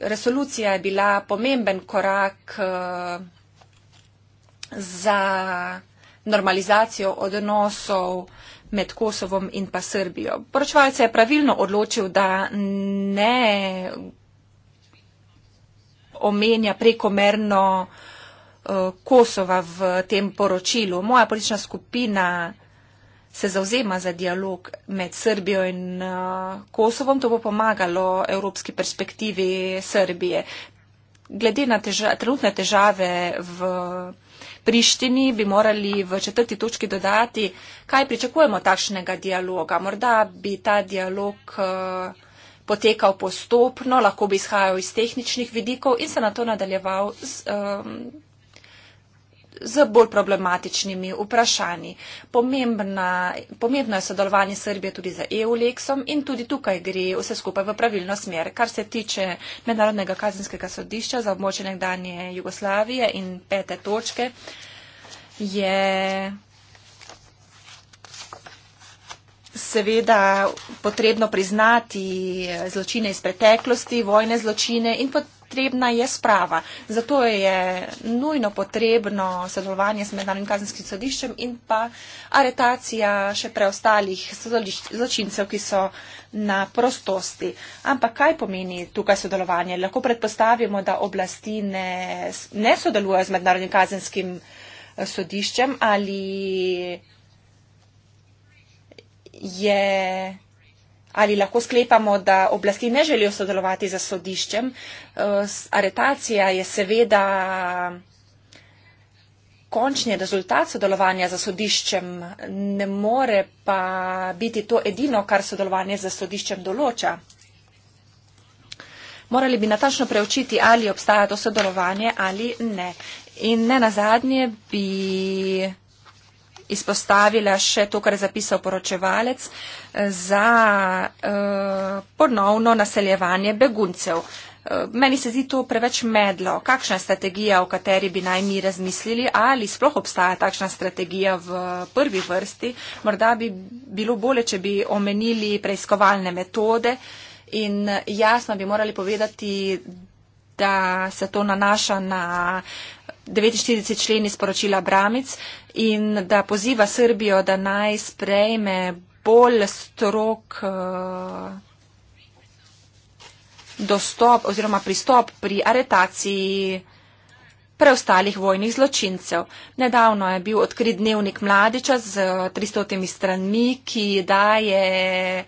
Resolucija je bila pomemben korak eh, za normalizacijo odnosov med Kosovom in pa Srbijo. Poročevalec je pravilno odločil, da ne omenja prekomerno eh, Kosova v tem poročilu. Moja politična skupina se zauzema za dialog med Srbijo in eh, Kosovom. To bo pomagalo evropski perspektivi Srbije. Glede na teža, trenutne težave v Srbiji, Prištini bi morali v četrti točki dodati, kaj pričakujemo takšnega dialoga. Morda bi ta dialog eh, potekal postopno, lahko bi izhajal iz tehničnih vidikov in se na to nadaljeval z. Um, z bolj problematičnimi vprašanji. Pomembna, pomembno je sodelovanje Srbije tudi za EU-leksom in tudi tukaj gre vse skupaj v pravilno smer. Kar se tiče Mednarodnega kazenskega sodišča za območje nekdanje Jugoslavije in pete točke, je seveda potrebno priznati zločine iz preteklosti, vojne zločine in potem potrebna je sprava. Zato je nujno potrebno sodelovanje s mednarodnim kazenskim sodiščem in pa aretacija še preostalih zločincev, ki so na prostosti. Ampak kaj pomeni tukaj sodelovanje? Lahko predpostavimo, da oblasti ne, ne sodelujejo z mednarodnim kazenskim eh, sodiščem ali je. Ali lahko sklepamo, da oblasti ne želijo sodelovati za sodiščem? Eh, aretacija je seveda končni rezultat sodelovanja za sodiščem, ne more pa biti to edino, kar sodelovanje za sodiščem določa. Morali bi natačno preučiti, ali obstaja to sodelovanje ali ne. In ne nazadnje bi izpostavila še to, kar je zapisal poročevalec, eh, za eh, ponovno naseljevanje beguncev. Eh, meni se zdi to preveč medlo. Kakšna je strategija, o kateri bi naj mi razmislili, ali sploh obstaja takšna strategija v prvi vrsti? Morda bi bilo bolje, če bi omenili preiskovalne metode in jasno bi morali povedati, da se to nanaša na uh, 49 členi sporočila Bramic in da poziva Srbijo, da naj sprejme bolj strok eh, dostop oziroma pristop pri aretaciji preostalih vojnih zločincev. Nedavno je bil odkrit dnevnik Mladiča z 300 strani, ki daje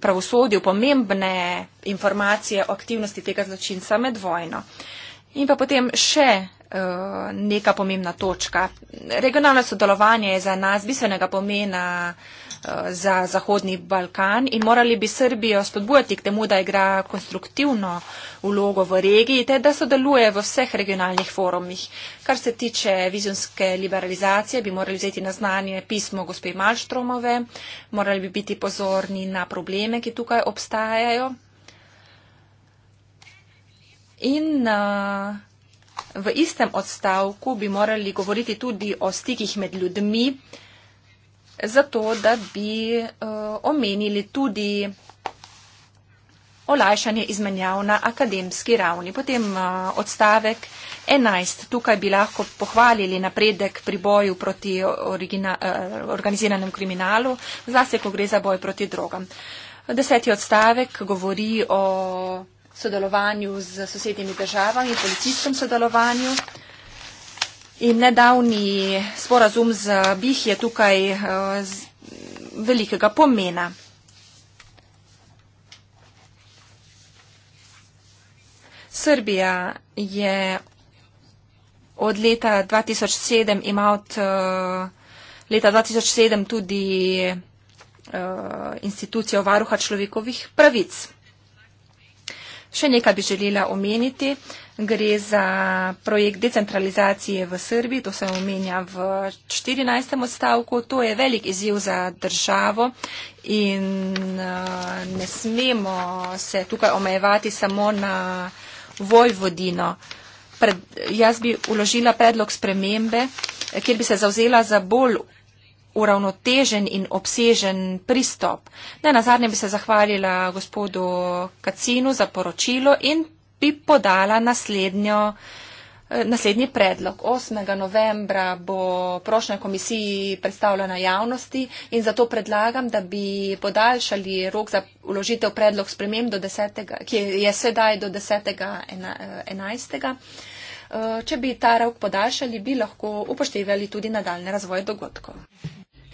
pravosodju pomembne informacije o aktivnosti tega zločinca med vojno. In pa potem še Eh, neka pomembna točka. Regionalno sodelovanje je za nas bistvenega pomena eh, za Zahodni Balkan in morali bi Srbijo spodbujati k temu, da igra konstruktivno vlogo v regiji, te da sodeluje v vseh regionalnih forumih. Kar se tiče vizionske liberalizacije, bi morali vzeti na znanje pismo gospe Malštromove, morali bi biti pozorni na probleme, ki tukaj obstajajo. In uh, V istem odstavku bi morali govoriti tudi o stikih med ljudmi, zato da bi eh, omenili tudi olajšanje izmenjav na akademski ravni. Potem eh, odstavek 11. Tukaj bi lahko pohvalili napredek pri boju proti eh, organiziranem kriminalu, zlasti ko gre za boj proti drogam. Deseti odstavek govori o sodelovanju z sosednjimi državami, policijskem sodelovanju. In nedavni sporazum z BIH je tukaj eh, z velikega pomena. Srbija je od leta 2007 ima od eh, leta 2007 tudi eh, institucijo varuha človekovih pravic. Še nekaj bi želela omeniti. Gre za projekt decentralizacije v Srbiji, to se omenja v 14. odstavku. To je velik izziv za državo in eh, ne smemo se tukaj omejevati samo na Vojvodino. Pred, jaz bi uložila predlog spremembe, kjer bi se zauzela za bolj uravnotežen in obsežen pristop. Ne na zadnje bi se zahvalila gospodu Kacinu za poročilo in bi podala naslednjo, eh, naslednji predlog. 8. novembra bo prošnja komisiji predstavljena javnosti in zato predlagam, da bi podaljšali rok za uložitev predlog sprememb, ki je sedaj do 10.11. Eh, eh, če bi ta rok podaljšali, bi lahko upoštevali tudi nadaljne razvoje dogodkov.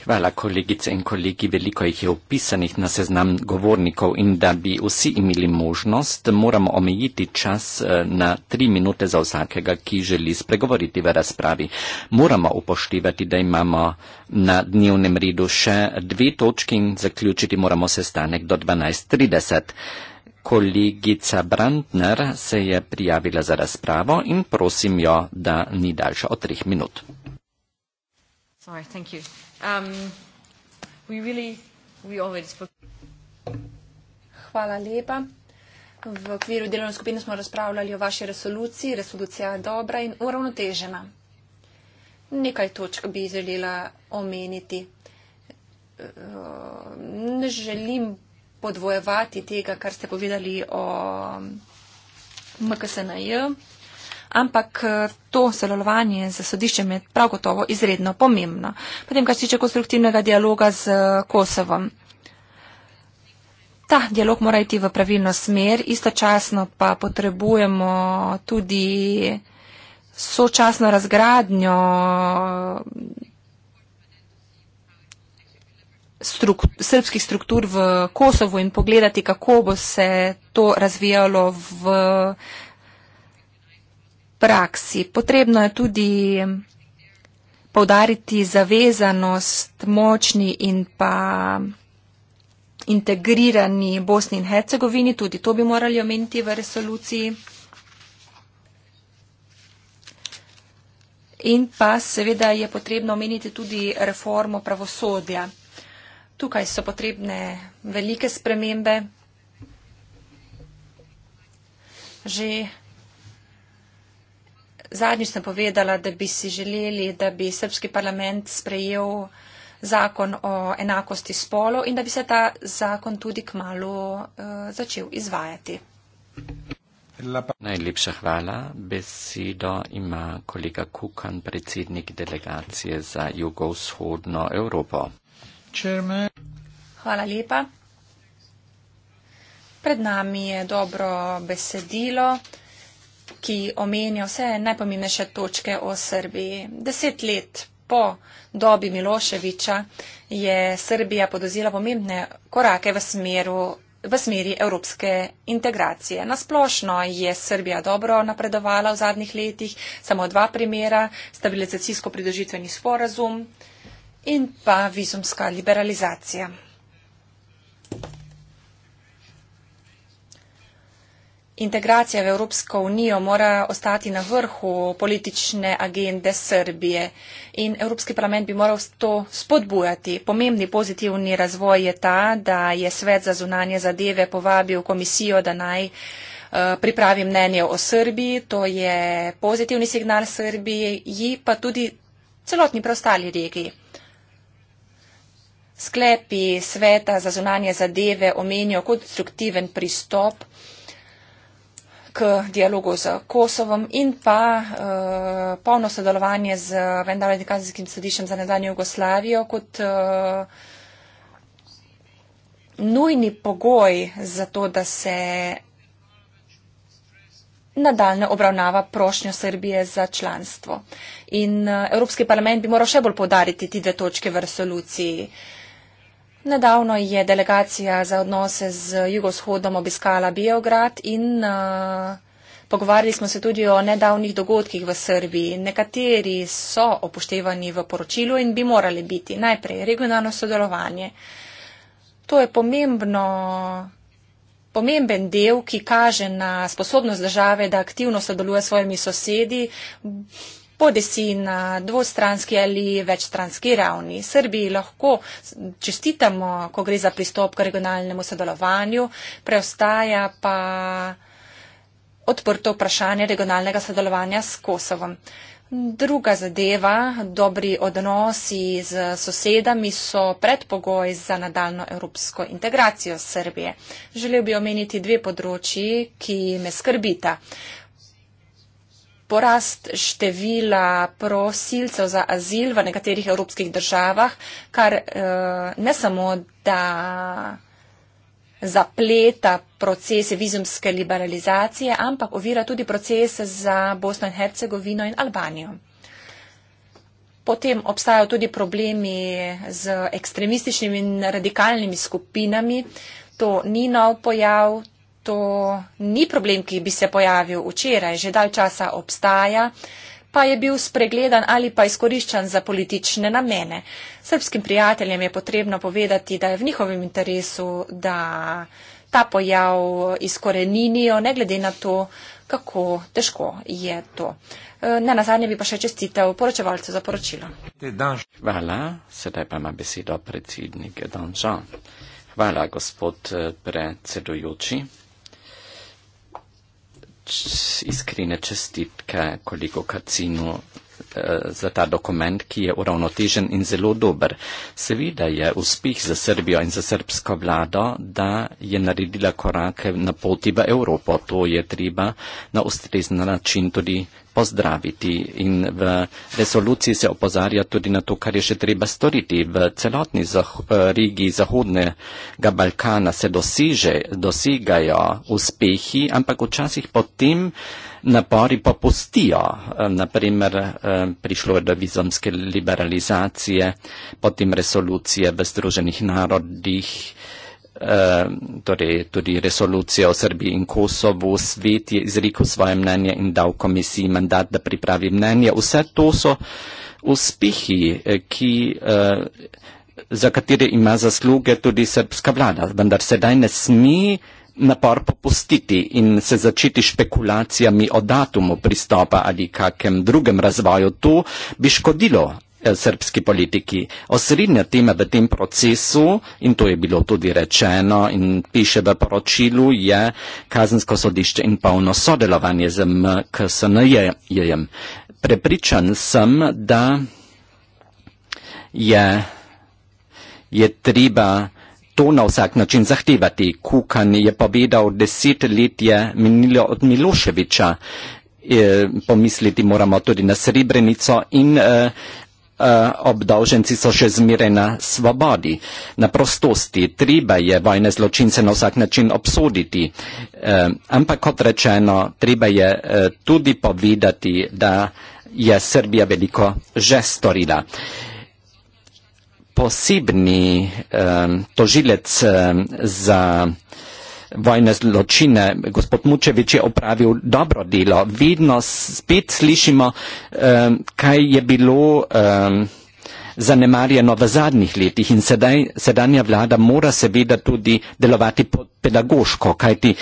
Hvala, kolegice in kolegi. Veliko jih je upisanih na seznam govornikov in da bi vsi imeli možnost, moramo omejiti čas eh, na tri minute za vsakega, ki želi spregovoriti v razpravi. Moramo upoštevati, da imamo na dnevnem redu še dve točki in zaključiti moramo sestanek do 12.30. Kolegica Brandner se je prijavila za razpravo in prosim jo, da ni daljša od treh minut. Sorry, Um, we really, we always... Hvala lepa. V okviru delovne skupine smo razpravljali o vaši resoluciji. Resolucija je dobra in uravnotežena. Nekaj točk bi želela omeniti. Ehm, ne želim podvojevati tega, kar ste povedali o MKSNJ ampak eh, to sodelovanje z sodiščem je prav gotovo izredno pomembno. Potem, kar se tiče konstruktivnega dialoga z eh, Kosovom. Ta dialog mora iti v pravilno smer, istočasno pa potrebujemo tudi sočasno razgradnjo struktur, srpskih struktur v Kosovu in pogledati, kako bo se to razvijalo v praksi. Potrebno je tudi povdariti zavezanost močni in pa integrirani Bosni in Hercegovini, tudi to bi morali omeniti v resoluciji. In pa seveda je potrebno omeniti tudi reformo pravosodja. Tukaj so potrebne velike spremembe. Že zadnjič sem povedala, da bi si želeli, da bi srpski parlament sprejel zakon o enakosti spolo in da bi se ta zakon tudi k malu uh, eh, začel izvajati. Najlepša hvala. Besedo ima kolega Kukan, predsednik delegacije za jugovzhodno Evropo. Hvala lepa. Pred nami je dobro besedilo ki omenja vse najpomembnejše točke o Srbiji. Deset let po dobi Miloševiča je Srbija podozila pomembne korake v, smeru, v smeri evropske integracije. Nasplošno je Srbija dobro napredovala v zadnjih letih, samo dva primera, stabilizacijsko pridružitveni sporazum in pa vizumska liberalizacija. Thank you. Integracija v Evropsko unijo mora ostati na vrhu politične agende Srbije in Evropski parlament bi moral to spodbujati. Pomembni pozitivni razvoj je ta, da je svet za zunanje zadeve povabil komisijo, da naj eh, pripravi mnenje o Srbiji. To je pozitivni signal Srbiji, pa tudi celotni preostali regiji. Sklepi sveta za zunanje zadeve omenijo konstruktiven pristop k dialogu z Kosovom in pa uh, polno sodelovanje z Vendavljenim kazenskim sodiščem za nedanje Jugoslavijo kot uh, nujni pogoj za to, da se nadaljne obravnava prošnjo Srbije za članstvo. In uh, Evropski parlament bi moral še bolj podariti ti dve točke v resoluciji. Uh, Nedavno je delegacija za odnose z jugovzhodom obiskala Beograd in uh, pogovarjali smo se tudi o nedavnih dogodkih v Srbiji. Nekateri so opuštevani v poročilu in bi morali biti. Najprej regionalno sodelovanje. To je pomembno. Pomemben del, ki kaže na sposobnost države, da aktivno sodeluje s svojimi sosedi, bodi si na dvostranski ali večstranski ravni. Srbiji lahko čestitamo, ko gre za pristop k regionalnemu sodelovanju, preostaja pa odprto vprašanje regionalnega sodelovanja s Kosovom. Druga zadeva, dobri odnosi z sosedami so predpogoj za nadaljno evropsko integracijo Srbije. Želel bi omeniti dve področji, ki me skrbita porast števila prosilcev za azil v nekaterih evropskih državah, kar eh, ne samo, da zapleta procese vizumske liberalizacije, ampak ovira tudi procese za Bosno in Hercegovino in Albanijo. Potem obstajajo tudi problemi z ekstremističnimi in radikalnimi skupinami. To ni nov pojav, to ni problem, ki bi se pojavil včeraj, že dalj časa obstaja, pa je bil spregledan ali pa izkoriščan za politične namene. Srbskim prijateljem je potrebno povedati, da je v njihovem interesu, da ta pojav izkoreninijo, ne glede na to, kako težko je to. E, na nazadnje bi pa še čestitev poročevalcu za poročilo. Hvala, sedaj pa ima besedo predsednik Donžan. Hvala, gospod eh, predsedujoči iskrene čestitke koliko kacinu eh, za ta dokument, ki je uravnotežen in zelo dober. Seveda je uspeh za Srbijo in za srbsko vlado, da je naredila korake na poti v Evropo. To je treba na ustrezen način tudi pozdraviti. In v resoluciji se opozarja tudi na to, kar je še treba storiti. V celotni zah eh, regiji Zahodnega Balkana se dosiže, dosegajo uspehi, ampak včasih potem napori popustijo. Eh, Naprimer, eh, prišlo je do vizomske liberalizacije, potem resolucije v Združenih narodih. Ehm, torej, tudi resolucijo o Srbiji in Kosovu, svet je izrekel svoje mnenje in dal komisiji mandat, da pripravi mnenje. Vse to so uspehi, eh, ki, eh, za katere ima zasluge tudi srpska vlada, vendar sedaj ne sme napor popustiti in se začeti špekulacijami o datumu pristopa ali kakem drugem razvoju. To bi škodilo Eh, srpski politiki. Osrednja tema v tem procesu, in to je bilo tudi rečeno in piše v poročilu, je kazensko sodišče in polno sodelovanje z MKSNJ-jem. Prepričan sem, da je, je treba to na vsak način zahtevati. Kukan je povedal, deset let je minilo od Miloševiča. E, eh, pomisliti moramo tudi na Srebrenico in e, Eh, obdolženci so še zmeraj na svobodi, na prostosti. Treba je vojne zločince na vsak način obsoditi. Eh, ampak kot rečeno, treba je eh, tudi povedati, da je Srbija veliko že storila. Posebni tožilec za vsega, vojne zločine. Gospod Mučevič je opravil dobro delo. Vedno spet slišimo, kaj je bilo zanemarjeno v zadnjih letih in sedaj, sedanja vlada mora seveda tudi delovati pedagoško, kajti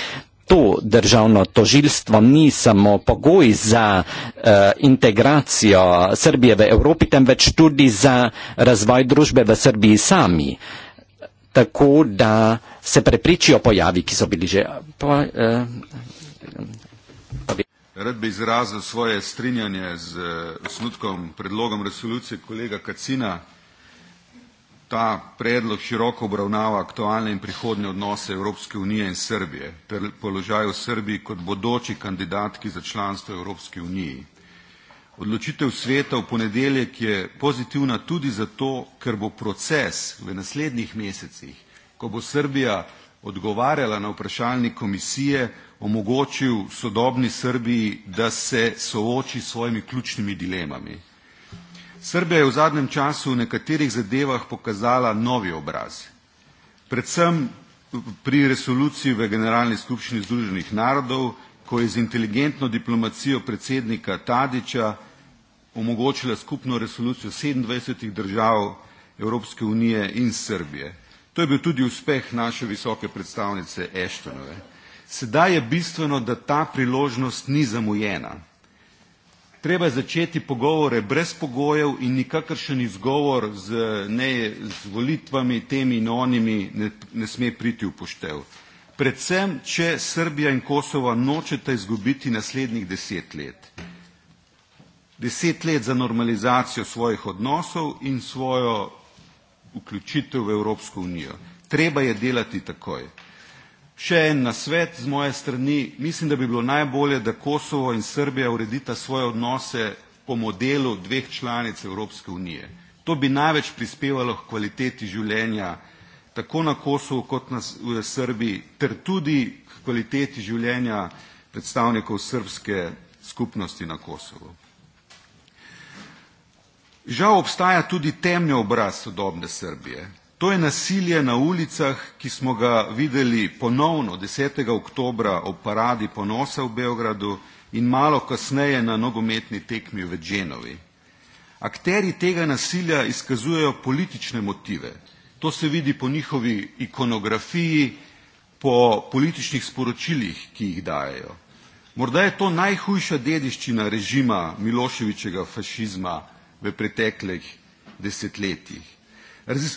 to državno tožilstvo ni samo pogoj za uh, integracijo Srbije v Evropi, temveč tudi za razvoj družbe v Srbiji sami. Tako da uh, se prepriči o pojavi, ki so bili že. Eh, po, eh, bi. Rad bi izrazil svoje strinjanje z eh, osnutkom predlogom resolucije kolega Kacina. Ta predlog široko obravnava aktualne in prihodnje odnose Evropske unije in Srbije ter položaj v Srbiji kot bodoči kandidatki za članstvo Evropske unije. Odločitev sveta v ponedeljek je pozitivna tudi zato, ker bo proces v naslednjih mesecih ko bo Srbija odgovarjala na vprašalni komisije, omogočil sodobni Srbiji, da se sooči s svojimi ključnimi dilemami. Srbija je v zadnjem času v nekaterih zadevah pokazala novi obraz. Predvsem pri resoluciji v Generalni skupščini Združenih narodov, ko je z inteligentno diplomacijo predsednika Tadiča omogočila skupno resolucijo 27 držav Evropske unije in Srbije. To je bil tudi uspeh naše visoke predstavnice Eštonove. Sedaj je bistveno, da ta priložnost ni zamujena. Treba je začeti pogovore brez pogojev in nikakršen izgovor z, ne, z volitvami, temi in onimi, ne, ne sme priti v poštev. Predvsem, če Srbija in Kosova nočeta izgubiti naslednjih deset let. Deset let za normalizacijo svojih odnosov in svojo vključitev v Evropsko unijo. Treba je delati takoj. Še en nasvet z moje strani. Mislim, da bi bilo najbolje, da Kosovo in Srbija uredita svoje odnose po modelu dveh članic Evropske unije. To bi največ prispevalo k kvaliteti življenja tako na Kosovo kot na, v Srbiji, ter tudi k kvaliteti življenja predstavnikov srpske skupnosti na Kosovo. Žal obstaja tudi temni obraz sodobne Srbije. To je nasilje na ulicah, ki smo ga videli ponovno 10. oktobra ob paradi ponosa v Beogradu in malo kasneje na nogometni tekmi v Dženovi. Akteri tega nasilja izkazujejo politične motive. To se vidi po njihovi ikonografiji, po političnih sporočilih, ki jih dajejo. Morda je to najhujša dediščina režima Miloševičega fašizma v preteklih desetletjih.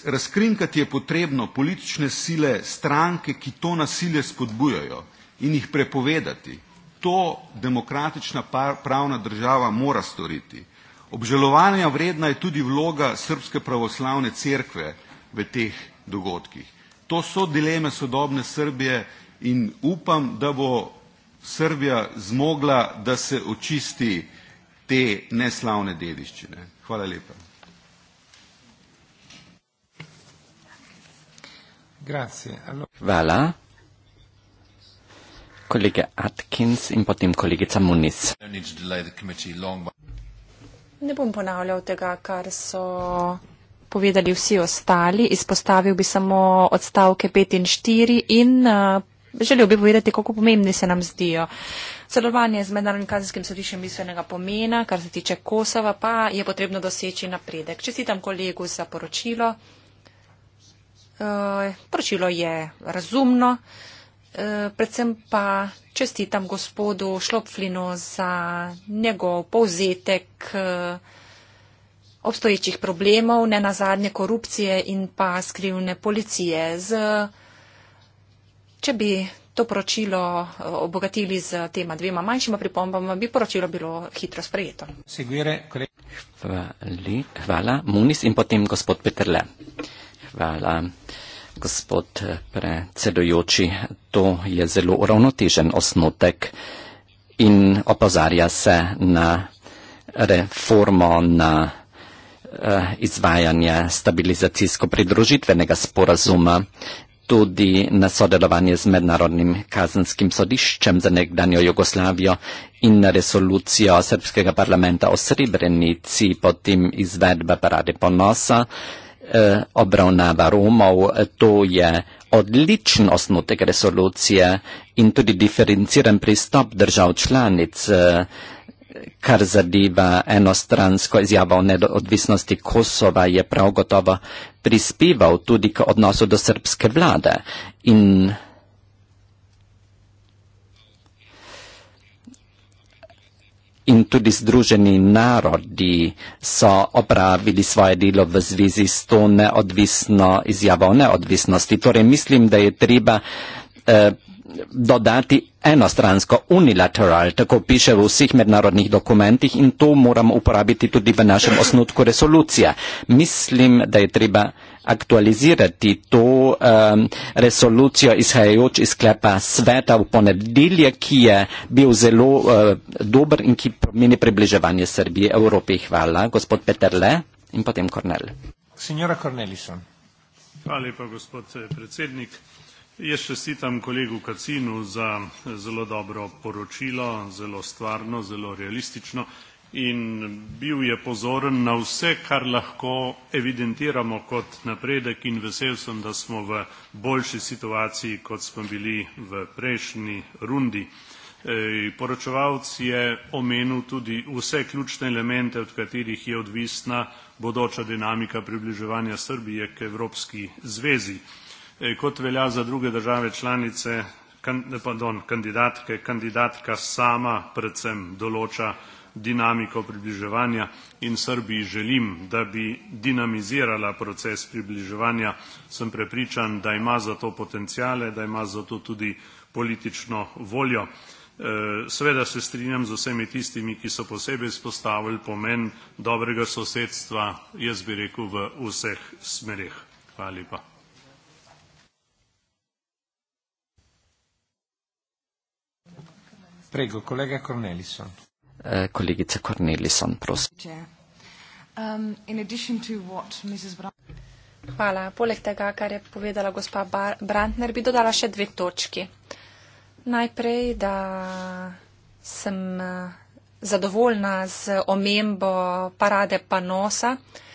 Razkrinkati je potrebno politične sile stranke, ki to nasilje spodbujajo in jih prepovedati. To demokratična pravna država mora storiti. Obžalovanja vredna je tudi vloga Srpske pravoslavne cerkve v teh dogodkih. To so dileme sodobne Srbije in upam, da bo Srbija zmogla, da se očisti te neslavne dediščine. Hvala lepa. Hvala. Kolega Atkins in potem kolegica Muniz. No ne bom ponavljal tega, kar so povedali vsi ostali. Izpostavil bi samo odstavke 5 in 4 in uh, želel bi povedati, kako pomembni se nam zdijo. Uh, Sodelovanje z mednarodnim kazenskim sodiščem bistvenega pomena, kar se tiče Kosova, pa je potrebno doseči napredek. Čestitam kolegu za poročilo. E, poročilo je razumno, e, predvsem pa čestitam gospodu Šlopflinu za njegov povzetek eh, obstoječih problemov, ne nazadnje korupcije in pa skrivne policije. Z, če bi to poročilo eh, obogatili z tema dvema manjšima pripombama, bi poročilo bilo hitro sprejeto. Hvala, hvala, Munis in potem gospod Peterle. Hvala, gospod eh, predsedujoči. To je zelo uravnotežen osnotek in opozarja se na reformo na eh, izvajanje stabilizacijsko pridružitvenega sporazuma tudi na sodelovanje z mednarodnim kazenskim sodiščem za nekdanjo Jugoslavijo in na resolucijo Srpskega parlamenta o Srebrenici, potem izvedba parade ponosa, eh, obravnava Romov, to je odličen osnutek resolucije in tudi diferenciran pristop držav članic. Eh, kar zadeva enostransko izjavo o neodvisnosti Kosova, je prav gotovo prispeval tudi k odnosu do srpske vlade. In In tudi združeni narodi so opravili svoje delo v zvezi s to neodvisno izjavo neodvisnosti. Torej mislim, da je treba eh, dodati enostransko, unilateral, tako piše v vseh mednarodnih dokumentih in to moramo uporabiti tudi v našem osnutku resolucije. Mislim, da je treba aktualizirati to um, resolucijo izhajajoč iz sklepa sveta v ponedeljek, ki je bil zelo uh, dober in ki pomeni približevanje Srbije Evropi. Hvala, gospod Peterle in potem Kornel. Signora Cornelison. Hvala lepa, gospod eh, predsednik. Jaz čestitam kolegu Kacinu za zelo dobro poročilo, zelo stvarno, zelo realistično in bil je pozoren na vse, kar lahko evidentiramo kot napredek in vesel sem, da smo v boljši situaciji, kot smo bili v prejšnji rundi. Poročevalc je omenil tudi vse ključne elemente, od katerih je odvisna bodoča dinamika približevanja Srbije k Evropski zvezi. Eh, kot velja za druge države članice, eh, pardon, kandidatke, kandidatka sama predvsem določa dinamiko približevanja in Srbiji želim, da bi dinamizirala proces približevanja. Sem prepričan, da ima za to potencijale, da ima za to tudi politično voljo. Eh, seveda se strinjam z vsemi tistimi, ki so posebej izpostavili pomen dobrega sosedstva, jaz bi rekel, v vseh smereh. Hvala lepa. Prego, kolega Cornelison. Eh, kolegica Cornelison, prosim. Um, Hvala. Poleg tega, kar je povedala gospa Bar Brantner, bi dodala še dve točki. Najprej, da sem eh, zadovoljna z omembo parade Panosa. Uh,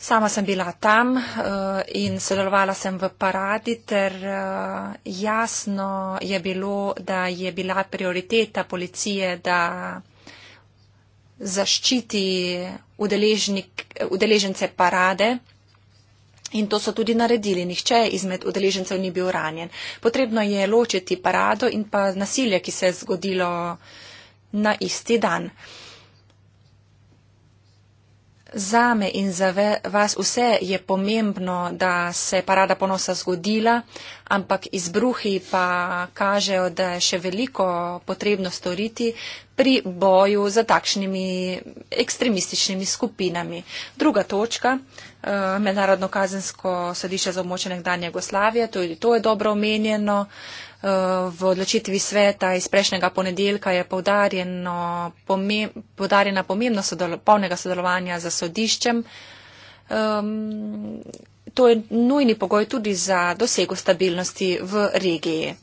Sama sem bila tam eh, in sodelovala sem v paradi, ter eh, jasno je bilo, da je bila prioriteta policije, da zaščiti udeležence parade. In to so tudi naredili. Nihče izmed udeležencev ni bil ranjen. Potrebno je ločiti parado in pa nasilje, ki se je zgodilo na isti dan. Uh, Zame in za vas vse je pomembno, da se je parada ponosa zgodila, ampak izbruhi pa kažejo, da je še veliko potrebno storiti pri boju za takšnimi ekstremističnimi skupinami. Druga točka, eh, Mednarodno kazensko sodišče za območje nekdanje Jugoslavije, tudi to je dobro omenjeno. Eh, v odločitvi sveta iz prejšnjega ponedeljka je povdarjeno, pome, povdarjena pomembnost sodelo, polnega sodelovanja za sodiščem. Um, to je nujni pogoj tudi za dosego stabilnosti v regiji.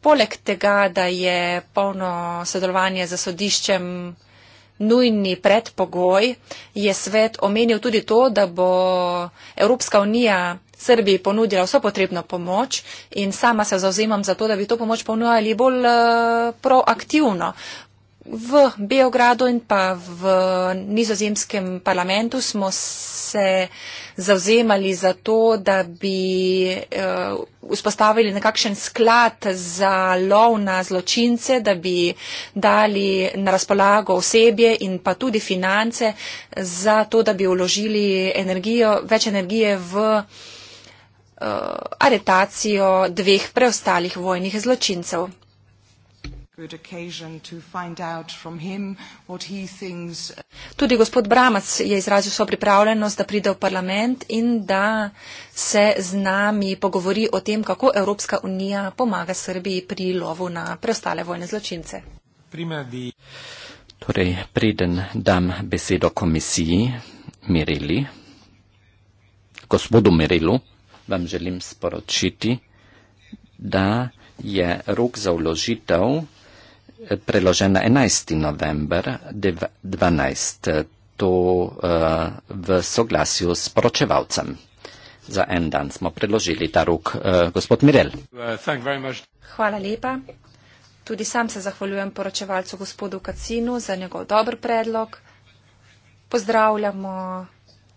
Poleg tega, da je polno sodelovanje za sodiščem nujni predpogoj, je svet omenil tudi to, da bo Evropska unija Srbiji ponudila vso potrebno pomoč in sama se zauzemam za to, da bi to pomoč ponujali bolj eh, proaktivno. V Beogradu in pa v nizozemskem parlamentu smo se zauzemali za to, da bi eh, vzpostavili nekakšen sklad za lov na zločince, da bi dali na razpolago osebje in pa tudi finance za to, da bi vložili energijo, več energije v uh, aretacijo dveh preostalih vojnih zločincev. Thinks... Tudi gospod Bramac je izrazil svojo pripravljenost, da pride v parlament in da se z nami pogovori o tem, kako Evropska unija pomaga Srbiji pri lovu na preostale vojne zločince. Di... Torej, preden dam besedo komisiji, Mirili, gospodu Mirilu vam želim sporočiti, da je rok za uložitev eh, preložen na 11. november 2012. To uh, v soglasju s poročevalcem. Za en dan smo predložili ta rok, uh, gospod Mirel. Hvala lepa. Tudi sam se zahvaljujem poročevalcu gospodu Kacinu za njegov dober predlog. Pozdravljamo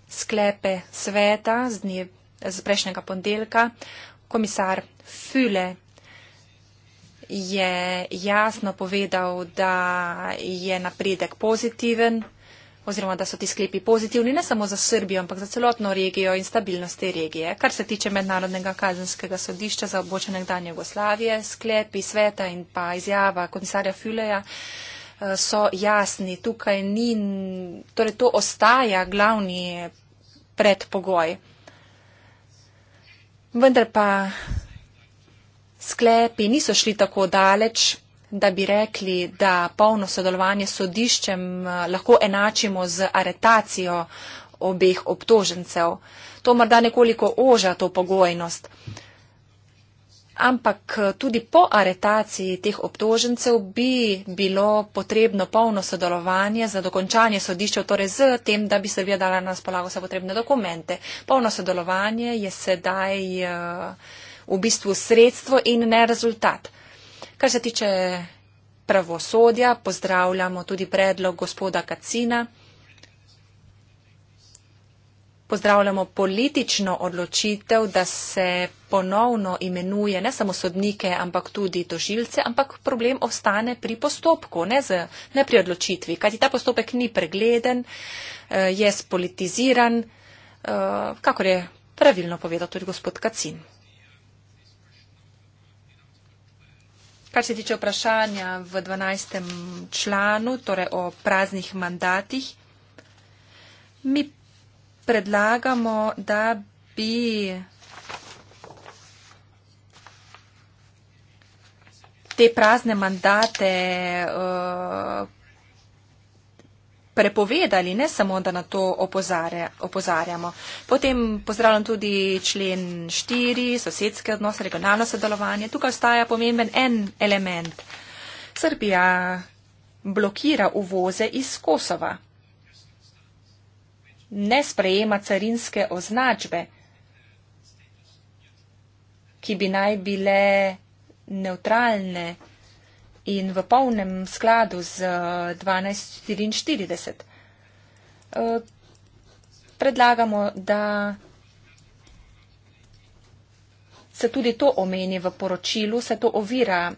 sklepe sveta z dne z prejšnjega ponedeljka, komisar Füle je jasno povedal, da je napredek pozitiven oziroma da so ti sklepi pozitivni ne samo za Srbijo, ampak za celotno regijo in stabilnost te regije. Kar se tiče Mednarodnega kazenskega sodišča za območje nekdanje Jugoslavije, sklepi sveta in pa izjava komisarja Füleja eh, so jasni. Tukaj ni, torej to ostaja glavni predpogoj. Vendar pa sklepi niso šli tako daleč, da bi rekli, da polno sodelovanje s sodiščem eh, lahko enačimo z aretacijo obeh obtožencev. To morda nekoliko oža to pogojnost ampak eh, tudi po aretaciji teh obtožencev bi bilo potrebno polno sodelovanje za dokončanje sodišča, torej z tem, da bi Srbija dala na razpolago vse potrebne dokumente. Polno sodelovanje je sedaj eh, v bistvu sredstvo in ne rezultat. Kar se tiče pravosodja, pozdravljamo tudi predlog gospoda Kacina pozdravljamo politično odločitev, da se ponovno imenuje ne samo sodnike, ampak tudi tožilce, ampak problem ostane pri postopku, ne, z, ne pri odločitvi, kajti ta postopek ni pregleden, eh, je spolitiziran, eh, kako je pravilno povedal tudi gospod Kacin. Kar se tiče vprašanja v 12. članu, torej o praznih mandatih, mi predlagamo, da bi te prazne mandate eh, prepovedali, ne samo, da na to opozarjamo. Potem pozdravljam tudi člen 4, sosedske odnose, regionalno sodelovanje. Tukaj ostaja pomemben en element. Srbija blokira uvoze iz Kosova ne sprejema carinske označbe, ki bi naj bile neutralne in v polnem skladu z 1244. Eh, eh, predlagamo, da se tudi to omeni v poročilu, se to ovira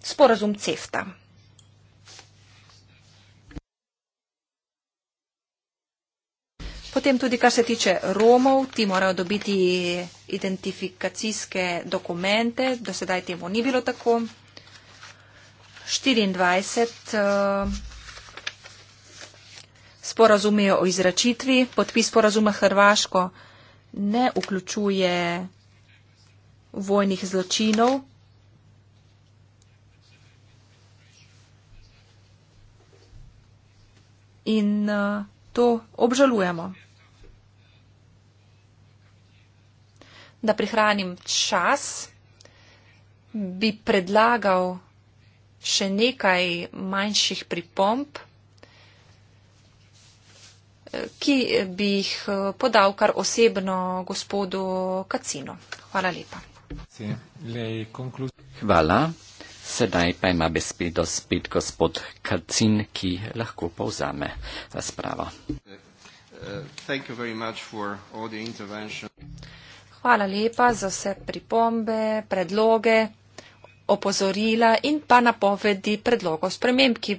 sporazum CEFTA. Potem tudi, kar se tiče Romov, ti morajo dobiti identifikacijske dokumente, do sedaj temu ni bilo tako. 24. Eh, Sporazume o izračitvi, podpis sporazuma Hrvaško ne vključuje vojnih zločinov. In uh, to obžalujemo. Da prihranim čas, bi predlagal še nekaj manjših pripomp, ki bi jih eh, podal kar osebno gospodu Kacino. Hvala lepa. Hvala sedaj pa ima besedo spet gospod Kacin, ki lahko povzame razpravo. Hvala lepa za vse pripombe, predloge, opozorila in pa napovedi predlogov sprememb, ki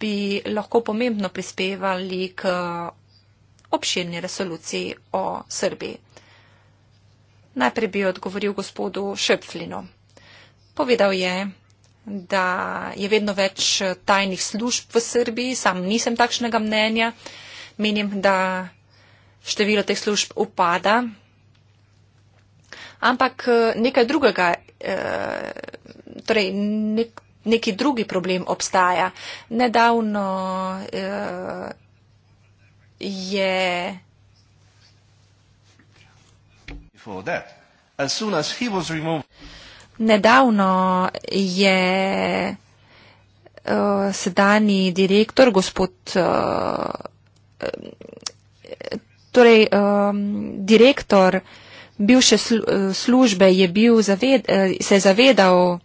bi lahko pomembno prispevali k eh, obširni resoluciji o Srbiji. Najprej bi odgovoril gospodu Šepflinu. Povedal je, da je vedno več tajnih služb v Srbiji. Sam nisem takšnega mnenja. Menim, da število teh služb upada. Ampak eh, nekaj drugega, eh, torej nek, neki drugi problem obstaja. Nedavno eh, je. As as removed... Nedavno je uh, eh, sedani direktor, gospod, uh, torej um, direktor bivše službe je bil, zaved, uh, se je zavedal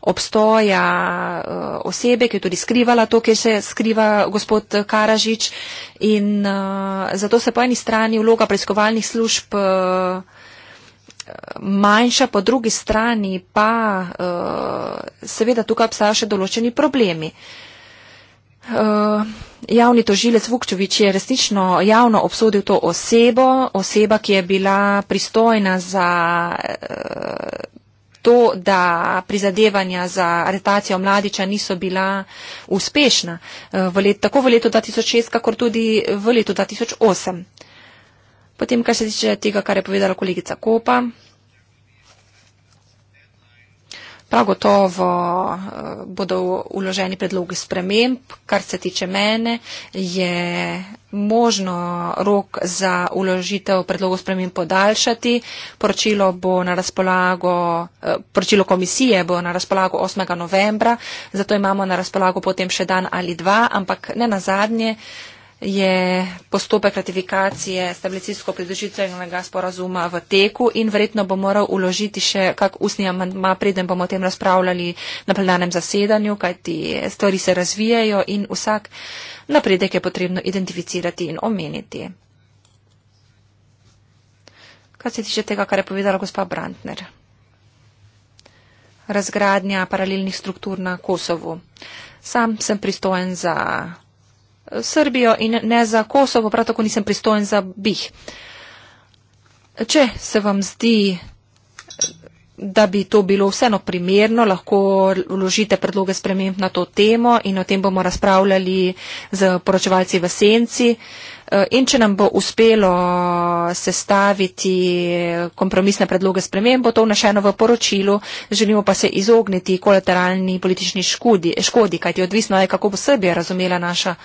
obstoja uh, osebe, ki je tudi skrivala to, kar se skriva gospod Karažič in uh, zato se po eni strani vloga preiskovalnih služb uh, manjša, po drugi strani pa eh, seveda tukaj obstajajo še določeni problemi. Eh, javni tožilec Vukčevič je resnično javno obsodil to osebo, oseba, ki je bila pristojna za eh, to, da prizadevanja za aretacijo mladiča niso bila uspešna, v let, tako v letu 2006, kakor tudi v letu 2008. Potem, kar se tiče tega, kar je povedala kolegica Kopa, prav gotovo eh, bodo uloženi predlogi sprememb, kar se tiče mene, je možno rok za uložitev predlogov sprememb podaljšati. Poročilo, bo na razpolago, eh, poročilo komisije bo na razpolago 8. novembra, zato imamo na razpolago potem še dan ali dva, ampak ne na zadnje je postopek ratifikacije stabilicijsko pridružitvenega sporazuma v teku in verjetno bo moral uložiti še kak usni amandma, preden bomo o tem razpravljali na plenarnem zasedanju, kajti stvari se razvijajo in vsak napredek je potrebno identificirati in omeniti. Kaj se tiče tega, kar je povedala gospa Brantner? Razgradnja paralelnih struktur na Kosovu. Sam sem pristojen za Srbijo in ne za Kosovo, prav tako nisem pristojen za BIH. Če se vam zdi, da bi to bilo vseeno primerno, lahko vložite predloge sprememb na to temo in o tem bomo razpravljali z poročevalci v senci. Eh, in če nam bo uspelo sestaviti kompromisne predloge sprememb, bo to vnešeno v poročilu, želimo pa se izogniti kolateralni politični škodi, škodi kajti odvisno je, kako bo Srbija razumela naša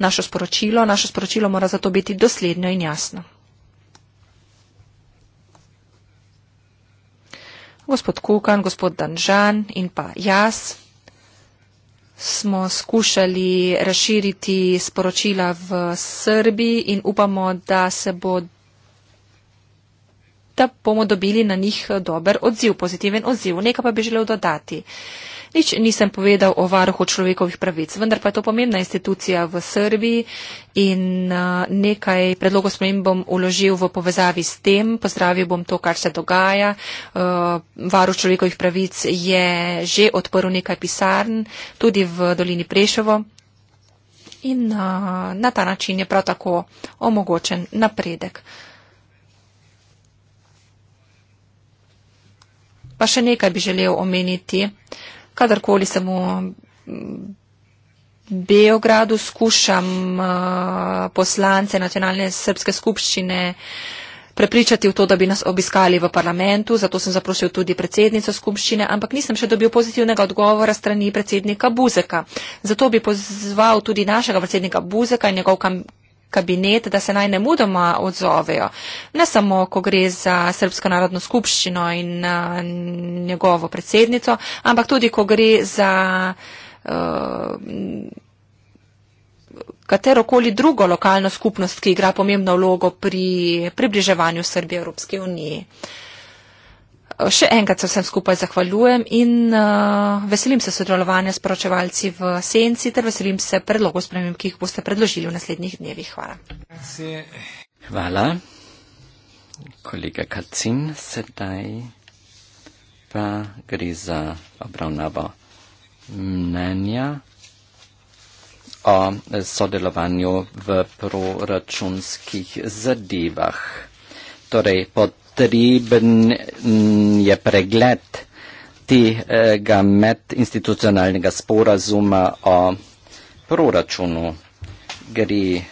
naše sporočilo. Naše sporočilo mora zato biti dosledno in jasno. Gospod Kukan, gospod Danžan in pa jaz smo skušali razširiti sporočila v Srbiji in upamo, da se bo da bomo dobili na njih dober odziv, pozitiven odziv. Nekaj pa bi želel dodati. Uh, nič nisem povedal o varuhu človekovih pravic, vendar pa je to pomembna institucija v Srbiji in eh, nekaj predlogov sprememb bom uložil v povezavi s tem, pozdravil bom to, kar se dogaja. Eh, varuh človekovih pravic je že odprl nekaj pisarn, tudi v dolini Prešovo. In uh, na ta način je prav tako omogočen napredek. Pa še nekaj bi želel omeniti. Uh, kadarkoli sem v mm, Beogradu, skušam uh, poslance nacionalne srpske skupščine prepričati v to, da bi nas obiskali v parlamentu, zato sem zaprosil tudi predsednico skupščine, ampak nisem še dobil pozitivnega odgovora strani predsednika Buzeka. Zato bi pozval tudi našega predsednika Buzeka in njegov kabinet, da se naj ne mudoma odzovejo. Ne samo, ko gre za Srpsko narodno skupščino in a, njegovo predsednico, ampak tudi, ko gre za. A, katerokoli drugo lokalno skupnost, ki igra pomembno vlogo pri približevanju Srbije Evropske unije. Uh, še enkrat se vsem skupaj zahvaljujem in uh, veselim se sodelovanja s poročevalci v Senci ter veselim se predlogov sprememb, ki jih boste predložili v naslednjih dnevih. Hvala. Hvala. Kolega Kacin, sedaj pa gre za obravnavo mnenja o sodelovanju v proračunskih zadevah. Torej, pod potreben je pregled tega medinstitucionalnega sporazuma o proračunu. Gre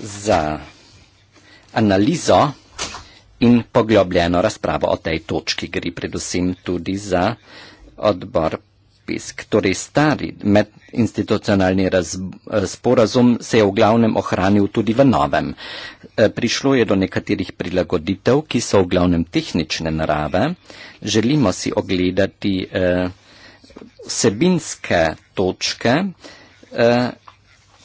za analizo in poglobljeno razpravo o tej točki. Gre predvsem tudi za odbor zapis, torej stari medinstitucionalni eh, sporazum, se je v glavnem ohranil tudi v novem. Eh, prišlo je do nekaterih prilagoditev, ki so v glavnem tehnične narave. Želimo si ogledati eh, vsebinske točke,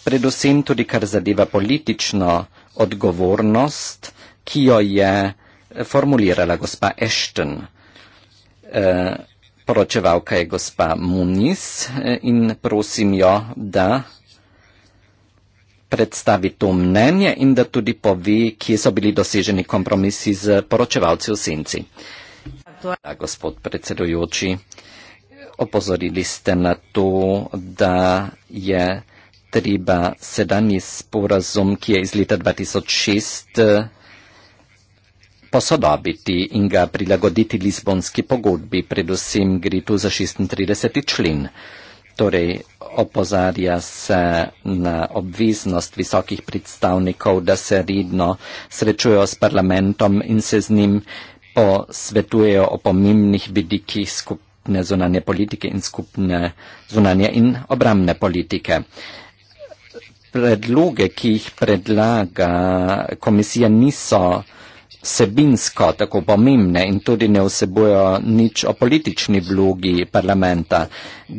predvsem tudi kar zadeva politično odgovornost, ki jo je formulirala gospa Ashton poročevalka je gospa Muniz eh, in prosim jo, da predstavi to mnenje in da tudi povi, kje so bili doseženi kompromisi z poročevalci v senci. Da, ja, gospod predsedujoči, opozorili ste na to, da je treba sedanji sporazum, ki je iz leta 2006 posodobiti in ga prilagoditi Lizbonski pogodbi, predvsem gre tu za 36. člen. Torej, opozarja se na obveznost visokih predstavnikov, da se redno srečujejo s parlamentom in se z njim posvetujejo o pomembnih vidikih skupne zunanje politike in skupne zunanje in obramne politike. Predloge, ki jih predlaga komisija, niso vsebinsko tako pomembne in tudi ne vsebojo nič o politični vlogi parlamenta.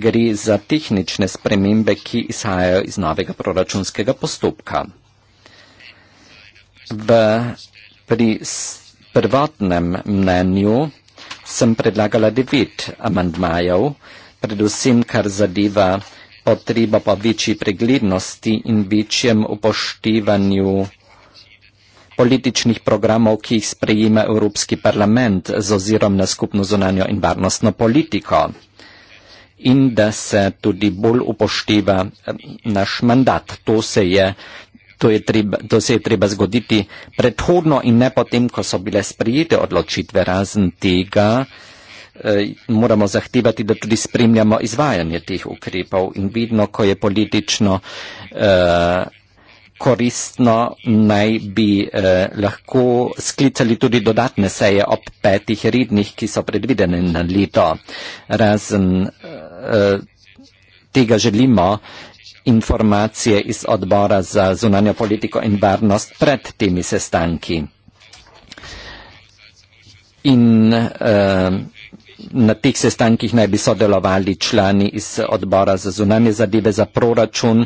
Gre za tehnične spremembe, ki izhajajo iz novega proračunskega postopka. V pri prvotnem mnenju sem predlagala devet amandmajev, predvsem kar zadeva potreba po večji preglednosti in večjem upoštevanju političnih programov, ki jih sprejima Evropski parlament z ozirom na skupno zonanjo in varnostno politiko in da se tudi bolj upošteva eh, naš mandat. To se je, to je, treba, to se je treba zgoditi predhodno in ne potem, ko so bile sprijete odločitve. Razen tega eh, moramo zahtevati, da tudi spremljamo izvajanje teh ukrepov in vidno, ko je politično eh, koristno naj bi eh, lahko sklicali tudi dodatne seje ob petih rednih, ki so predvidene na leto. Razen eh, tega želimo informacije iz odbora za zunanjo politiko in varnost pred temi sestanki. In eh, Na teh sestankih naj bi sodelovali člani iz odbora za zunanje zadeve za proračun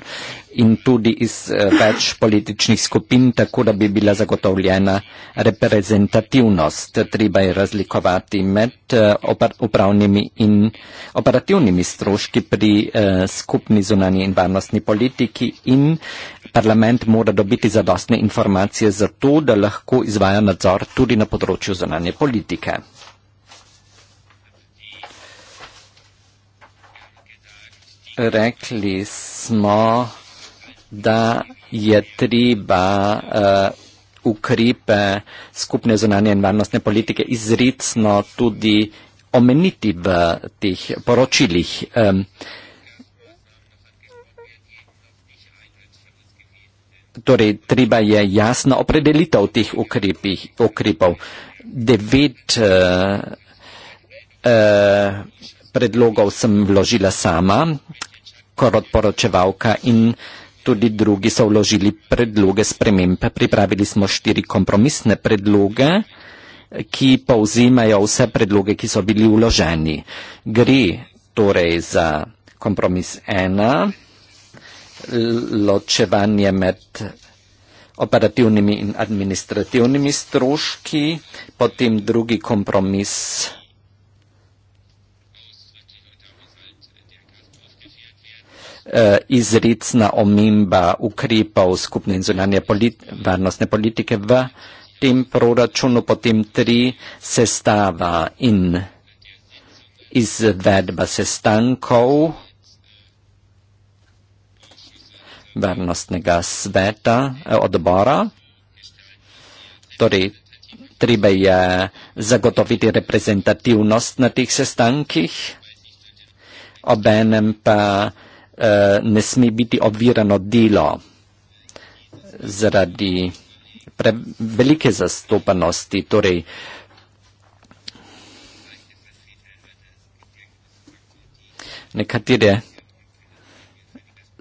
in tudi iz eh, več političnih skupin, tako da bi bila zagotovljena reprezentativnost. Treba je razlikovati med eh, upravnimi in operativnimi stroški pri eh, skupni zunanje in varnostni politiki in parlament mora dobiti zadostne informacije za to, da lahko izvaja nadzor tudi na področju zunanje politike. rekli smo, da je treba uh, eh, ukripe skupne zunanje in varnostne politike izrecno tudi omeniti v teh poročilih. Um, torej, treba je jasno opredelitev teh ukripih, ukripov. Devet uh, uh, predlogov sem vložila sama, kot odporočevalka in tudi drugi so vložili predloge spremembe. Pripravili smo štiri kompromisne predloge, ki povzimajo vse predloge, ki so bili vloženi. Gre torej za kompromis ena, ločevanje med operativnimi in administrativnimi stroški, potem drugi kompromis. eh, izrecna omemba ukrepov skupne in zunanje polit varnostne politike v tem proračunu, potem tri sestava in izvedba sestankov varnostnega sveta eh, odbora. Torej, treba je zagotoviti reprezentativnost na teh sestankih, obenem pa eh, Eh, ne sme biti obvirano delo zaradi prevelike zastopanosti. Torej, nekatere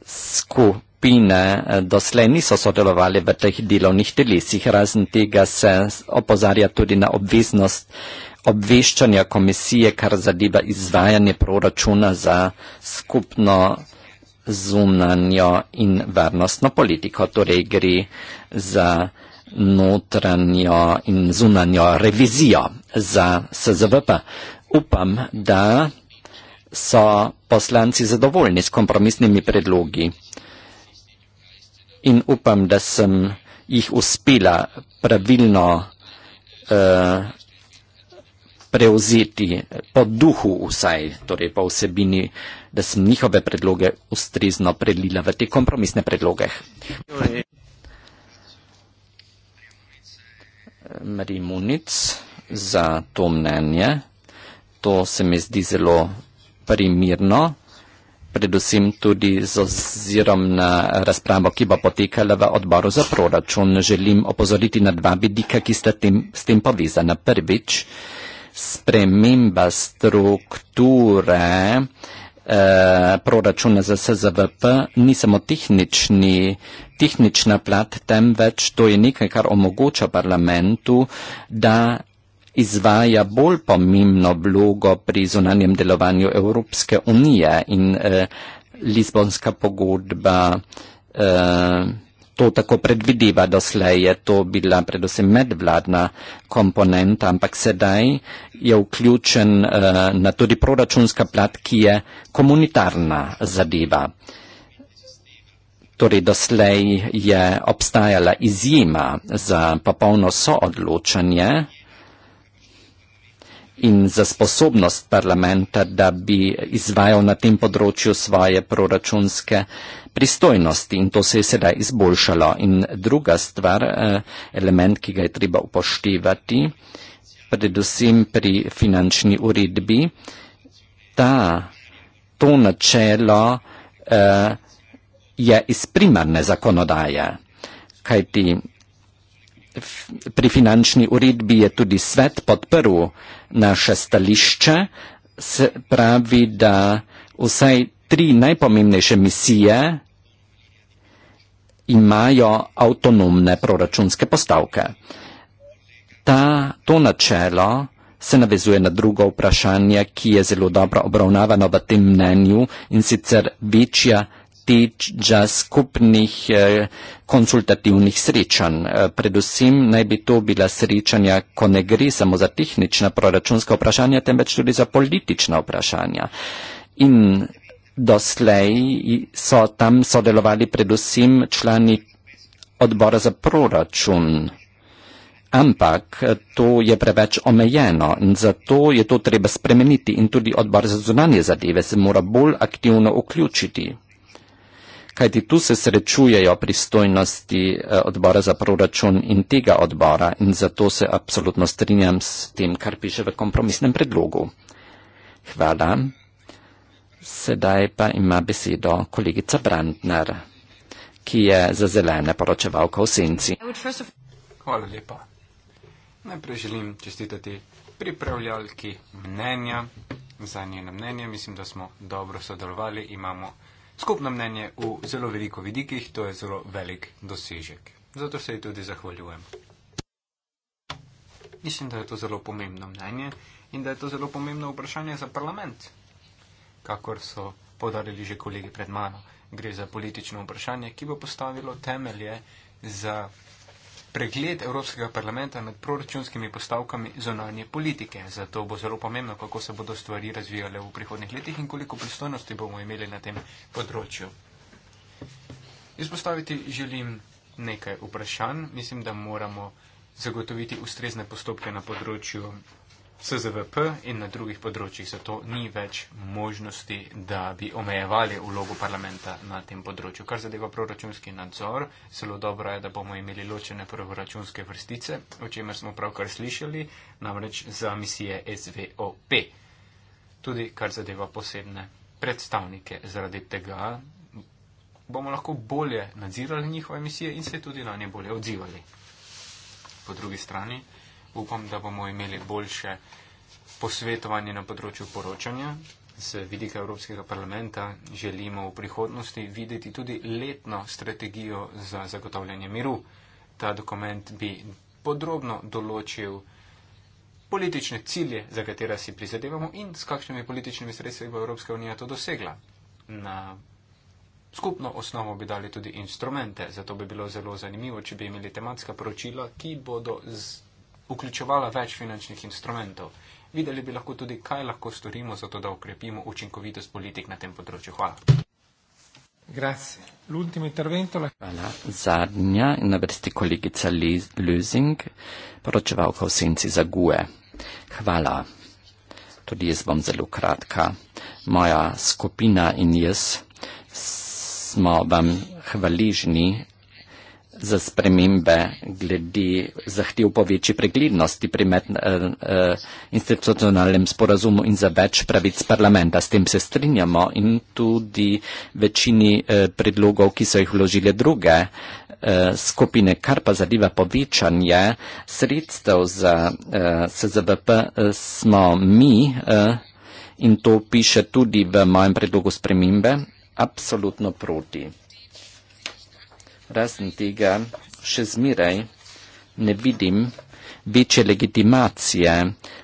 skupine eh, doslej niso sodelovali v teh delovnih telesih. Razen tega se opozarja tudi na obveznost obveščanja komisije, kar zadeva izvajanje proračuna za skupno zunanjo in varnostno politiko, torej gre za notranjo in zunanjo revizijo za SZVP. Upam, da so poslanci zadovoljni s kompromisnimi predlogi in upam, da sem jih uspela pravilno uh, prevzeti po duhu vsaj, torej po vsebini uh, da sem njihove predloge ustrezno predlila v te kompromisne predloge. Marimunic za to mnenje. To se mi zdi zelo primirno, predvsem tudi z ozirom na razpravo, ki bo potekala v odboru za proračun. Želim opozoriti na dva vidika, ki sta tem, s tem povezana. Prvič, sprememba strukture Eh, proračune za SZVP, ni samo tehnični, tehnična plat, temveč to je nekaj, kar omogoča parlamentu, da izvaja bolj pomembno blogo pri zunanjem delovanju Evropske unije in eh, Lizbonska pogodba eh, to tako predvideva, doslej je to bila predvsem medvladna komponenta, ampak sedaj je vključen uh, na tudi proračunska plat, ki je komunitarna zadeva. Torej, doslej je obstajala izjema za popolno soodločanje in za sposobnost parlamenta, da bi izvajal na tem področju svoje proračunske pristojnosti in to se je sedaj izboljšalo. In druga stvar, eh, element, ki ga je treba upoštevati, predvsem pri finančni uredbi, ta, to načelo eh, je iz primarne zakonodaje, kajti pri finančni uredbi je tudi svet podprl naše stališče, se pravi, da vsaj tri najpomembnejše misije imajo avtonomne proračunske postavke. Ta, to načelo se navezuje na drugo vprašanje, ki je zelo dobro obravnavano v tem mnenju in sicer večja tiča skupnih eh, konsultativnih srečanj. Eh, predvsem naj bi to bila srečanja, ko ne gre samo za tehnična proračunska vprašanja, temveč tudi za politična vprašanja. In doslej so tam sodelovali predvsem člani odbora za proračun. Ampak eh, to je preveč omejeno in zato je to treba spremeniti in tudi odbor za zunanje zadeve se mora bolj aktivno vključiti kajti tu se srečujejo pristojnosti eh, odbora za proračun in tega odbora in zato se absolutno strinjam s tem, kar piše v kompromisnem predlogu. Hvala. Sedaj pa ima besedo kolegica Brandner, ki je za zelene poročevalka v senci. Hvala lepa. Najprej želim čestitati pripravljalki mnenja. Za njeno mnenje mislim, da smo dobro sodelovali, imamo Skupno mnenje v zelo veliko vidikih, to je zelo velik dosežek. Zato se ji tudi zahvaljujem. Mislim, da je to zelo pomembno mnenje in da je to zelo pomembno vprašanje za parlament. Kakor so podarili že kolegi pred mano, gre za politično vprašanje, ki bo postavilo temelje za pregled Evropskega parlamenta nad proračunskimi postavkami zonanje politike. Zato bo zelo pomembno, kako se bodo stvari razvijale v prihodnih letih in koliko pristojnosti bomo imeli na tem področju. Izpostaviti želim nekaj vprašanj. Mislim, da moramo zagotoviti ustrezne postopke na področju SZVP in na drugih področjih, zato ni več možnosti, da bi omejevali vlogo parlamenta na tem področju. Kar zadeva proračunski nadzor, zelo dobro je, da bomo imeli ločene proračunske vrstice, o čemer smo pravkar slišali, namreč za misije SVOP. Tudi kar zadeva posebne predstavnike. Zaradi tega bomo lahko bolje nadzirali njihove misije in se tudi na nje bolje odzivali. Po drugi strani upam, da bomo imeli boljše posvetovanje na področju poročanja. Z vidika Evropskega parlamenta želimo v prihodnosti videti tudi letno strategijo za zagotavljanje miru. Ta dokument bi podrobno določil politične cilje, za katera si prizadevamo in s kakšnimi političnimi sredstvi bo Evropska unija to dosegla. Na skupno osnovo bi dali tudi instrumente, zato bi bilo zelo zanimivo, če bi imeli tematska poročila, ki bodo z vključevala več finančnih instrumentov. Videli bi lahko tudi, kaj lahko storimo, zato da ukrepimo učinkovitost politik na tem področju. Hvala. Hvala. Zadnja in na vrsti kolegica Lüzing, poročevalka v senci za GUE. Hvala. Tudi jaz bom zelo kratka. Moja skupina in jaz smo vam hvaležni za spremembe glede zahtev po večji preglednosti pri medinstitucionalnem eh, eh, sporazumu in za več pravic parlamenta. S tem se strinjamo in tudi večini eh, predlogov, ki so jih vložile druge skupine, kar pa zadeva povečanje sredstev za SZVP, smo mi in to piše tudi v mojem predlogu spremembe, absolutno proti razen tega še zmeraj ne vidim večje legitimacije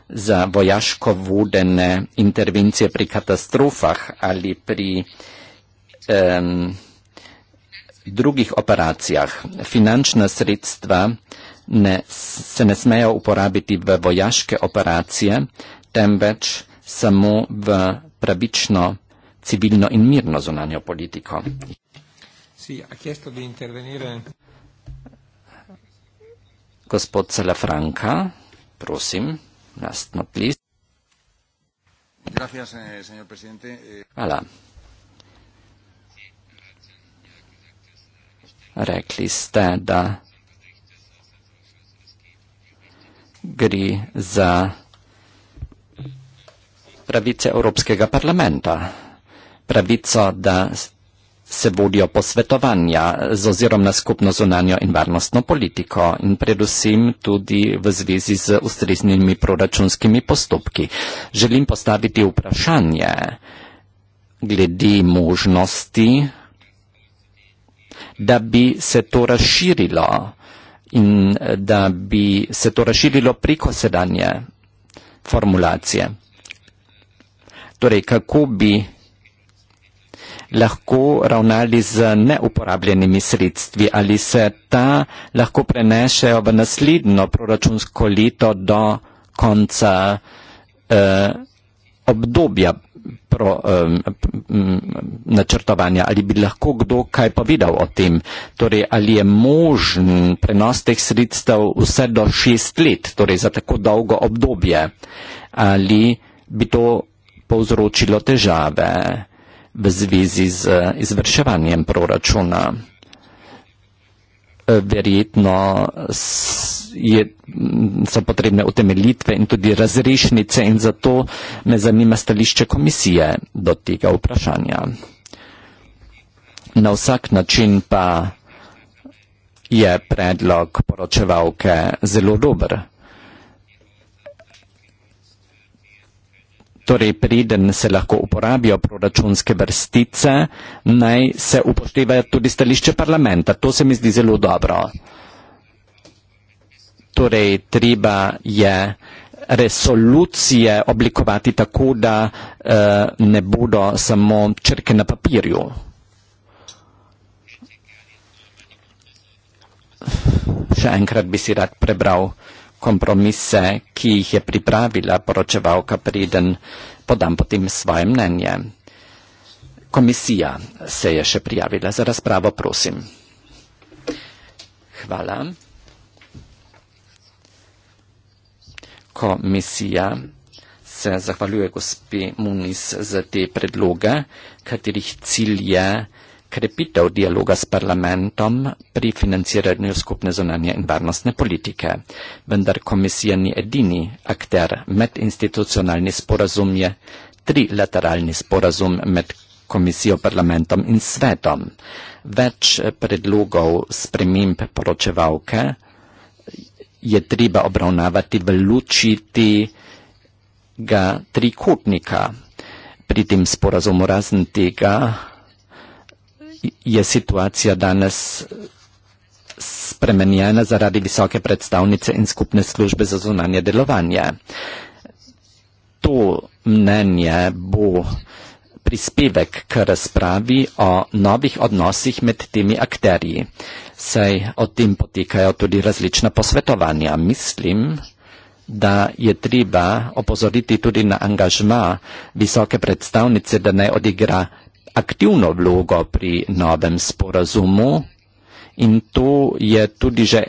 za vojaško vodene intervencije pri katastrofah ali pri um, drugih operacijah. Finančna sredstva ne, se ne smejo uporabiti v vojaške operacije, temveč samo v pravično civilno in mirno zunanjo politiko. Sì, ha chiesto di intervenire. Gospod Salafranca, prosim, last not least. Grazie, eh, signor Presidente. Hola. Eh, Rekli ste, da gre za pravice Evropskega parlamenta, pravico, da se vodijo posvetovanja z ozirom na skupno zunanjo in varnostno politiko in predvsem tudi v zvezi z ustreznimi proračunskimi postopki. Želim postaviti vprašanje glede možnosti, da bi se to razširilo in da bi se to razširilo preko sedanje formulacije. Torej, kako bi lahko ravnali z neuporabljenimi sredstvi, ali se ta lahko prenešejo v naslednjo proračunsko leto do konca eh, obdobja pro, eh, načrtovanja. Ali bi lahko kdo kaj povedal o tem? Torej, ali je možen prenos teh sredstev vse do šest let, torej za tako dolgo obdobje? Ali bi to povzročilo težave? v zvezi z eh, izvrševanjem proračuna. Eh, verjetno je, mm, so potrebne utemeljitve in tudi razrešnice in zato me zanima stališče komisije do tega vprašanja. Na vsak način pa je predlog poročevalke zelo dober. torej preden se lahko uporabijo proračunske vrstice, naj se upošteva tudi stališče parlamenta. To se mi zdi zelo dobro. Torej, treba je resolucije oblikovati tako, da eh, ne bodo samo črke na papirju. Še enkrat bi si rad prebral kompromise, ki jih je pripravila poročevalka Priden, podam potem svoje mnenje. Komisija se je še prijavila za razpravo, prosim. Hvala. Komisija se zahvaljuje gospi Munis za te predloge, katerih cilj je krepitev dialoga s parlamentom pri financiranju skupne zonanje in varnostne politike. Vendar komisija ni edini akter. Medinstitucionalni sporazum je trilateralni sporazum med komisijo, parlamentom in svetom. Več predlogov sprememb poročevalke je treba obravnavati v luči tega trikotnika. Pri tem sporazumu razen tega je situacija danes eh, spremenjena zaradi visoke predstavnice in skupne službe za zunanje delovanje. To mnenje bo prispevek k razpravi o novih odnosih med temi akterji. Saj o tem potekajo tudi različna posvetovanja. Mislim, da je treba opozoriti tudi na angažma visoke predstavnice, da naj odigra aktivno vlogo pri novem sporazumu in to je tudi že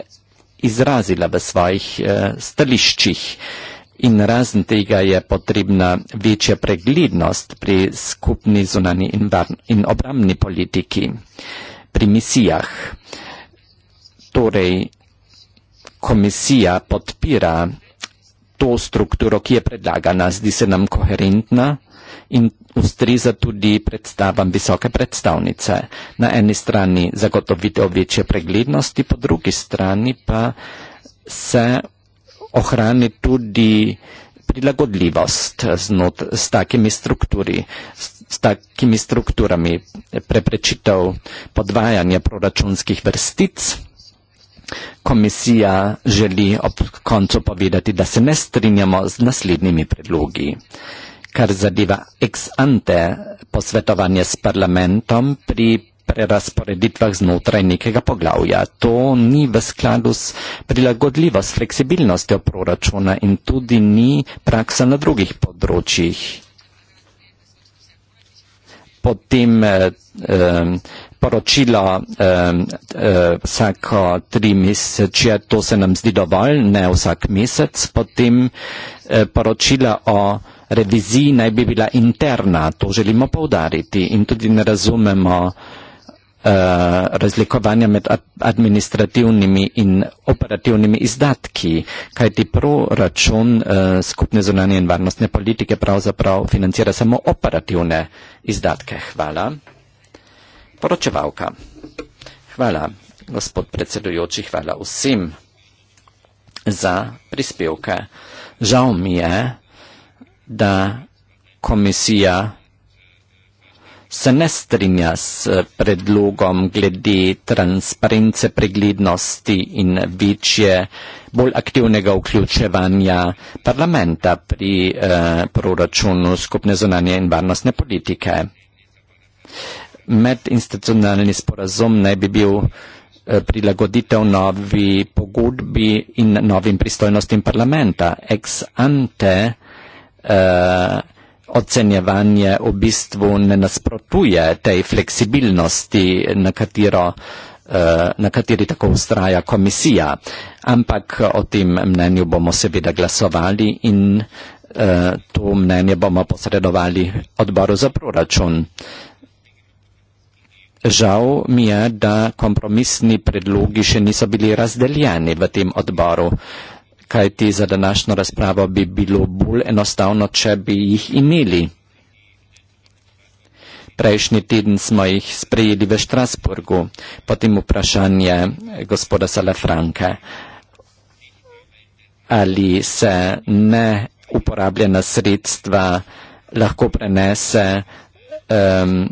izrazila v svojih eh, stališčih. In razen tega je potrebna večja preglednost pri skupni zunani in, in obramni politiki, pri misijah. Torej, komisija podpira to strukturo, ki je predlagana, zdi se nam koherentna in ustriza tudi predstavam visoke predstavnice. Na eni strani zagotovitev večje preglednosti, po drugi strani pa se ohrani tudi prilagodljivost znot, s, takimi strukturi, s, s takimi strukturami preprečitev podvajanja proračunskih vrstic. Komisija želi ob koncu povedati, da se ne strinjamo z naslednjimi predlogi kar zadeva ex ante posvetovanje s parlamentom pri prerasporeditvah znotraj nekega poglavja. To ni v skladu s prilagodljivost, fleksibilnostjo proračuna in tudi ni praksa na drugih področjih. Potem eh, eh, poročilo eh, eh, vsako tri mesece, to se nam zdi dovolj, ne vsak mesec, potem eh, poročila o reviziji naj bi bila interna, to želimo povdariti in tudi ne razumemo eh, razlikovanja med administrativnimi in operativnimi izdatki, kajti proračun eh, skupne zunanje in varnostne politike pravzaprav financira samo operativne izdatke. Hvala. Poročevalka. Hvala, gospod predsedujoči, hvala vsem za prispevke. Žal mi je, da da komisija se ne strinja s predlogom glede transparence, preglednosti in večje, bolj aktivnega vključevanja parlamenta pri eh, proračunu skupne zonanje in varnostne politike. Medinstitucionalni sporazum naj bi bil eh, prilagoditev novi pogodbi in novim pristojnostim parlamenta. Ex ante eh, Eh, ocenjevanje v bistvu ne nasprotuje tej fleksibilnosti, na, katero, eh, na kateri tako ustraja komisija. Ampak o tem mnenju bomo seveda glasovali in eh, to mnenje bomo posredovali odboru za proračun. Žal mi je, da kompromisni predlogi še niso bili razdeljeni v tem odboru kajti za današnjo razpravo bi bilo bolj enostavno, če bi jih imeli. Prejšnji teden smo jih sprejeli v Štrasburgu, potem vprašanje gospoda Salafranke, ali se ne uporabljena sredstva lahko prenese um,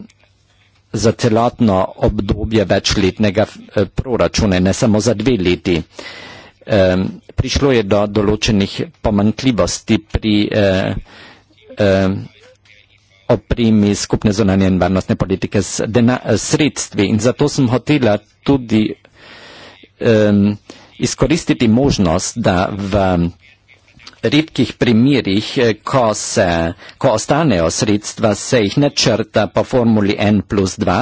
za celotno obdobje večletnega eh, proračuna, ne samo za dve leti. Uh, um, prišlo je do določenih pomankljivosti pri um, opremi skupne zunanje in varnostne politike s eh, sredstvi. In zato sem hotela tudi um, izkoristiti možnost, da v redkih primerjih, eh, ko, se, ko ostanejo sredstva, se jih ne črta po formuli N plus 2,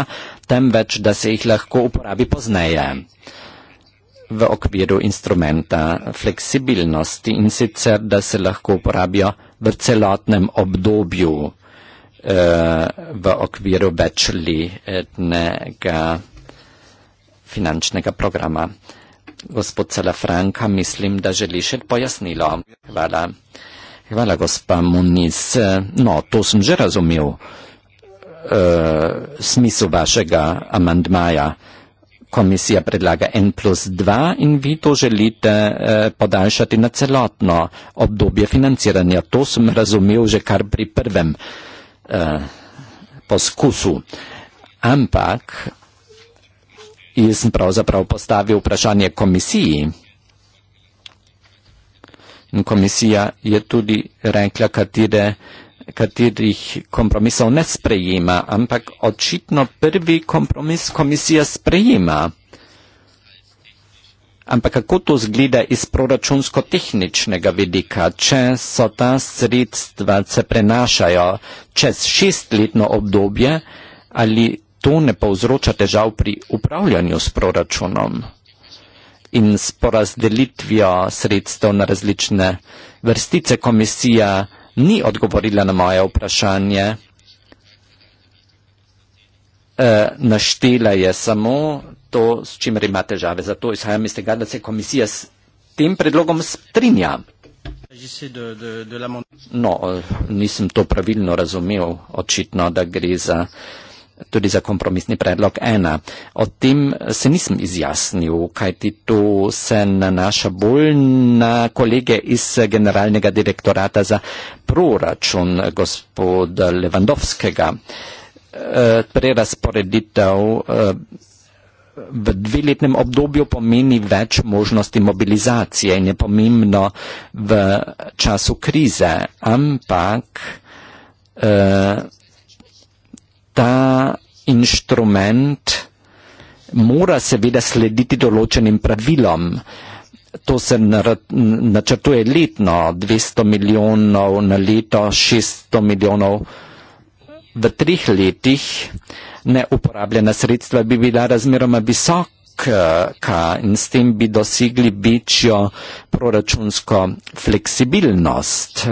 temveč da se jih lahko uporabi pozneje v okviru instrumenta fleksibilnosti in sicer, da se lahko uporabijo v celotnem obdobju eh, v okviru večletnega finančnega programa. Gospod Celafranka, mislim, da želi še pojasnilo. Hvala. Hvala, gospa Muniz. No, to sem že razumel. Uh, eh, smislu vašega amandmaja. Uh, komisija predlaga N plus 2 in vi to želite eh, podaljšati na celotno obdobje financiranja. To sem razumel že kar pri prvem eh, poskusu. Ampak jaz sem pravzaprav postavil vprašanje komisiji. In komisija je tudi rekla, katere katerih kompromisov ne sprejema, ampak očitno prvi kompromis komisija sprejema. Ampak kako to zgleda iz proračunsko-tehničnega vidika, če so ta sredstva se prenašajo čez šestletno obdobje ali to ne povzroča težav pri upravljanju s proračunom in s porazdelitvijo sredstev na različne vrstice komisija ni odgovorila na moje vprašanje. E, naštela je samo to, s čimer ima težave. Zato izhajam iz tega, da se komisija s tem predlogom strinja. No, e, nisem to pravilno razumel, očitno, da gre za tudi za kompromisni predlog ena. O tem se nisem izjasnil, kajti to se nanaša bolj na kolege iz generalnega direktorata za proračun gospoda Levandovskega. E, Prerasporeditev e, v dveletnem obdobju pomeni več možnosti mobilizacije in je pomembno v času krize, ampak e, ta inštrument mora seveda slediti določenim pravilom. To se načrtuje letno, 200 milijonov na leto, 600 milijonov v treh letih. Neuporabljena sredstva bi bila razmeroma visoka in s tem bi dosegli večjo proračunsko fleksibilnost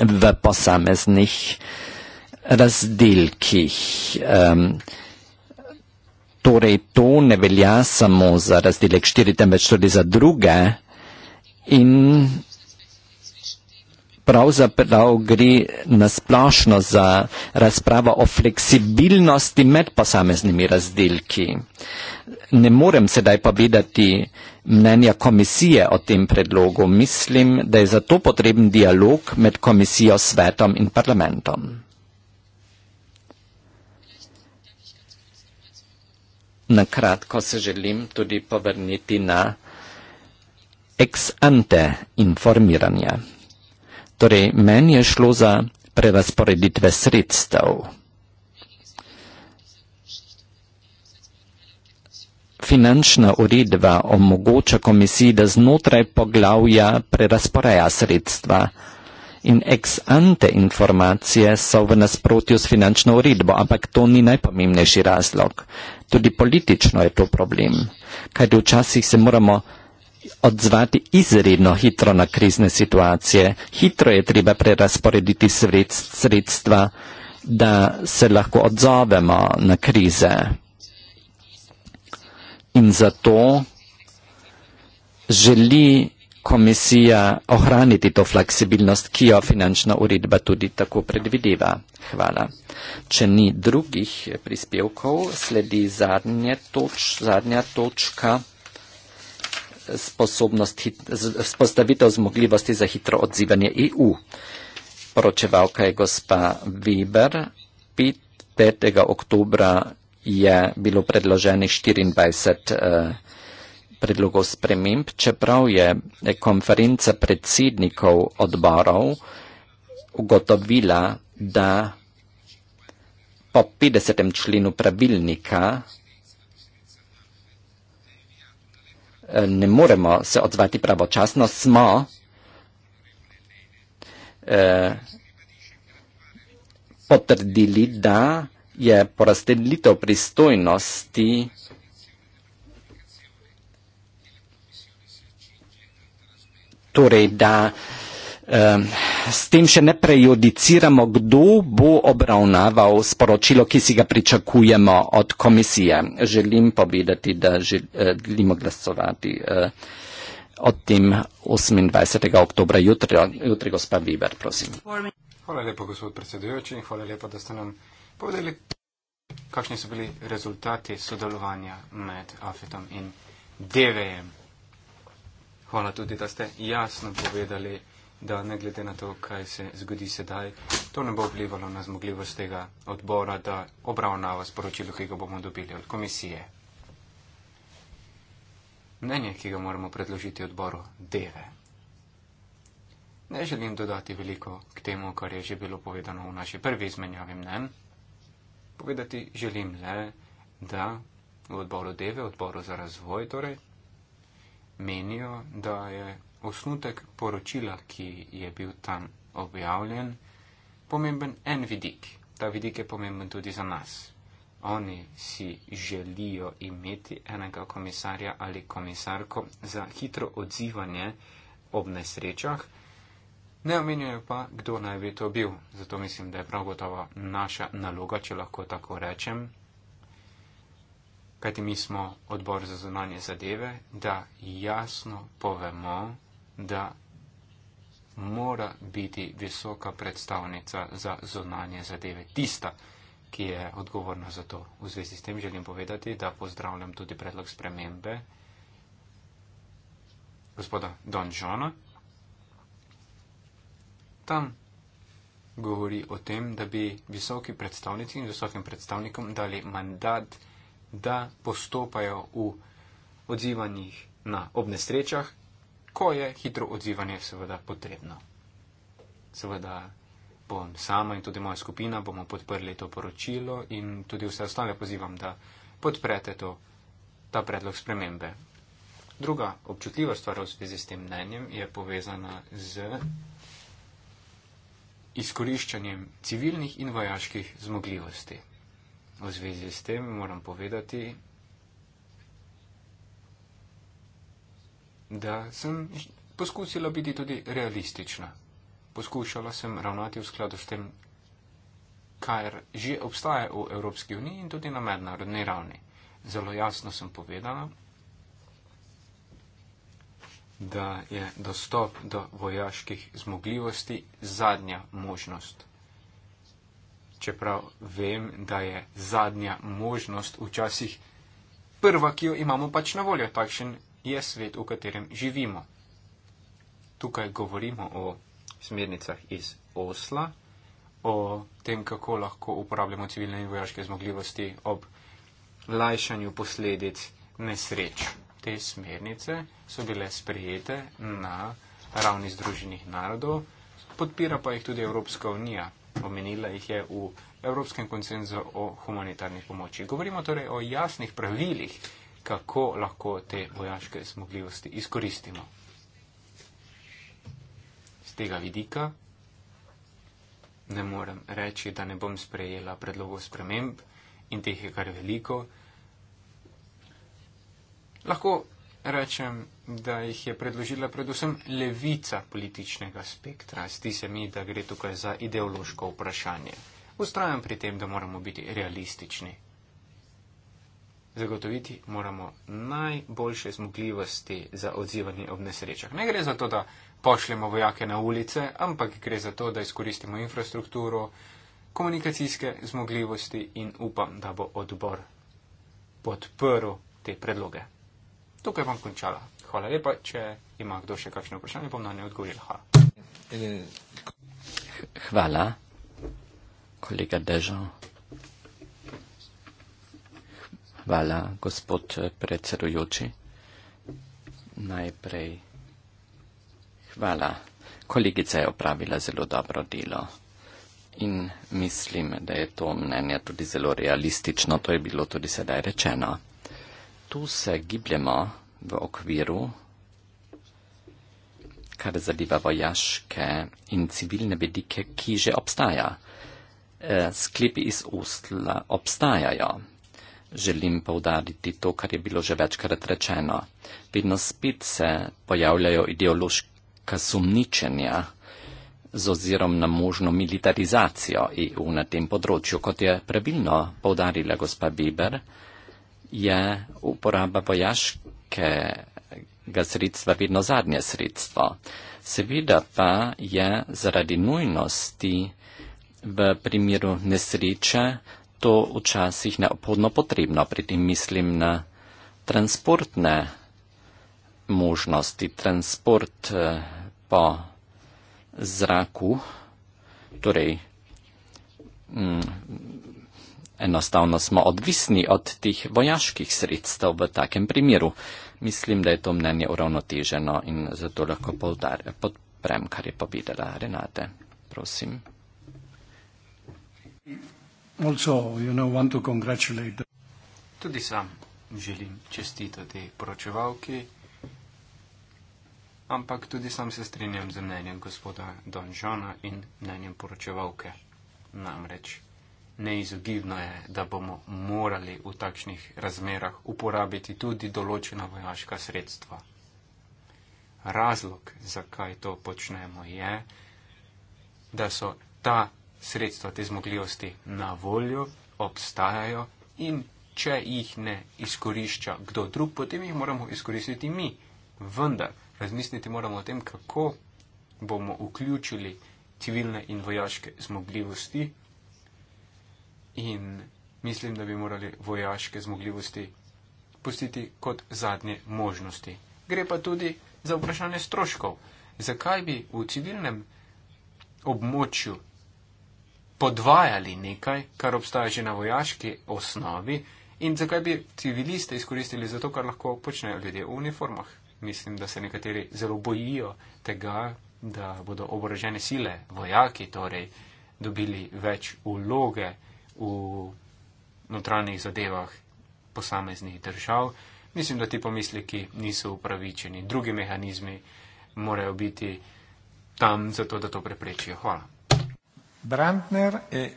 v posameznih uh, razdelkih. Um, torej, to ne velja samo za razdelek 4, temveč tudi za druge. In pravzaprav gre nasplošno za razpravo o fleksibilnosti med posameznimi razdelki. Ne morem sedaj povedati mnenja komisije o tem predlogu. Mislim, da je zato potreben dialog med komisijo, svetom in parlamentom. Na kratko se želim tudi povrniti na ex ante informiranje. Torej, meni je šlo za prerasporeditve sredstev. Finančna uredba omogoča komisiji, da znotraj poglavja prerasporeja sredstva. In ex ante informacije so v nasprotju s finančno uredbo, ampak to ni najpomembnejši razlog tudi politično je to problem, kajti včasih se moramo odzvati izredno hitro na krizne situacije. Hitro je treba prerasporediti sredstva, da se lahko odzovemo na krize. In zato želi komisija ohraniti to fleksibilnost, ki jo finančna uredba tudi tako predvideva. Hvala. Če ni drugih prispevkov, sledi zadnja, toč, zadnja točka sposobnost, spostavitev zmogljivosti za hitro odzivanje EU. Poročevalka je gospa Weber. 5. oktobra je bilo predloženih 24 uh, eh, predlogov sprememb, čeprav je konferenca predsednikov odborov ugotovila, da po 50. členu pravilnika eh, ne moremo se odzvati pravočasno, smo eh, potrdili, da je porastelitev pristojnosti torej da um, s tem še ne prejudiciramo, kdo bo obravnaval sporočilo, ki si ga pričakujemo od komisije. Želim povedati, da eh, želimo glasovati uh, od tem 28. oktobra jutri, jutri gospa Viber, prosim. Hvala lepa, gospod predsedujoči, in hvala lepa, da ste nam povedali, kakšni so bili rezultati sodelovanja med AFIT-om in DVM. Hvala tudi, da ste jasno povedali, da ne glede na to, kaj se zgodi sedaj, to ne bo vplivalo na zmogljivost tega odbora, da obravnava sporočilo, ki ga bomo dobili od komisije. Mnenje, ki ga moramo predložiti odboru, deve. Ne želim dodati veliko k temu, kar je že bilo povedano v naši prvi izmenjavi mnen. Povedati želim le, da v odboru deve, odboru za razvoj, torej menijo, da je osnutek poročila, ki je bil tam objavljen, pomemben en vidik. Ta vidik je pomemben tudi za nas. Oni si želijo imeti enega komisarja ali komisarko za hitro odzivanje ob nesrečah, ne omenjajo pa, kdo naj bi to bil. Zato mislim, da je prav gotovo naša naloga, če lahko tako rečem, kajti mi smo odbor za zunanje zadeve, da jasno povemo, da mora biti visoka predstavnica za zunanje zadeve tista, ki je odgovorna za to. V zvezi s tem želim povedati, da pozdravljam tudi predlog spremembe gospoda Don Johna. Tam govori o tem, da bi visoki predstavnici in visokim predstavnikom dali mandat, da postopajo v odzivanjih na obnesrečah, ko je hitro odzivanje seveda potrebno. Seveda bom sama in tudi moja skupina bomo podprli to poročilo in tudi vse ostale pozivam, da podprete to, ta predlog spremembe. Druga občutljiva stvar v zvezi s tem mnenjem je povezana z izkoriščanjem civilnih in vojaških zmogljivosti. V zvezi s tem moram povedati, da sem poskusila biti tudi realistična. Poskušala sem ravnati v skladu s tem, kar že obstaja v Evropski uniji in tudi na mednarodni ravni. Zelo jasno sem povedala, da je dostop do vojaških zmogljivosti zadnja možnost čeprav vem, da je zadnja možnost včasih prva, ki jo imamo pač na voljo. Takšen je svet, v katerem živimo. Tukaj govorimo o smernicah iz Osla, o tem, kako lahko uporabljamo civilne in vojaške zmogljivosti ob lajšanju posledic nesreč. Te smernice so bile sprejete na ravni Združenih narodov, podpira pa jih tudi Evropska unija omenila jih je v Evropskem koncenzu o humanitarni pomoči. Govorimo torej o jasnih pravilih, kako lahko te vojaške zmogljivosti izkoristimo. Z tega vidika ne morem reči, da ne bom sprejela predlogov sprememb in teh je kar veliko. Lahko rečem, da jih je predložila predvsem levica političnega spektra. Zdi se mi, da gre tukaj za ideološko vprašanje. Ustrajam pri tem, da moramo biti realistični. Zagotoviti moramo najboljše zmogljivosti za odzivanje ob nesrečah. Ne gre za to, da pošljemo vojake na ulice, ampak gre za to, da izkoristimo infrastrukturo, komunikacijske zmogljivosti in upam, da bo odbor podprl te predloge tukaj bom končala. Hvala lepa, če ima kdo še kakšno vprašanje, bom na ne odgovorila. Hvala. Hvala, kolega Dežal. Hvala, gospod predsedujoči. Najprej hvala. Kolegica je opravila zelo dobro delo in mislim, da je to mnenje tudi zelo realistično. To je bilo tudi sedaj rečeno tu se gibljemo v okviru, kar zadeva vojaške in civilne vedike, ki že obstaja. E, sklepi iz ustla obstajajo. Želim povdariti to, kar je bilo že večkrat rečeno. Vedno spet se pojavljajo ideološka sumničenja z ozirom na možno militarizacijo EU na tem področju, kot je pravilno povdarila gospa Biber je uporaba vojaškega sredstva vedno zadnje sredstvo. Seveda pa je zaradi nujnosti v primeru nesreče to včasih neopodno potrebno. Pri tem mislim na transportne možnosti, transport eh, po zraku, torej mm, Enostavno smo odvisni od tih vojaških sredstev v takem primeru. Mislim, da je to mnenje uravnoteženo in zato lahko podprem, kar je povedala Renate. Prosim. Also, you know, want to the... Tudi sam želim čestitati poročevalki, ampak tudi sam se strinjam z mnenjem gospoda Donžona in mnenjem poročevalke. Namreč neizogibno je, da bomo morali v takšnih razmerah uporabiti tudi določena vojaška sredstva. Razlog, zakaj to počnemo, je, da so ta sredstva, te zmogljivosti na voljo, obstajajo in če jih ne izkorišča kdo drug, potem jih moramo izkoristiti mi. Vendar razmisliti moramo o tem, kako bomo vključili civilne in vojaške zmogljivosti in mislim, da bi morali vojaške zmogljivosti pustiti kot zadnje možnosti. Gre pa tudi za vprašanje stroškov. Zakaj bi v civilnem območju podvajali nekaj, kar obstaja že na vojaški osnovi in zakaj bi civiliste izkoristili za to, kar lahko počnejo ljudje v uniformah? Mislim, da se nekateri zelo bojijo tega, da bodo oborožene sile, vojaki torej, dobili več uloge v notranjih zadevah posameznih držav. Mislim, da ti pomisleki niso upravičeni. Drugi mehanizmi morajo biti tam, zato da to preprečijo. Hvala. Brandner, e...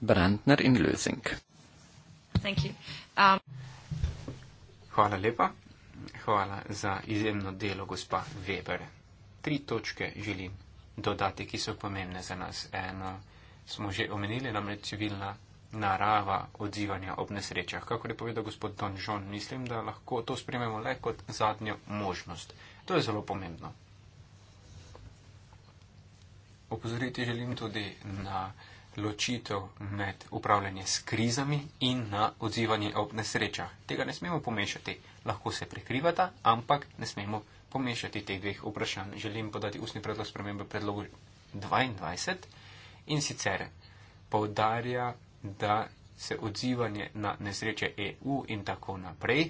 Brandner in Lösing. Um... Hvala lepa. Hvala za izjemno delo, gospa Weber. Tri točke želim dodati, ki so pomembne za nas. Eno, smo že omenili, namreč civilna narava odzivanja ob nesrečah. Kako je povedal gospod Donžon, mislim, da lahko to sprememo le kot zadnjo možnost. To je zelo pomembno. Opozoriti želim tudi na ločitev med upravljanje s krizami in na odzivanje ob nesrečah. Tega ne smemo pomešati. Lahko se prekrivata, ampak ne smemo pomešati teh dveh vprašanj. Želim podati ustni predlog spremembe predlogu 22. In sicer povdarja, da se odzivanje na nesreče EU in tako naprej,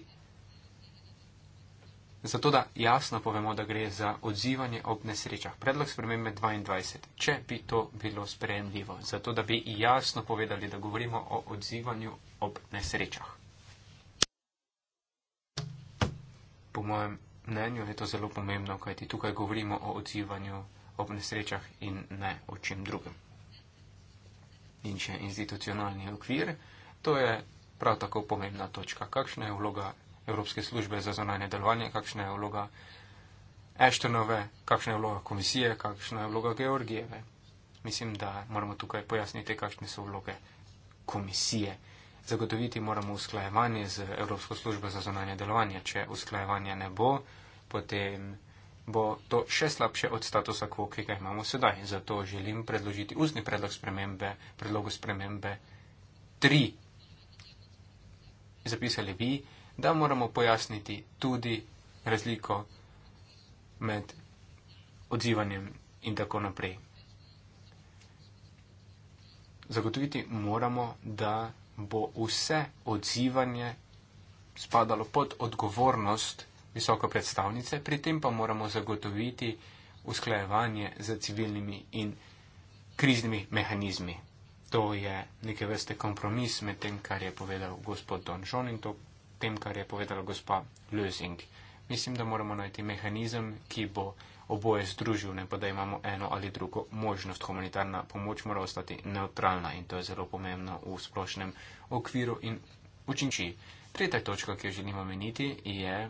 zato da jasno povemo, da gre za odzivanje ob nesrečah. Predlog spremembe 22, če bi to bilo sprejemljivo, zato da bi jasno povedali, da govorimo o odzivanju ob nesrečah. Po mojem mnenju je to zelo pomembno, kajti tukaj govorimo o odzivanju ob nesrečah in ne o čem drugem in še institucionalni okvir. To je prav tako pomembna točka. Kakšna je vloga Evropske službe za zonanje delovanje, kakšna je vloga Ashtonove, kakšna je vloga komisije, kakšna je vloga Georgijeve. Mislim, da moramo tukaj pojasniti, kakšne so vloge komisije. Zagotoviti moramo usklajevanje z Evropsko službo za zonanje delovanje. Če usklajevanja ne bo, potem bo to še slabše od statusa quo, ki ga imamo sedaj. Zato želim predložiti ustni predlog spremembe, predlogu spremembe 3. Zapisali vi, da moramo pojasniti tudi razliko med odzivanjem in tako naprej. Zagotoviti moramo, da bo vse odzivanje spadalo pod odgovornost visoko predstavnice, pri tem pa moramo zagotoviti usklajevanje z civilnimi in kriznimi mehanizmi. To je neke vrste kompromis med tem, kar je povedal gospod Don John in to, tem, kar je povedala gospa Lösing. Mislim, da moramo najti mehanizem, ki bo oboje združil, ne pa da imamo eno ali drugo možnost. Humanitarna pomoč mora ostati neutralna in to je zelo pomembno v splošnem okviru in učinči. Tretja točka, ki jo želim omeniti, je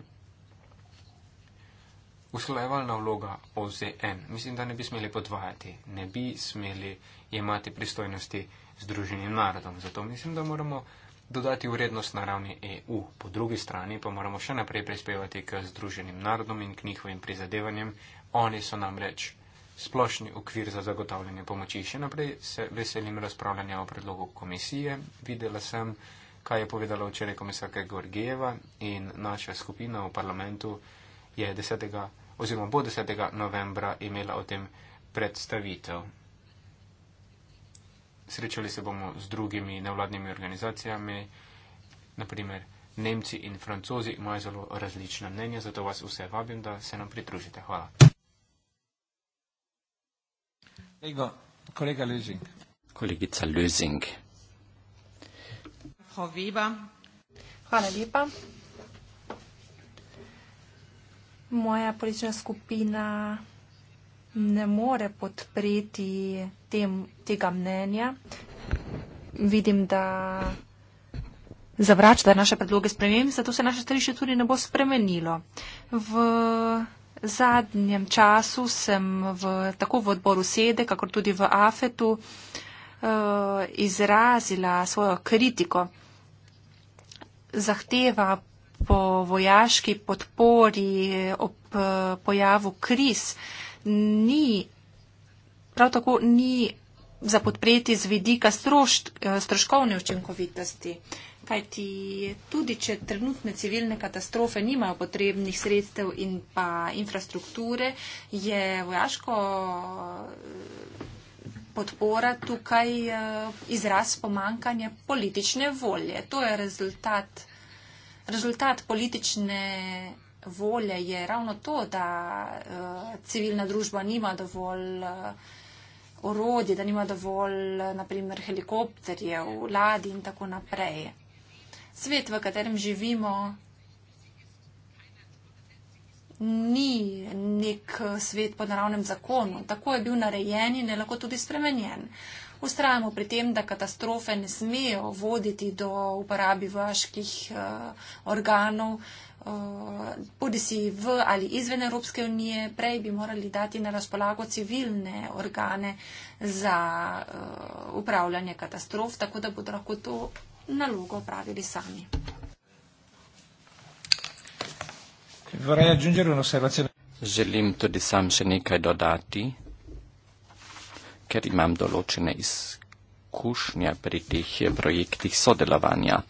usklajevalna vloga OZN. Mislim, da ne bi smeli podvajati, ne bi smeli imati pristojnosti združenim narodom. Zato mislim, da moramo dodati vrednost na ravni EU. Po drugi strani pa moramo še naprej prispevati k združenim narodom in k njihovim prizadevanjem. Oni so nam reč splošni okvir za zagotavljanje pomoči. Še naprej se veselim razpravljanja o predlogu komisije. Videla sem, kaj je povedala včeraj komisarka Gorgijeva in naša skupina v parlamentu je 10 oziroma bo 10. novembra imela o tem predstavitev. Srečali se bomo z drugimi nevladnimi organizacijami, naprimer Nemci in Francozi imajo zelo različna mnenja, zato vas vse vabim, da se nam pridružite. Hvala. Ego, kolega Lezing. Kolegica Lezing. Hvala lepa moja politična skupina ne more podpreti tem, tega mnenja. Vidim, da zavračate naše predloge sprememb, zato se naše stališče tudi ne bo spremenilo. V zadnjem času sem v, tako v odboru sede, kakor tudi v AFET-u eh, izrazila svojo kritiko. Zahteva po vojaški podpori ob eh, pojavu kriz ni, prav tako ni za podpreti z vidika eh, stroškovne učinkovitosti. Kaj ti tudi, če trenutne civilne katastrofe nimajo potrebnih sredstev in pa infrastrukture, je vojaško eh, podpora tukaj izraz pomankanja politične volje. To je rezultat rezultat politične volje je ravno to, da uh, civilna družba nima dovolj uh, eh, orodje, da nima dovolj uh, eh, naprimer helikopterjev, ladi in tako naprej. Svet, v katerem živimo, ni nek svet po naravnem zakonu. Tako je bil narejen in je lahko tudi spremenjen. Uh, ustrajamo pri tem, da katastrofe ne smejo voditi do uporabi vaških uh, eh, organov, eh, bodi uh, si v ali izven Evropske unije. Prej bi morali dati na razpolago civilne organe za uh, upravljanje katastrof, tako da bodo lahko to nalogo opravili sami. Želim tudi sam še nekaj dodati ker imam določene izkušnje pri teh projektih sodelovanja.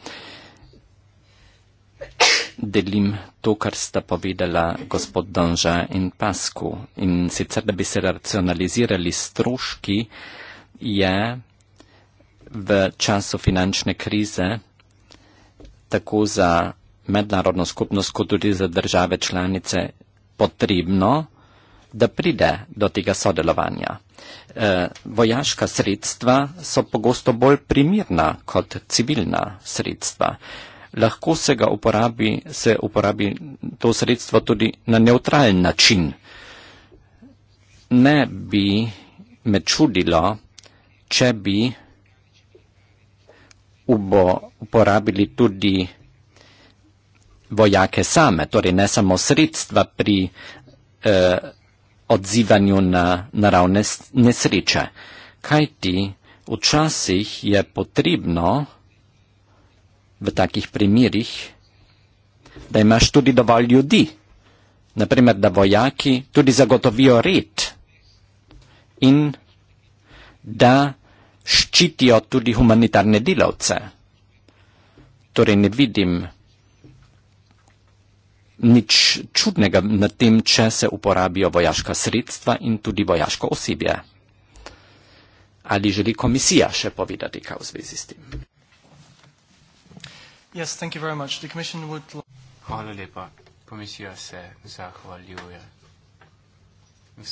Delim to, kar sta povedala gospod Donža in Pasku. In sicer, da bi se racionalizirali stroški, je v času finančne krize tako za mednarodno skupnost, kot tudi za države članice potrebno da pride do tega sodelovanja. E, vojaška sredstva so pogosto bolj primirna kot civilna sredstva. Lahko se ga uporabi, se uporabi to sredstvo tudi na neutralen način. Ne bi me čudilo, če bi ubo, uporabili tudi vojake same, torej ne samo sredstva pri eh, odzivanju na naravne nesreče. Kaj ti včasih je potrebno v takih primerih, da imaš tudi dovolj ljudi, naprimer, da vojaki tudi zagotovijo red in da ščitijo tudi humanitarne delavce. Torej ne vidim nič čudnega na tem, če se uporabijo vojaška sredstva in tudi vojaško osebje. Ali želi komisija še povedati kaj v zvezi s tem? Yes, thank you very much. The commission would... Hvala lepa. Komisija se zahvaljuje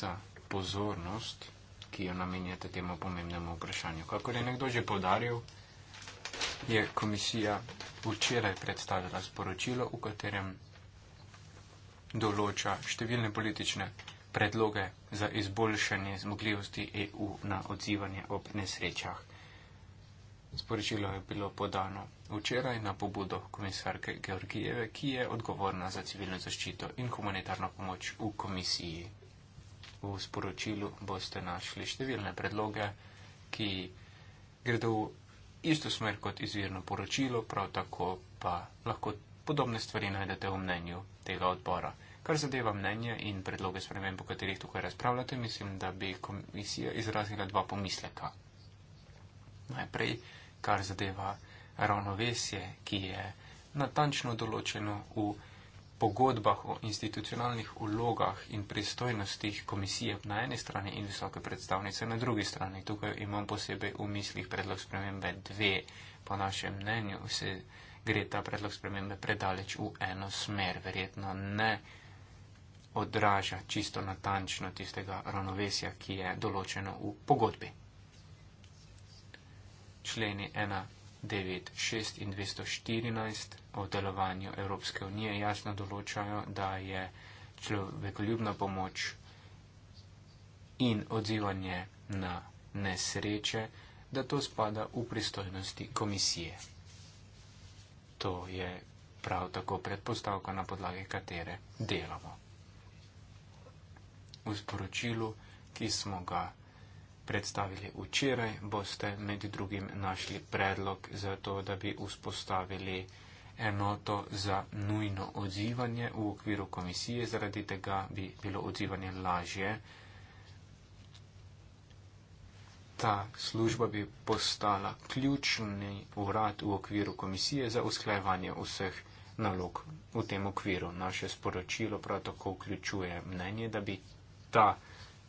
za pozornost, ki jo namenjate temu pomembnemu vprašanju. Kako je nekdo že podaril, je komisija včeraj predstavila sporočilo, v katerem določa številne politične predloge za izboljšanje zmogljivosti EU na odzivanje ob nesrečah. Sporočilo je bilo podano včeraj na pobudo komisarke Georgijeve, ki je odgovorna za civilno zaščito in humanitarno pomoč v komisiji. V sporočilu boste našli številne predloge, ki gredo v isto smer kot izvirno poročilo, prav tako pa lahko podobne stvari najdete v mnenju tega odbora. Kar zadeva mnenje in predloge sprememb, o katerih tukaj razpravljate, mislim, da bi komisija izrazila dva pomisleka. Najprej, kar zadeva ravnovesje, ki je natančno določeno v pogodbah o institucionalnih ulogah in pristojnostih komisije na eni strani in visoke predstavnice na drugi strani. Tukaj imam posebej v mislih predlog spremembe dve, po našem mnenju, vse gre ta predlog spremembe predaleč v eno smer. Verjetno ne odraža čisto natančno tistega ravnovesja, ki je določeno v pogodbi. Členi 1, 9, 6 in 214 o delovanju Evropske unije jasno določajo, da je človekoljubna pomoč in odzivanje na nesreče, da to spada v pristojnosti komisije to je prav tako predpostavka, na podlagi katere delamo. V sporočilu, ki smo ga predstavili včeraj, boste med drugim našli predlog za to, da bi vzpostavili enoto za nujno odzivanje v okviru komisije, zaradi tega bi bilo odzivanje lažje, ta služba bi postala ključni urad v okviru komisije za usklajevanje vseh nalog v tem okviru. Naše sporočilo prav tako vključuje mnenje, da bi ta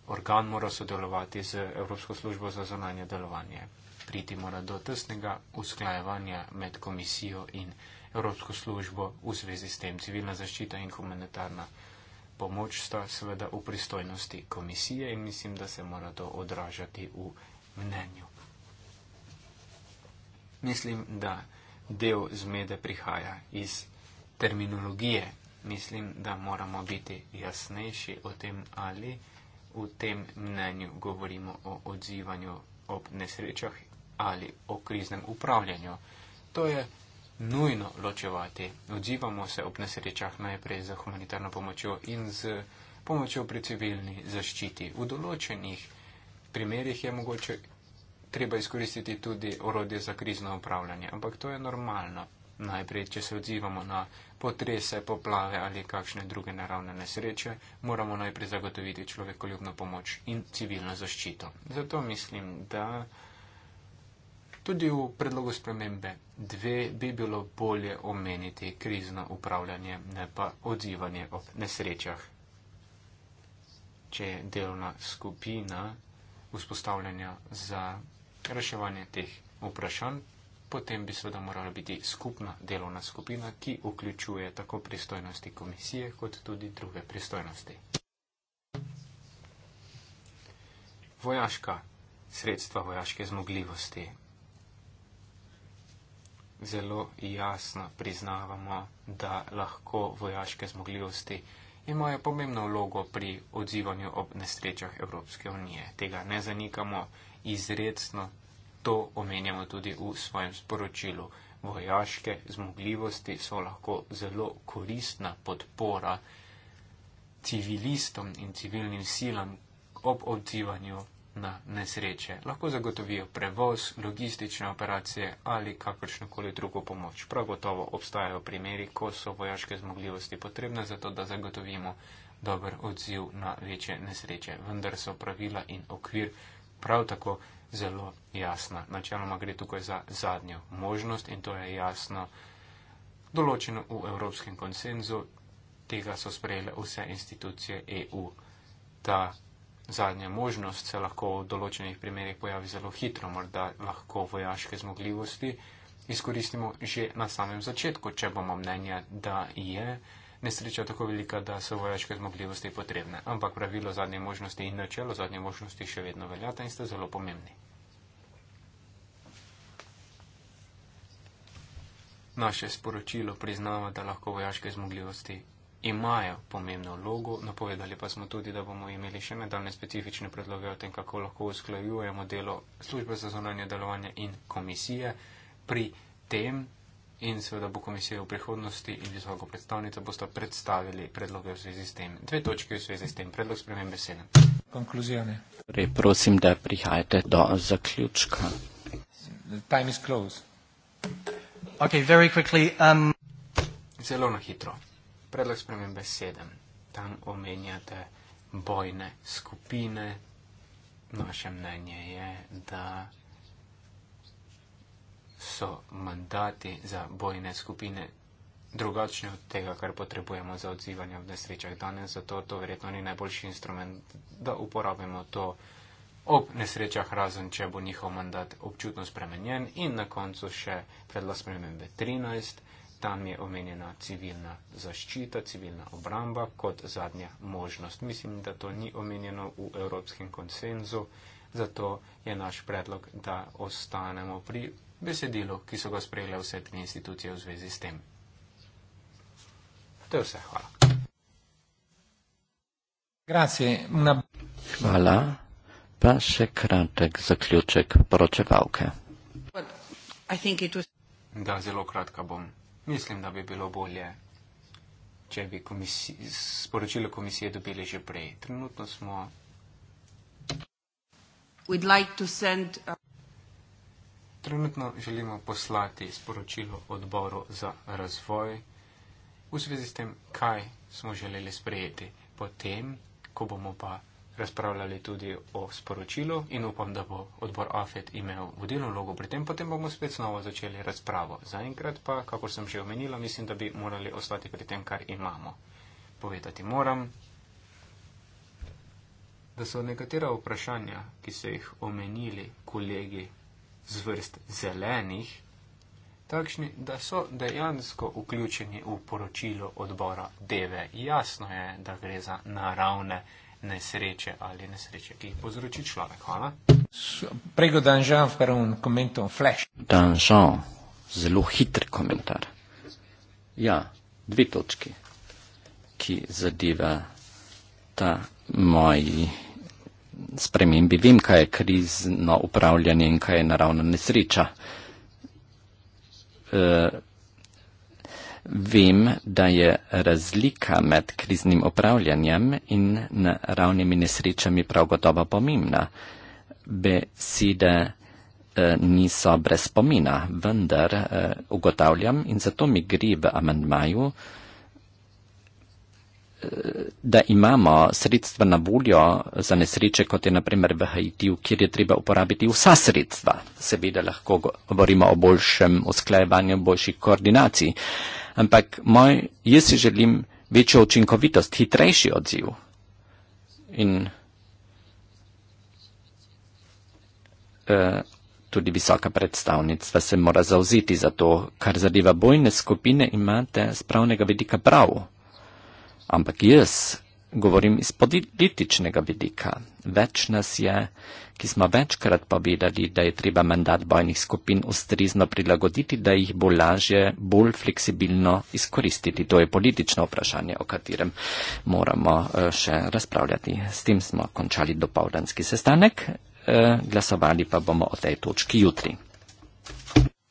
organ moral sodelovati z Evropsko službo za zonanje delovanje. Priti mora do tesnega usklajevanja med komisijo in Evropsko službo v zvezi s tem. Civilna zaščita in humanitarna pomoč sta seveda v pristojnosti komisije in mislim, da se mora to odražati v mnenju. Mislim, da del zmede prihaja iz terminologije. Mislim, da moramo biti jasnejši o tem, ali v tem mnenju govorimo o odzivanju ob nesrečah ali o kriznem upravljanju. To je nujno ločevati. Odzivamo se ob nesrečah najprej za humanitarno pomočjo in z pomočjo pri civilni zaščiti. V določenih primerih je mogoče treba izkoristiti tudi orodje za krizno upravljanje, ampak to je normalno. Najprej, če se odzivamo na potrese, poplave ali kakšne druge naravne nesreče, moramo najprej zagotoviti človekoljubno pomoč in civilno zaščito. Zato mislim, da tudi v predlogu spremembe dve bi bilo bolje omeniti krizno upravljanje, ne pa odzivanje ob nesrečah. Če je delovna skupina vzpostavljanja za reševanje teh vprašanj. Potem bi seveda morala biti skupna delovna skupina, ki vključuje tako pristojnosti komisije, kot tudi druge pristojnosti. Vojaška sredstva, vojaške zmogljivosti. Zelo jasno priznavamo, da lahko vojaške zmogljivosti imajo pomembno vlogo pri odzivanju ob nesrečah Evropske unije. Tega ne zanikamo izredno, to omenjamo tudi v svojem sporočilu. Vojaške zmogljivosti so lahko zelo koristna podpora civilistom in civilnim silam ob odzivanju na nesreče. Lahko zagotovijo prevoz, logistične operacije ali kakršnokoli drugo pomoč. Prav gotovo obstajajo primeri, ko so vojaške zmogljivosti potrebne za to, da zagotovimo dober odziv na večje nesreče. Vendar so pravila in okvir prav tako zelo jasna. Načeloma gre tukaj za zadnjo možnost in to je jasno določeno v evropskem konsenzu. Tega so sprejele vse institucije EU. Ta zadnja možnost se lahko v določenih primerjih pojavi zelo hitro, morda lahko vojaške zmogljivosti izkoristimo že na samem začetku, če bomo mnenja, da je nesreča tako velika, da so vojaške zmogljivosti potrebne. Ampak pravilo zadnje možnosti in načelo zadnje možnosti še vedno veljata in sta zelo pomembni. Naše sporočilo priznava, da lahko vojaške zmogljivosti imajo pomembno vlogo. Napovedali pa smo tudi, da bomo imeli še nadaljne specifične predloge o tem, kako lahko usklajujemo delo službe za zunanje delovanje in komisije pri tem. In seveda bo komisija v prihodnosti in visoko predstavnica bosta predstavili predloge v zvezi s tem. Dve točke v zvezi s tem. Predlog spremem besedem. Konkluzija ne. Torej, prosim, da prihajate do zaključka. Time is closed. Okay, very quickly. Um... Zelo na hitro predlog spremembe 7. Tam omenjate bojne skupine. Naše mnenje je, da so mandati za bojne skupine drugačni od tega, kar potrebujemo za odzivanje v nesrečah danes, zato to verjetno ni najboljši instrument, da uporabimo to ob nesrečah, razen če bo njihov mandat občutno spremenjen. In na koncu še predlog spremembe 13 tam je omenjena civilna zaščita, civilna obramba kot zadnja možnost. Mislim, da to ni omenjeno v evropskem konsenzu, zato je naš predlog, da ostanemo pri besedilu, ki so ga sprejele vse tri institucije v zvezi s tem. To je vse, hvala. Hvala. Pa še kratek zaključek poročevalke. Da, zelo kratka bom. Mislim, da bi bilo bolje, če bi komisi, sporočilo komisije dobili že prej. Trenutno smo. Like send, uh... Trenutno želimo poslati sporočilo odboru za razvoj v zvezi s tem, kaj smo želeli sprejeti. Potem, ko bomo pa razpravljali tudi o sporočilu in upam, da bo odbor AFET imel vodilno vlogo pri tem, potem bomo spet znova začeli razpravo. Zaenkrat pa, kakor sem že omenila, mislim, da bi morali ostati pri tem, kar imamo. Povedati moram, da so nekatera vprašanja, ki so jih omenili kolegi z vrst zelenih, takšni, da so dejansko vključeni v poročilo odbora DV. Jasno je, da gre za naravne vprašanja nesreče ali nesreče, ki jih povzroči človek. Hvala. Prego Danžan, prvom komentu o flash. Danžan, zelo hitri komentar. Ja, dve točki, ki zadeva ta moj spremembi. Vem, kaj je krizno upravljanje in kaj je naravna nesreča. E, Vem, da je razlika med kriznim upravljanjem in naravnimi nesrečami prav gotovo pomembna. Besede eh, niso brez pomena, vendar eh, ugotavljam in zato mi gre v amendmaju, eh, da imamo sredstva na voljo za nesreče, kot je naprimer v Haitiju, kjer je treba uporabiti vsa sredstva. Seveda lahko govorimo o boljšem usklajevanju, boljših koordinacij ampak moj, jaz si želim večjo učinkovitost, hitrejši odziv. In uh, tudi visoka predstavnica se mora zauziti za to, kar zadeva bojne skupine, imate spravnega vidika prav. Ampak jaz govorim iz političnega vidika. Več nas je, ki smo večkrat povedali, da je treba mandat bojnih skupin ustrezno prilagoditi, da jih bo lažje, bolj fleksibilno izkoristiti. To je politično vprašanje, o katerem moramo eh, še razpravljati. S tem smo končali dopoldanski sestanek, eh, glasovali pa bomo o tej točki jutri.